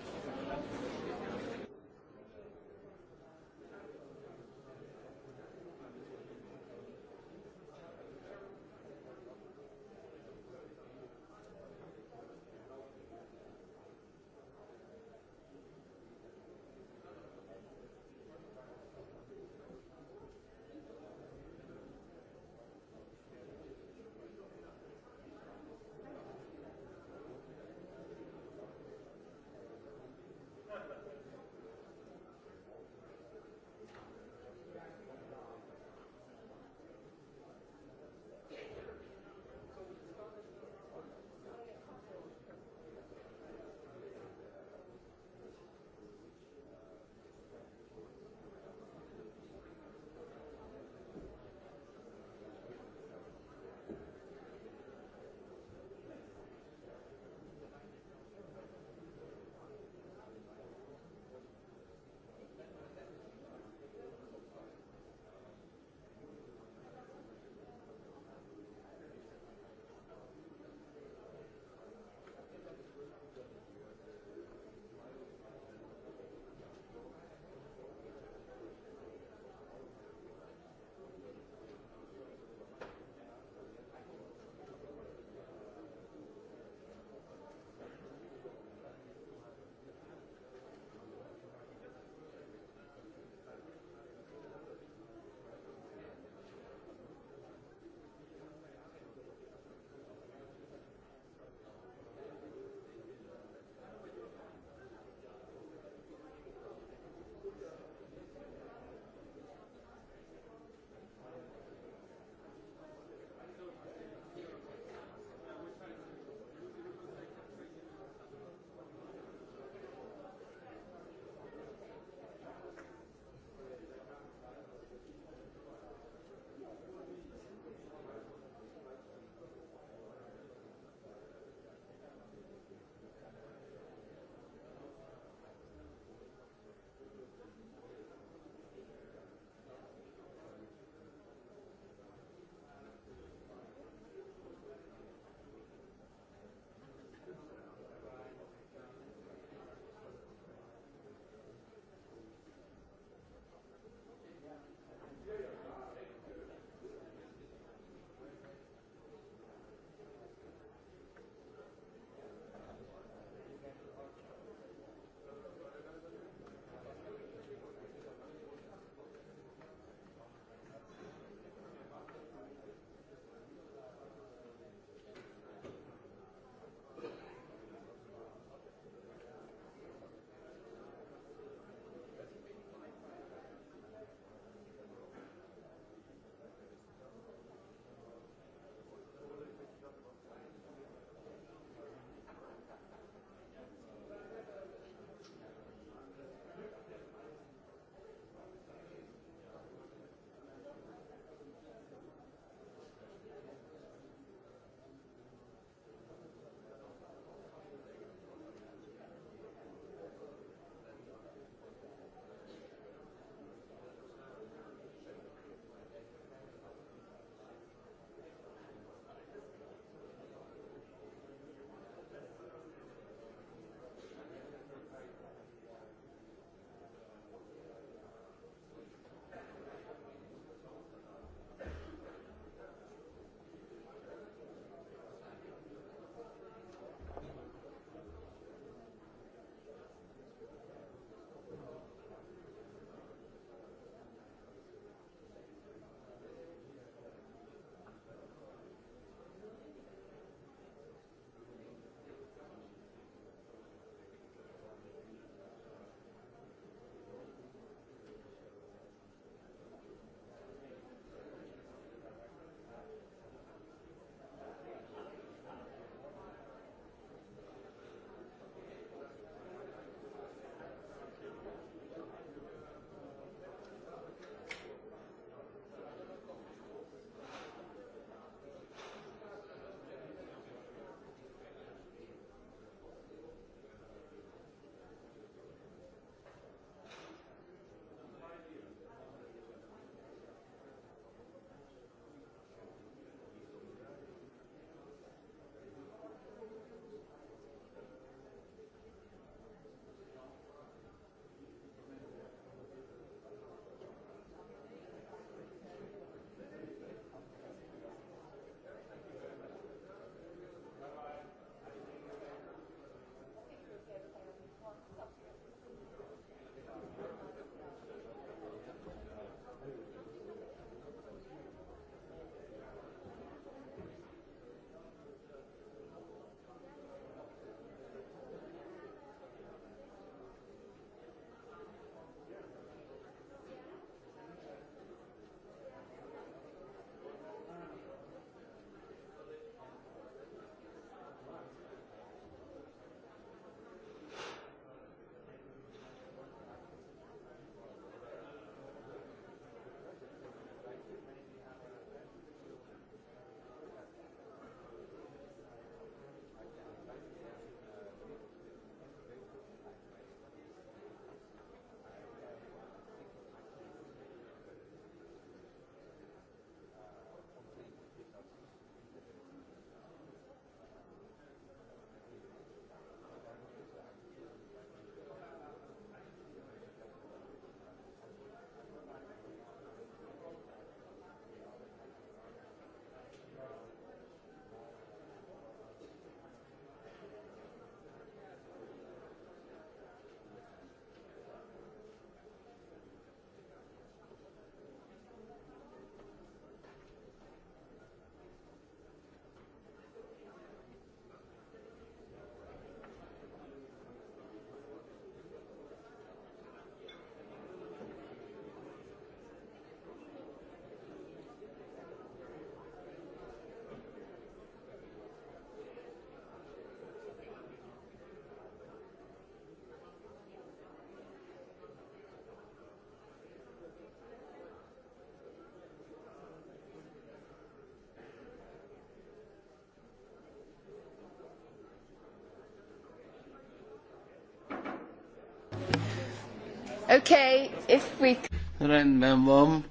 Okay, if we... Rendben van.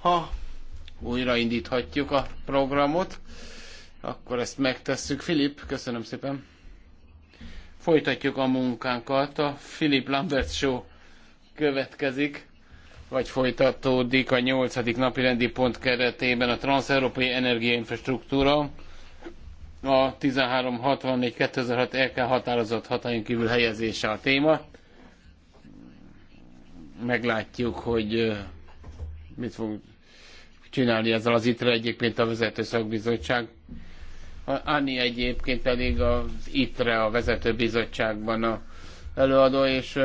Ha újraindíthatjuk a programot, akkor ezt megtesszük. Filip, köszönöm szépen. Folytatjuk a munkánkat. A Filip Lambert Show következik, vagy folytatódik a nyolcadik napi rendi pont keretében a transzeurópai energiainfrastruktúra a 1364-2006 EK határozott hatályon kívül helyezése a téma meglátjuk, hogy mit fogunk csinálni ezzel az ITRA egyébként a vezető szakbizottság. Anni egyébként pedig az ITRE a vezető bizottságban a előadó, és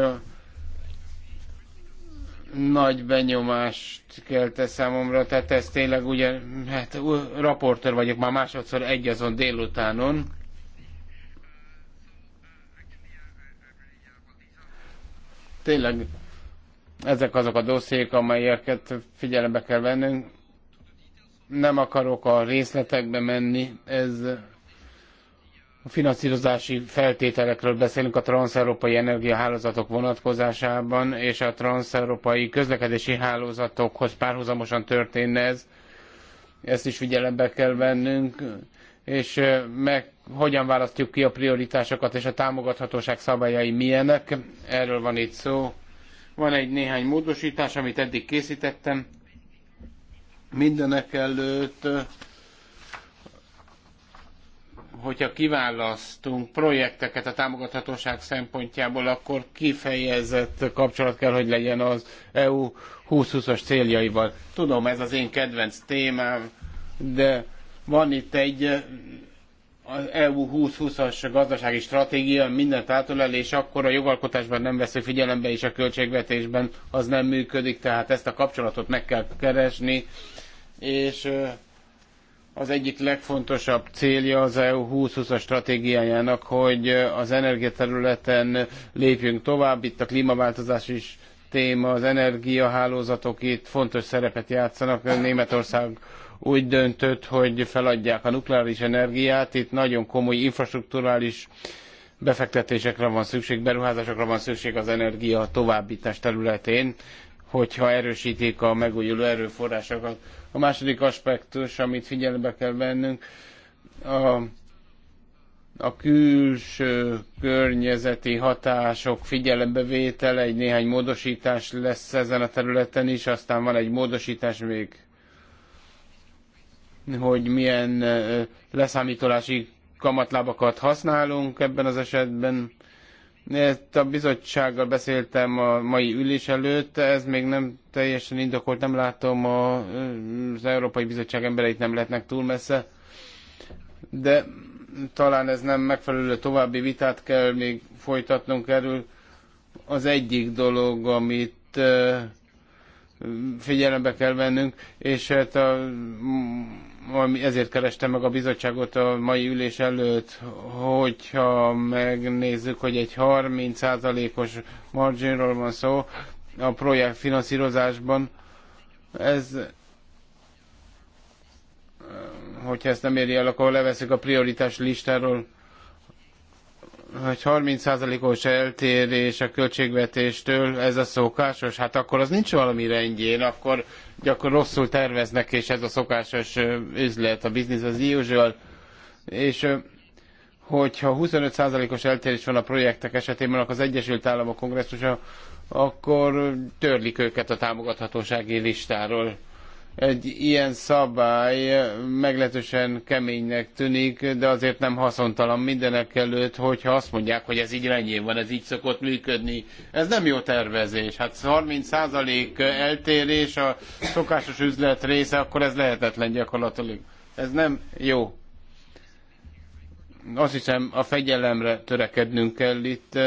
nagy benyomást kelte számomra, tehát ez tényleg ugye, hát raportőr vagyok már másodszor egy azon délutánon, tényleg ezek azok a dossziék, amelyeket figyelembe kell vennünk. Nem akarok a részletekbe menni, ez a finanszírozási feltételekről beszélünk a transzeurópai energiahálózatok vonatkozásában, és a transzeurópai közlekedési hálózatokhoz párhuzamosan történne ez. Ezt is figyelembe kell vennünk, és meg hogyan választjuk ki a prioritásokat, és a támogathatóság szabályai milyenek. Erről van itt szó. Van egy néhány módosítás, amit eddig készítettem. Mindenek előtt, hogyha kiválasztunk projekteket a támogathatóság szempontjából, akkor kifejezett kapcsolat kell, hogy legyen az EU 2020-as céljaival. Tudom, ez az én kedvenc témám, de van itt egy az EU 2020-as gazdasági stratégia mindent átölel, és akkor a jogalkotásban nem veszi figyelembe, és a költségvetésben az nem működik, tehát ezt a kapcsolatot meg kell keresni, és az egyik legfontosabb célja az EU 2020-as stratégiájának, hogy az energiaterületen lépjünk tovább, itt a klímaváltozás is téma, az energiahálózatok itt fontos szerepet játszanak, Németország úgy döntött, hogy feladják a nukleáris energiát. Itt nagyon komoly infrastruktúrális befektetésekre van szükség, beruházásokra van szükség az energia továbbítás területén, hogyha erősítik a megújuló erőforrásokat. A második aspektus, amit figyelembe kell vennünk, a, a külső környezeti hatások figyelembevétele, egy néhány módosítás lesz ezen a területen is, aztán van egy módosítás még hogy milyen leszámítolási kamatlábakat használunk ebben az esetben. Ezt a bizottsággal beszéltem a mai ülés előtt, ez még nem teljesen indokolt, nem látom, a, az Európai Bizottság embereit nem lehetnek túl messze, de talán ez nem megfelelő további vitát kell még folytatnunk erről. Az egyik dolog, amit figyelembe kell vennünk, és hát a ezért kerestem meg a bizottságot a mai ülés előtt, hogyha megnézzük, hogy egy 30%-os marginról van szó a projekt finanszírozásban, ez hogyha ezt nem éri el, akkor leveszik a prioritás listáról hogy 30%-os eltérés a költségvetéstől, ez a szokásos, hát akkor az nincs valami rendjén, akkor gyakor rosszul terveznek, és ez a szokásos üzlet, a business az usual. És hogyha 25%-os eltérés van a projektek esetében, akkor az Egyesült Államok kongresszusa, akkor törlik őket a támogathatósági listáról egy ilyen szabály meglehetősen keménynek tűnik, de azért nem haszontalan mindenek előtt, hogyha azt mondják, hogy ez így rendjén van, ez így szokott működni. Ez nem jó tervezés. Hát 30% eltérés a szokásos üzlet része, akkor ez lehetetlen gyakorlatilag. Ez nem jó azt hiszem a fegyelemre törekednünk kell itt,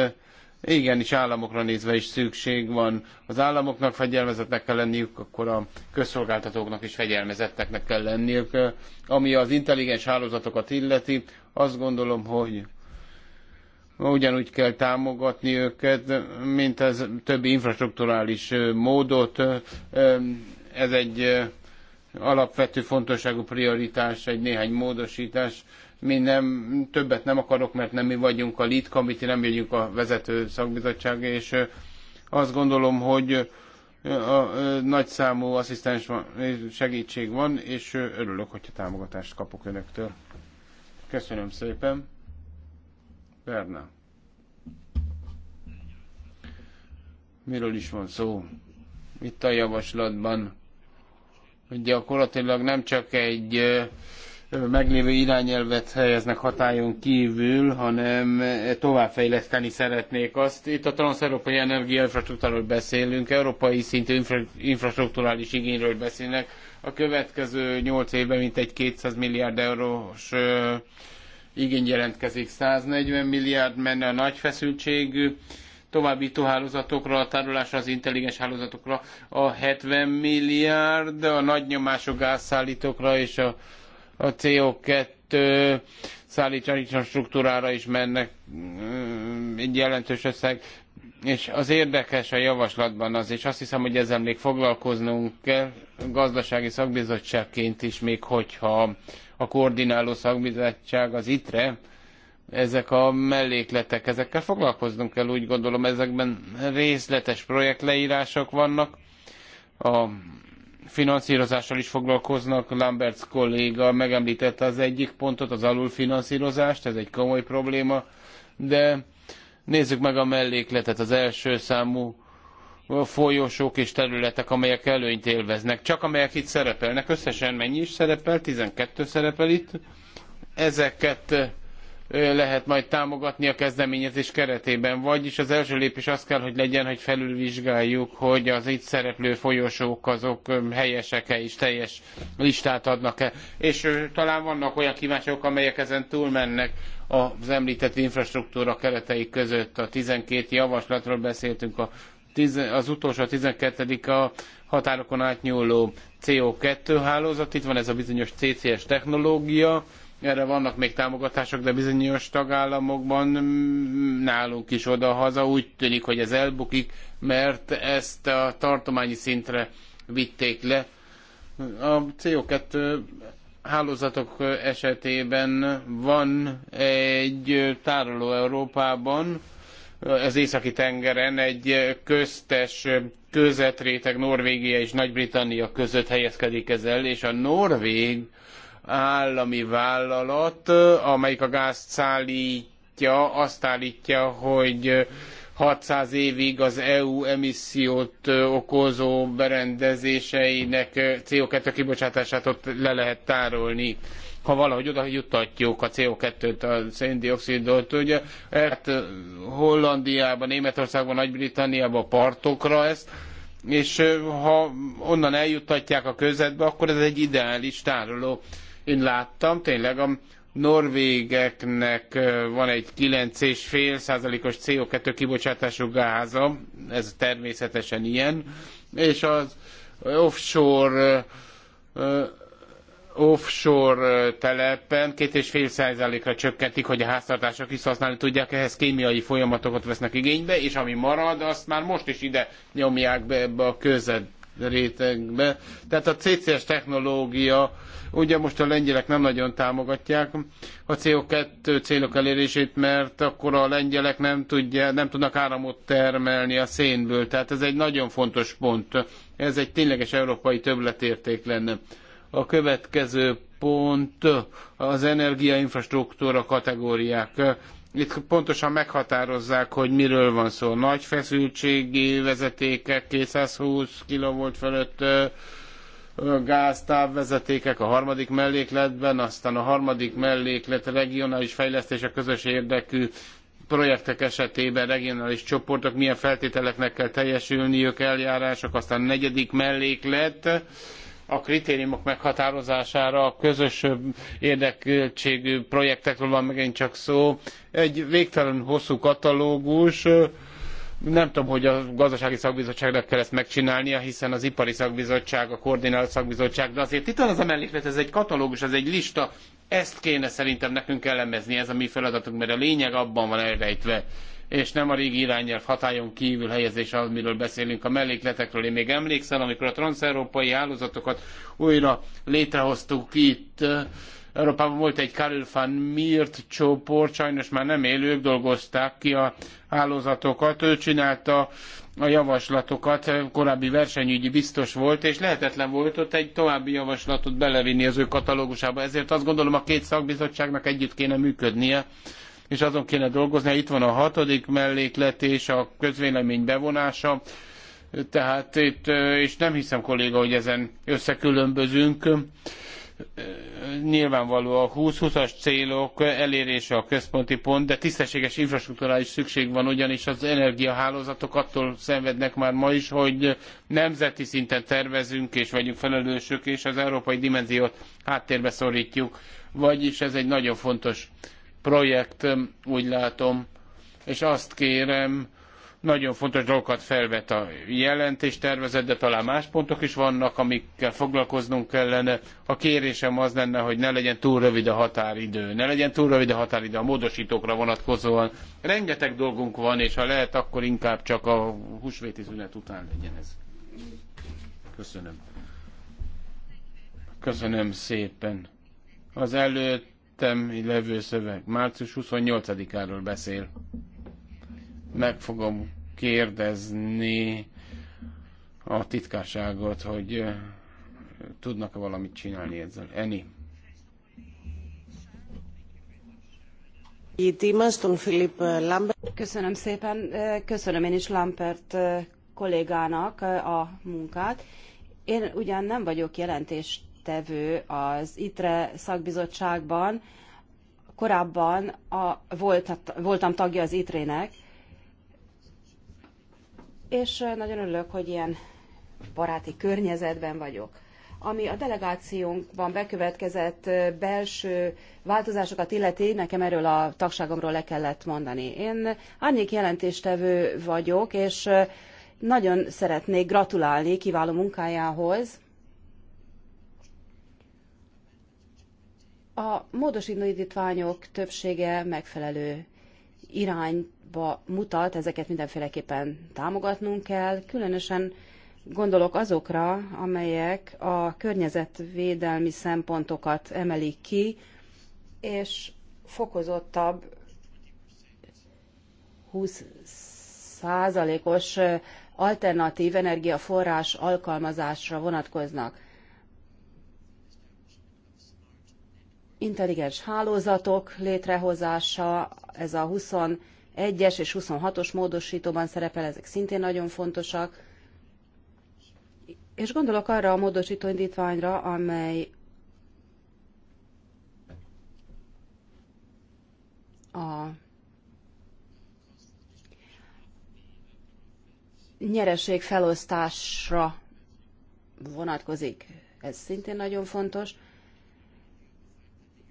Igenis államokra nézve is szükség van. Az államoknak fegyelmezetnek kell lenniük, akkor a közszolgáltatóknak is fegyelmezetteknek kell lenniük. Ami az intelligens hálózatokat illeti, azt gondolom, hogy ugyanúgy kell támogatni őket, mint az többi infrastruktúrális módot. Ez egy alapvető fontosságú prioritás, egy néhány módosítás mi nem, többet nem akarok, mert nem mi vagyunk a lead committee, nem vagyunk a vezető szakbizottság, és azt gondolom, hogy a számú asszisztens segítség van, és örülök, hogyha támogatást kapok önöktől. Köszönöm szépen. Berna. Miről is van szó? Itt a javaslatban gyakorlatilag nem csak egy meglévő irányelvet helyeznek hatályon kívül, hanem továbbfejleszteni szeretnék azt. Itt a transzeurópai energiainfrastruktúráról beszélünk, európai szintű infra- infrastruktúrális igényről beszélnek. A következő nyolc évben mintegy 200 milliárd eurós igény jelentkezik, 140 milliárd menne a nagy feszültségű továbbító hálózatokra, a tárolásra, az intelligens hálózatokra, a 70 milliárd, a nagy nyomású gázszállítókra és a a CO2 szállítás struktúrára is mennek mm, egy jelentős összeg, és az érdekes a javaslatban az, és azt hiszem, hogy ezzel még foglalkoznunk kell gazdasági szakbizottságként is, még hogyha a koordináló szakbizottság az ITRE, ezek a mellékletek, ezekkel foglalkoznunk kell, úgy gondolom, ezekben részletes projektleírások vannak. A finanszírozással is foglalkoznak. Lamberts kolléga megemlítette az egyik pontot, az alulfinanszírozást, ez egy komoly probléma, de nézzük meg a mellékletet, az első számú folyosók és területek, amelyek előnyt élveznek. Csak amelyek itt szerepelnek, összesen mennyi is szerepel, 12 szerepel itt. Ezeket lehet majd támogatni a kezdeményezés keretében. Vagyis az első lépés az kell, hogy legyen, hogy felülvizsgáljuk, hogy az itt szereplő folyosók azok helyesek-e és teljes listát adnak-e. És talán vannak olyan kívások, amelyek ezen túlmennek az említett infrastruktúra keretei között. A 12 javaslatról beszéltünk, a az utolsó, a 12 a határokon átnyúló CO2 hálózat, itt van ez a bizonyos CCS technológia, erre vannak még támogatások, de bizonyos tagállamokban mm, nálunk is oda-haza úgy tűnik, hogy ez elbukik, mert ezt a tartományi szintre vitték le. A CO2 hálózatok esetében van egy tároló Európában, az északi tengeren egy köztes közetréteg Norvégia és Nagy-Britannia között helyezkedik ez el, és a norvég állami vállalat, amelyik a gázt szálltja azt állítja, hogy 600 évig az EU emissziót okozó berendezéseinek CO2 kibocsátását ott le lehet tárolni ha valahogy oda juttatjuk a CO2-t, a széndiokszidot, ugye, hát Hollandiában, Németországban, Nagy-Britanniában partokra ezt, és ha onnan eljuttatják a közvetbe, akkor ez egy ideális tároló én láttam, tényleg a norvégeknek van egy 9,5 százalékos CO2 kibocsátású gáza, ez természetesen ilyen, és az offshore offshore telepen két és fél százalékra csökkentik, hogy a háztartások is használni tudják, ehhez kémiai folyamatokat vesznek igénybe, és ami marad, azt már most is ide nyomják be ebbe a közed rétegbe. Tehát a CCS technológia, ugye most a lengyelek nem nagyon támogatják a CO2 célok elérését, mert akkor a lengyelek nem, tudja, nem tudnak áramot termelni a szénből. Tehát ez egy nagyon fontos pont. Ez egy tényleges európai többletérték lenne. A következő pont az energiainfrastruktúra kategóriák itt pontosan meghatározzák, hogy miről van szó. Nagy feszültségi vezetékek, 220 kV fölött gáztávvezetékek a harmadik mellékletben, aztán a harmadik melléklet regionális fejlesztés a közös érdekű projektek esetében regionális csoportok milyen feltételeknek kell teljesülniük, eljárások, aztán negyedik melléklet a kritériumok meghatározására, a közös érdekeltségű projektekről van megint csak szó. Egy végtelen hosszú katalógus, nem tudom, hogy a gazdasági szakbizottságnak kell ezt megcsinálnia, hiszen az ipari szakbizottság, a koordináló szakbizottság, de azért itt van az a melléklet, ez egy katalógus, ez egy lista, ezt kéne szerintem nekünk elemezni, ez a mi feladatunk, mert a lényeg abban van elrejtve, és nem a régi irányelv hatályon kívül helyezés, miről beszélünk a mellékletekről. Én még emlékszem, amikor a transzeurópai hálózatokat újra létrehoztuk itt, Európában volt egy Karel van Miert csoport, sajnos már nem élők, dolgozták ki a hálózatokat. Ő csinálta a javaslatokat, korábbi versenyügyi biztos volt, és lehetetlen volt ott egy további javaslatot belevinni az ő katalógusába. Ezért azt gondolom a két szakbizottságnak együtt kéne működnie, és azon kéne dolgozni. Itt van a hatodik melléklet és a közvélemény bevonása. Tehát itt, és nem hiszem kolléga, hogy ezen összekülönbözünk nyilvánvaló a 20 twenty as célok elérése a központi pont, de tisztességes infrastruktúrára is szükség van, ugyanis az energiahálózatok attól szenvednek már ma is, hogy nemzeti szinten tervezünk és vagyunk felelősök, és az európai dimenziót háttérbe szorítjuk. Vagyis ez egy nagyon fontos projekt, úgy látom, és azt kérem, nagyon fontos dolgokat felvet a jelentéstervezet, de talán más pontok is vannak, amikkel foglalkoznunk kellene. A kérésem az lenne, hogy ne legyen túl rövid a határidő, ne legyen túl rövid a határidő a módostókra vonatkozóan. Rengeteg dolgunk van, és ha lehet, akkor inkább csak a húsvéti szünet után legyen ez. Köszönöm. Köszönöm szépen. Az előttem levő szöveg március 28-áról beszél. Meg fogom kérdezni a titkárságot, hogy tudnak-e valamit csinálni ezzel. Eni. Köszönöm szépen, köszönöm én is Lampert kollégának a munkát. Én ugyan nem vagyok jelentéstevő az ITRE szakbizottságban, korábban a, volt, voltam tagja az ITRE-nek, és nagyon örülök, hogy ilyen baráti környezetben vagyok. Ami a delegációnkban bekövetkezett belső változásokat illeti, nekem erről a tagságomról le kellett mondani. Én annyi jelentéstevő vagyok, és nagyon szeretnék gratulálni kiváló munkájához. A módosító indítványok többsége megfelelő irányt irányba mutat, ezeket mindenféleképpen támogatnunk kell, különösen gondolok azokra, amelyek a környezetvédelmi szempontokat emelik ki, és fokozottabb 20 százalékos alternatív energiaforrás alkalmazásra vonatkoznak. Intelligens hálózatok létrehozása, ez a 20 1-es és 26-os módosítóban szerepel, ezek szintén nagyon fontosak. És gondolok arra a módosító indítványra, amely a nyereség felosztásra vonatkozik. Ez szintén nagyon fontos.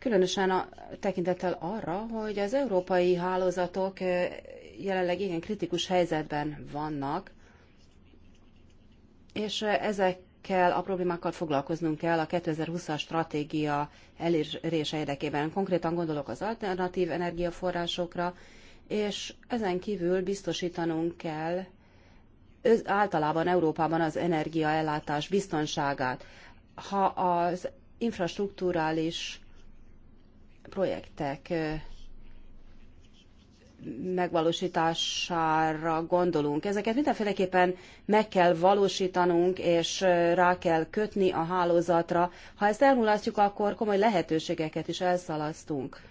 Különösen a tekintettel arra, hogy az európai hálózatok jelenleg igen kritikus helyzetben vannak, és ezekkel a problémákkal foglalkoznunk kell a 2020-as stratégia elérése érdekében. Konkrétan gondolok az alternatív energiaforrásokra, és ezen kívül biztosítanunk kell általában Európában az energiaellátás biztonságát. Ha az infrastruktúrális projektek megvalósítására gondolunk. Ezeket mindenféleképpen meg kell valósítanunk, és rá kell kötni a hálózatra. Ha ezt elmulasztjuk, akkor komoly lehetőségeket is elszalasztunk.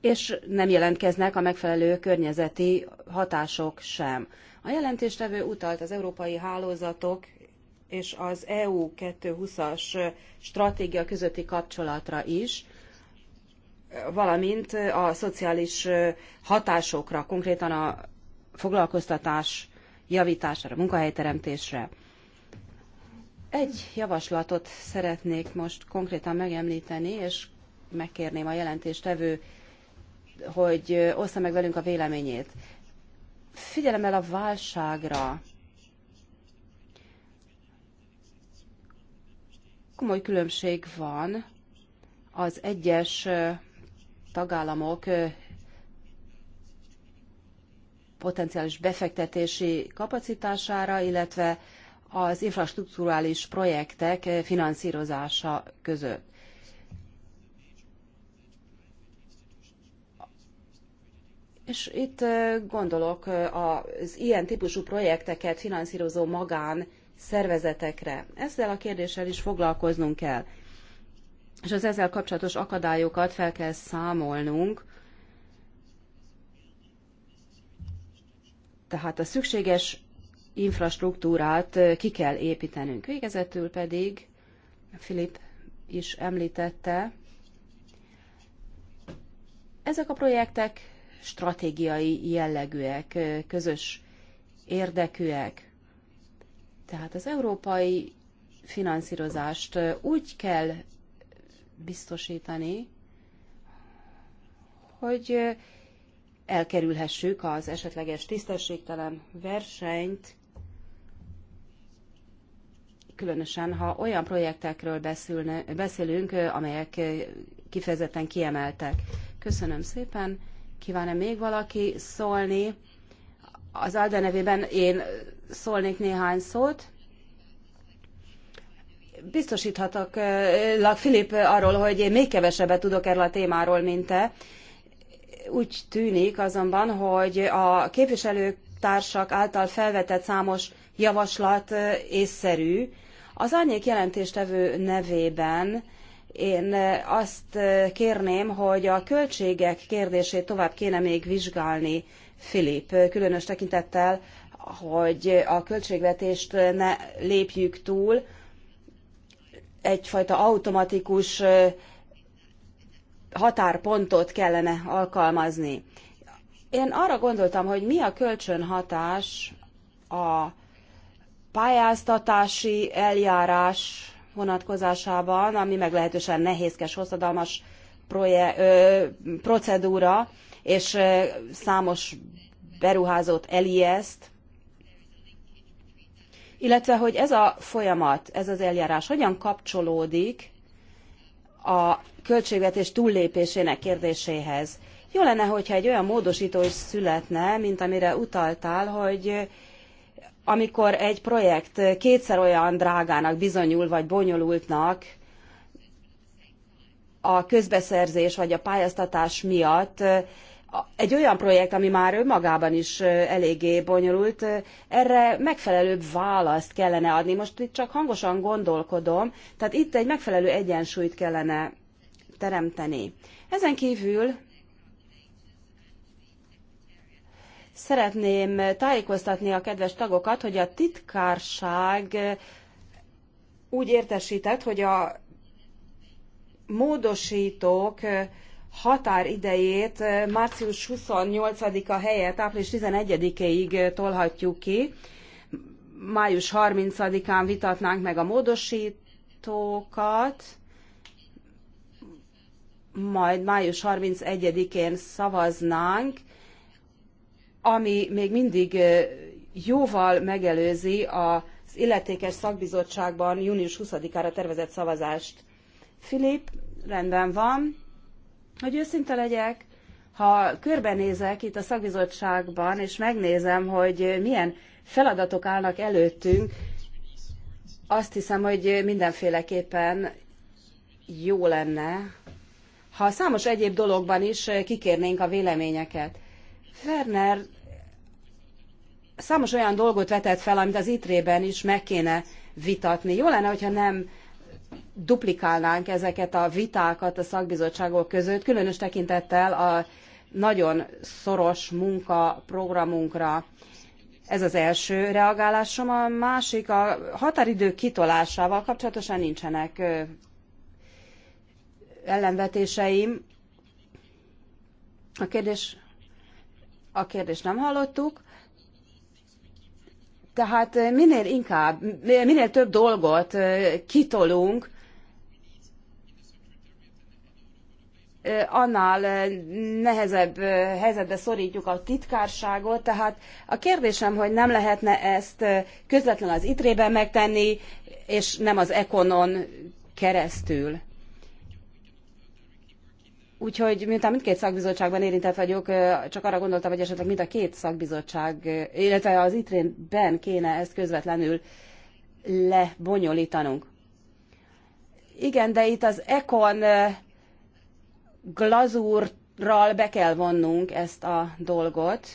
És nem jelentkeznek a megfelelő környezeti hatások sem. A jelentéstevő utalt az európai hálózatok és az EU 2020-as stratégia közötti kapcsolatra is, valamint a szociális hatásokra, konkrétan a foglalkoztatás javítására, munkahelyteremtésre. Egy javaslatot szeretnék most konkrétan megemlíteni, és megkérném a jelentéstevő, hogy ossza meg velünk a véleményét. Figyelemmel a válságra, komoly különbség van az egyes tagállamok potenciális befektetési kapacitására, illetve az infrastrukturális projektek finanszírozása között. És itt gondolok az ilyen típusú projekteket finanszírozó magán szervezetekre. Ezzel a kérdéssel is foglalkoznunk kell. És az ezzel kapcsolatos akadályokat fel kell számolnunk, tehát a szükséges infrastruktúrát ki kell építenünk. Végezetül pedig Filip is említette, ezek a projektek stratégiai jellegűek, közös érdekűek. Tehát az európai finanszírozást úgy kell biztosítani, hogy elkerülhessük az esetleges tisztességtelen versenyt, különösen ha olyan projektekről beszélünk, amelyek kifejezetten kiemeltek. Köszönöm szépen. Kíván-e még valaki szólni? Az Alde nevében én szólnék néhány szót. Biztosíthatok eh, Filip arról, hogy én még kevesebbet tudok erről a témáról, mint te. Úgy tűnik azonban, hogy a képviselőtársak által felvetett számos javaslat eh, észszerű. Az árnyék jelentéstevő nevében én eh, azt kérném, hogy a költségek kérdését tovább kéne még vizsgálni, Filip, különös tekintettel hogy a költségvetést ne lépjük túl, egyfajta automatikus határpontot kellene alkalmazni. Én arra gondoltam, hogy mi a kölcsönhatás a pályáztatási eljárás vonatkozásában, ami meglehetősen nehézkes, hosszadalmas proje, ö, procedúra, és számos beruházót elijeszt, illetve hogy ez a folyamat, ez az eljárás hogyan kapcsolódik a költségvetés túllépésének kérdéséhez. Jó lenne, hogyha egy olyan módosító is születne, mint amire utaltál, hogy amikor egy projekt kétszer olyan drágának bizonyul, vagy bonyolultnak a közbeszerzés vagy a pályáztatás miatt, egy olyan projekt, ami már önmagában is eléggé bonyolult, erre megfelelőbb választ kellene adni. Most itt csak hangosan gondolkodom, tehát itt egy megfelelő egyensúlyt kellene teremteni. Ezen kívül szeretném tájékoztatni a kedves tagokat, hogy a titkárság úgy értesített, hogy a módosítók határidejét március 28-a helyett április 11-ig tolhatjuk ki. Május 30-án vitatnánk meg a módosítókat, majd május 31-én szavaznánk, ami még mindig jóval megelőzi az illetékes szakbizottságban június 20-ára tervezett szavazást. Filip, rendben van hogy őszinte legyek, ha körbenézek itt a szakbizottságban, és megnézem, hogy milyen feladatok állnak előttünk, azt hiszem, hogy mindenféleképpen jó lenne, ha számos egyéb dologban is kikérnénk a véleményeket. Ferner, számos olyan dolgot vetett fel, amit az ITRE-ben is meg kéne vitatni. Jó lenne, hogyha nem duplikálnánk ezeket a vitákat a szakbizottságok között, különös tekintettel a nagyon szoros munka programunkra. Ez az első reagálásom, a másik a határidő kitolásával kapcsolatosan nincsenek ellenvetéseim. A kérdés, a kérdést nem hallottuk. Tehát eh, minél inkább, eh, minél több dolgot eh, kitolunk, annál nehezebb helyzetbe szorítjuk a titkárságot. Tehát a kérdésem, hogy nem lehetne ezt közvetlenül az ITRE-ben megtenni, és nem az Ekonon keresztül. Úgyhogy miután mindkét szakbizottságban érintett vagyok, csak arra gondoltam, hogy esetleg mind a két szakbizottság, illetve az ITRÉN-ben kéne ezt közvetlenül lebonyolítanunk. Igen, de itt az econ glazúrral be kell vonnunk ezt a dolgot.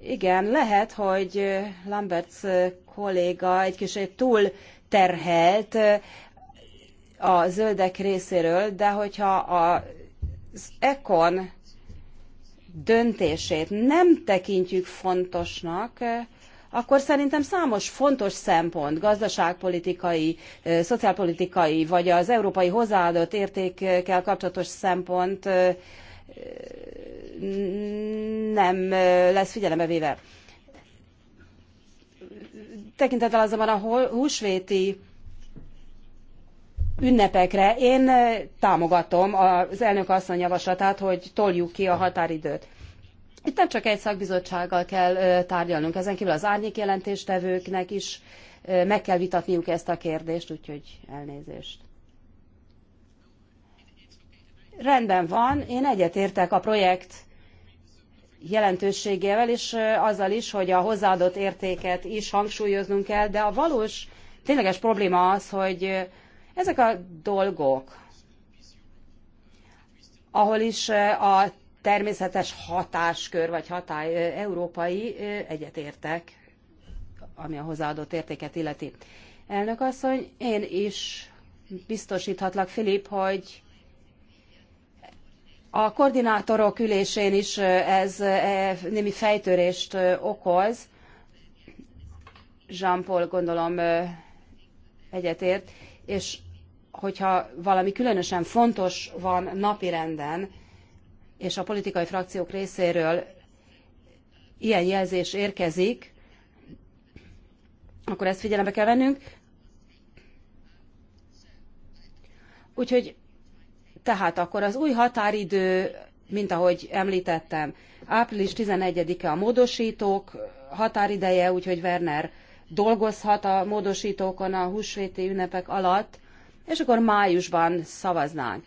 Igen, lehet, hogy Lamberts kolléga egy kicsit túl terhelt a zöldek részéről, de hogyha a az ECON döntését nem tekintjük fontosnak, akkor szerintem számos fontos szempont, gazdaságpolitikai, szociálpolitikai, vagy az európai hozzáadott értékkel kapcsolatos szempont nem lesz figyelembe véve. Tekintettel azonban a húsvéti ünnepekre. Én támogatom az elnök asszony javaslatát, hogy toljuk ki a határidőt. Itt nem csak egy szakbizottsággal kell tárgyalnunk, ezen kívül az árnyék jelentéstevőknek is meg kell vitatniuk ezt a kérdést, úgyhogy elnézést. Rendben van, én egyetértek a projekt jelentőségével, és azzal is, hogy a hozzáadott értéket is hangsúlyoznunk kell, de a valós, tényleges probléma az, hogy ezek a dolgok, ahol is a természetes hatáskör vagy hatály európai egyetértek, ami a hozzáadott értéket illeti. Elnök asszony, én is biztosíthatlak, Filip, hogy a koordinátorok ülésén is ez e, némi fejtörést okoz. Jean-Paul gondolom egyetért, és hogyha valami különösen fontos van napirenden, és a politikai frakciók részéről ilyen jelzés érkezik, akkor ezt figyelembe kell vennünk. Úgyhogy tehát akkor az új határidő, mint ahogy említettem, április 11-e a módosítók határideje, úgyhogy Werner dolgozhat a módosítókon a húsvéti ünnepek alatt, és akkor májusban szavaznánk.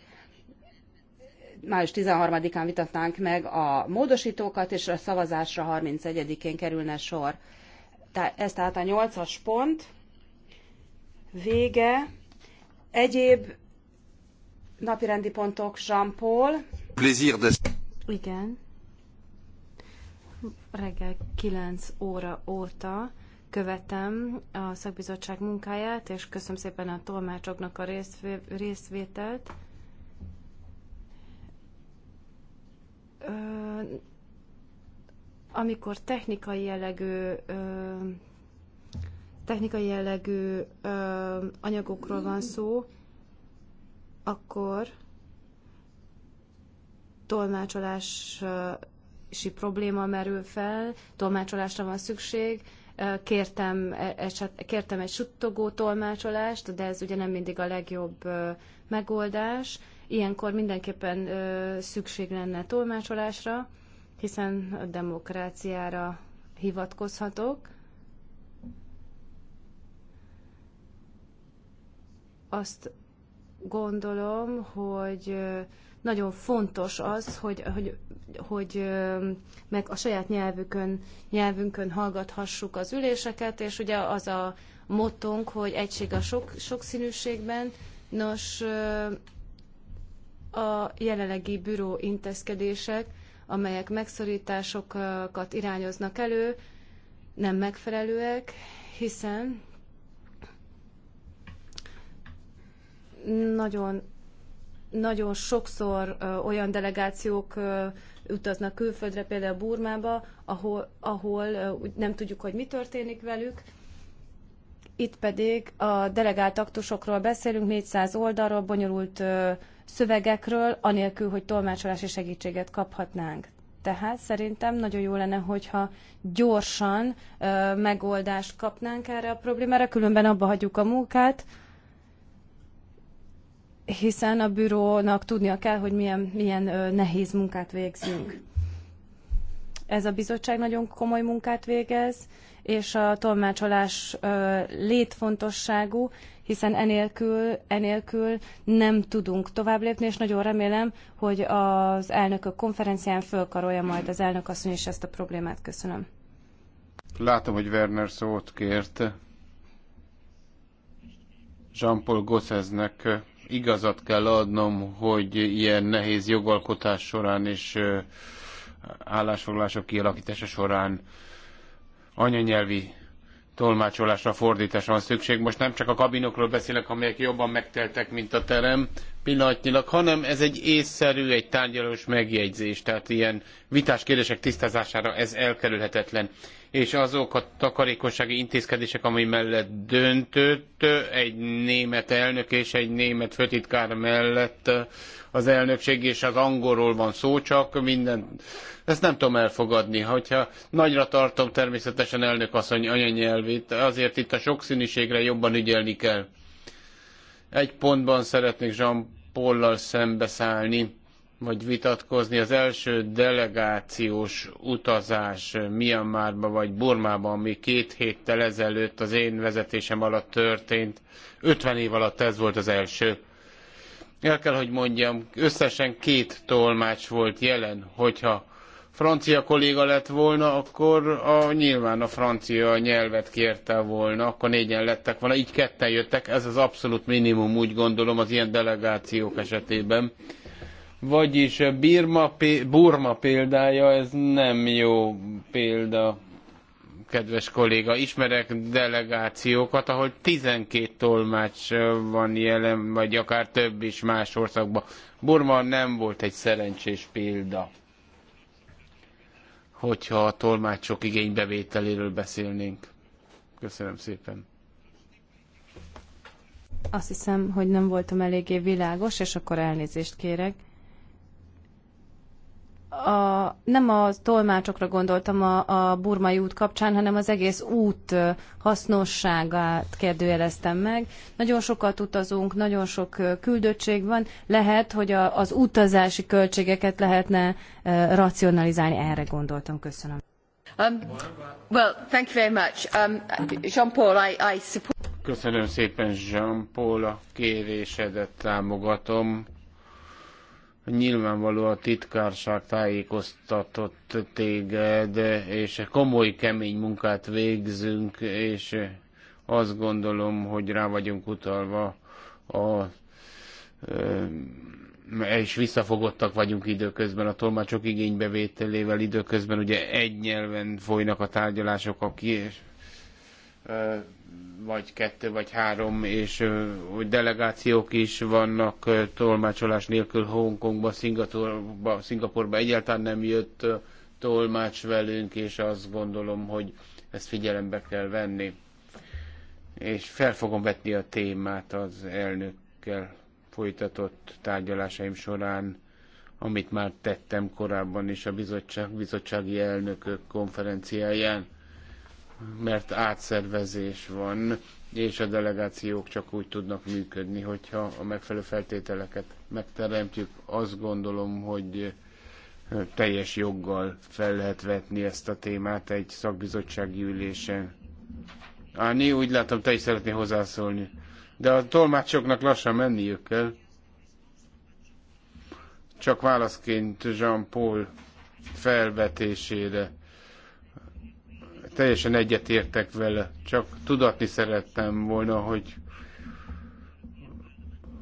Május 13-án vitatnánk meg a módosítókat, és a szavazásra 31-én kerülne sor. Ez tehát a 8-as pont. Vége. Egyéb napirendi pontok Jean-Paul. Igen. Reggel 9 óra óta követem a szakbizottság munkáját, és köszönöm szépen a tolmácsoknak a részvételt. amikor technikai jellegű technikai jellegű anyagokról van szó, akkor tolmácsolási probléma merül fel, tolmácsolásra van szükség, kértem, e, eset, kértem egy suttogó tolmácsolást, de ez ugye nem mindig a legjobb megoldás. Ilyenkor mindenképpen szükség lenne tolmácsolásra, hiszen a demokráciára hivatkozhatok. Azt gondolom, hogy nagyon fontos az, hogy, hogy, hogy meg a saját nyelvükön, nyelvünkön hallgathassuk az üléseket, és ugye az a mottónk, hogy egység a sok, sokszínűségben. Nos, a jelenlegi büró intézkedések, amelyek megszorításokat irányoznak elő, nem megfelelőek, hiszen nagyon nagyon sokszor olyan delegációk utaznak külföldre, például Burmába, ahol, ahol nem tudjuk, hogy mi történik velük. Itt pedig a delegált aktusokról beszélünk, 400 oldalról, bonyolult szövegekről, anélkül, hogy tolmácsolási segítséget kaphatnánk. Tehát szerintem nagyon jó lenne, hogyha gyorsan ö, megoldást kapnánk erre a problémára, különben abba hagyjuk a munkát, hiszen a bürónak tudnia kell, hogy milyen, milyen nehéz munkát végzünk. Ez a bizottság nagyon komoly munkát végez, és a tolmácsolás létfontosságú, hiszen enélkül, enélkül nem tudunk tovább lépni, és nagyon remélem, hogy az elnökök konferencián fölkarolja majd az elnök asszony is ezt a problémát. Köszönöm. Látom, hogy Werner szót kért. Jean-Paul Gosseznek igazat kell adnom, hogy ilyen nehéz jogalkotás során és állásfoglalások kialakítása során anyanyelvi tolmácsolásra, fordításra van szükség. Most nem csak a kabinokról beszélek, amelyek jobban megteltek, mint a terem pillanatnyilag, hanem ez egy észszerű, egy tárgyalós megjegyzés, tehát ilyen vitás kérdések tisztázására ez elkerülhetetlen és azok a takarékossági intézkedések, ami mellett döntött egy német elnök és egy német főtitkár mellett az elnökség, és az angolról van szó csak, minden. Ezt nem tudom elfogadni, hogyha nagyra tartom természetesen elnök asszony anyanyelvét, azért itt a sokszínűségre jobban ügyelni kell. Egy pontban szeretnék Jean Paul-lal szembeszállni vagy vitatkozni. Az első delegációs utazás Myanmarba vagy Burmába, ami két héttel ezelőtt az én vezetésem alatt történt, 50 év alatt ez volt az első. El kell, hogy mondjam, összesen két tolmács volt jelen, hogyha francia kolléga lett volna, akkor a, nyilván a francia nyelvet kérte volna, akkor négyen lettek volna, így ketten jöttek, ez az abszolút minimum, úgy gondolom, az ilyen delegációk esetében. Vagyis eh, Birma, Burma példája, ez nem jó példa, kedves kolléga. Ismerek delegációkat, ahol 12 tolmács eh, van jelen, vagy akár több is más országban. Burma nem volt egy szerencsés példa, hogyha a tolmácsok igénybevételéről beszélnénk. Köszönöm szépen. Azt hiszem, hogy nem voltam eléggé világos, és akkor elnézést kérek a, nem a tolmácsokra gondoltam a, a burmai út kapcsán, hanem az egész út hasznosságát kérdőjeleztem meg. Nagyon sokat utazunk, nagyon sok küldöttség van. Lehet, hogy a, az utazási költségeket lehetne e, racionalizálni. Erre gondoltam. Köszönöm. Um, well, thank you very much. Um, Jean-Paul, I, I support... Köszönöm szépen, Jean-Paul, a kérésedet támogatom Nyilvánvaló a titkárság tájékoztatott téged, és komoly, kemény munkát végzünk, és azt gondolom, hogy rá vagyunk utalva a és visszafogottak vagyunk időközben a tolmácsok igénybevételével, időközben ugye egy nyelven folynak a tárgyalások, aki vagy kettő, vagy három, és hogy delegációk is vannak tolmácsolás nélkül Hongkongba, Szingapurba, Szingapurba egyáltalán nem jött tolmács velünk, és azt gondolom, hogy ezt figyelembe kell venni. És fel fogom vetni a témát az elnökkel folytatott tárgyalásaim során, amit már tettem korábban is a bizottság, bizottsági elnökök konferenciáján mert átszervezés van, és a delegációk csak úgy tudnak működni, hogyha a megfelelő feltételeket megteremtjük. Azt gondolom, hogy teljes joggal fel lehet vetni ezt a témát egy szakbizottsági ülésen. Áni, úgy látom, te is szeretnél hozzászólni. De a tolmácsoknak lassan menniük kell. Csak válaszként Jean-Paul felvetésére teljesen egyetértek vele, csak tudatni szerettem volna, hogy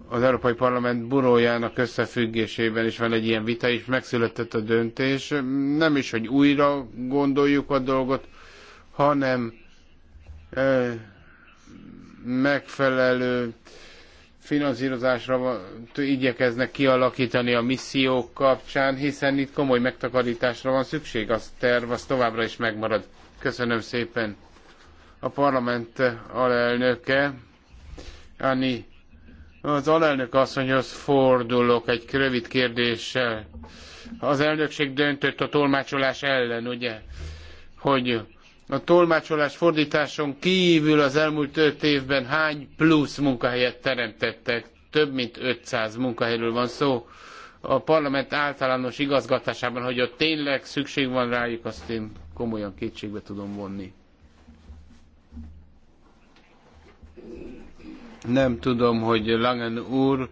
az Európai Parlament burójának összefüggésében is van egy ilyen vita, és megszületett a döntés. Nem is, hogy újra gondoljuk a dolgot, hanem megfelelő finanszírozásra igyekeznek kialakítani a missziók kapcsán, hiszen itt komoly megtakarításra van szükség, az terv az továbbra is megmarad. Köszönöm szépen. A parlament alelnöke, Ani, az alelnök asszonyhoz fordulok egy rövid kérdéssel. Az elnökség döntött a tolmácsolás ellen, ugye? Hogy a tolmácsolás fordításon kívül az elmúlt öt évben hány plusz munkahelyet teremtettek? Több mint 500 munkahelyről van szó. A parlament általános igazgatásában, hogy ott tényleg szükség van rájuk, azt én komolyan kétségbe tudom vonni. Nem tudom, hogy Langen úr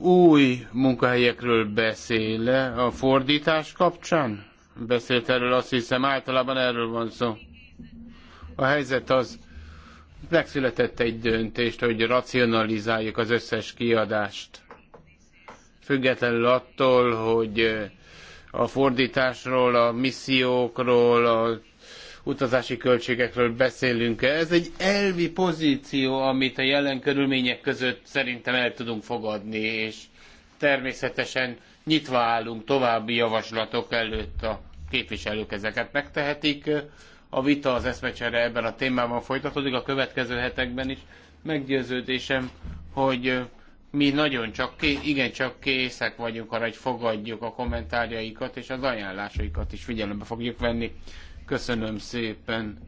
új munkahelyekről beszél -e a fordítás kapcsán? Beszélt erről, azt hiszem, általában erről van szó. A helyzet az, megszületett egy döntést, hogy racionalizáljuk az összes kiadást. Függetlenül attól, hogy a fordításról, a missziókról, a utazási költségekről beszélünk -e. Ez egy elvi pozíció, amit a jelen körülmények között szerintem el tudunk fogadni, és természetesen nyitva állunk további javaslatok előtt a képviselők ezeket megtehetik. A vita az eszmecsere ebben a témában folytatódik a következő hetekben is. Meggyőződésem, hogy mi nagyon csak, igen, csak készek vagyunk arra, hogy fogadjuk a kommentárjaikat, és az ajánlásaikat is figyelembe fogjuk venni. Köszönöm szépen.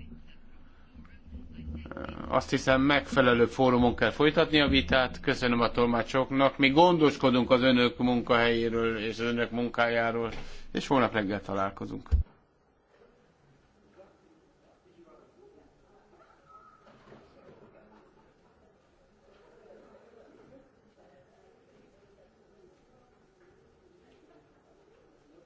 Azt hiszem megfelelő fórumon kell folytatni a vitát. Köszönöm a tolmácsoknak. Mi gondoskodunk az önök munkahelyéről és az önök munkájáról, és holnap reggel találkozunk.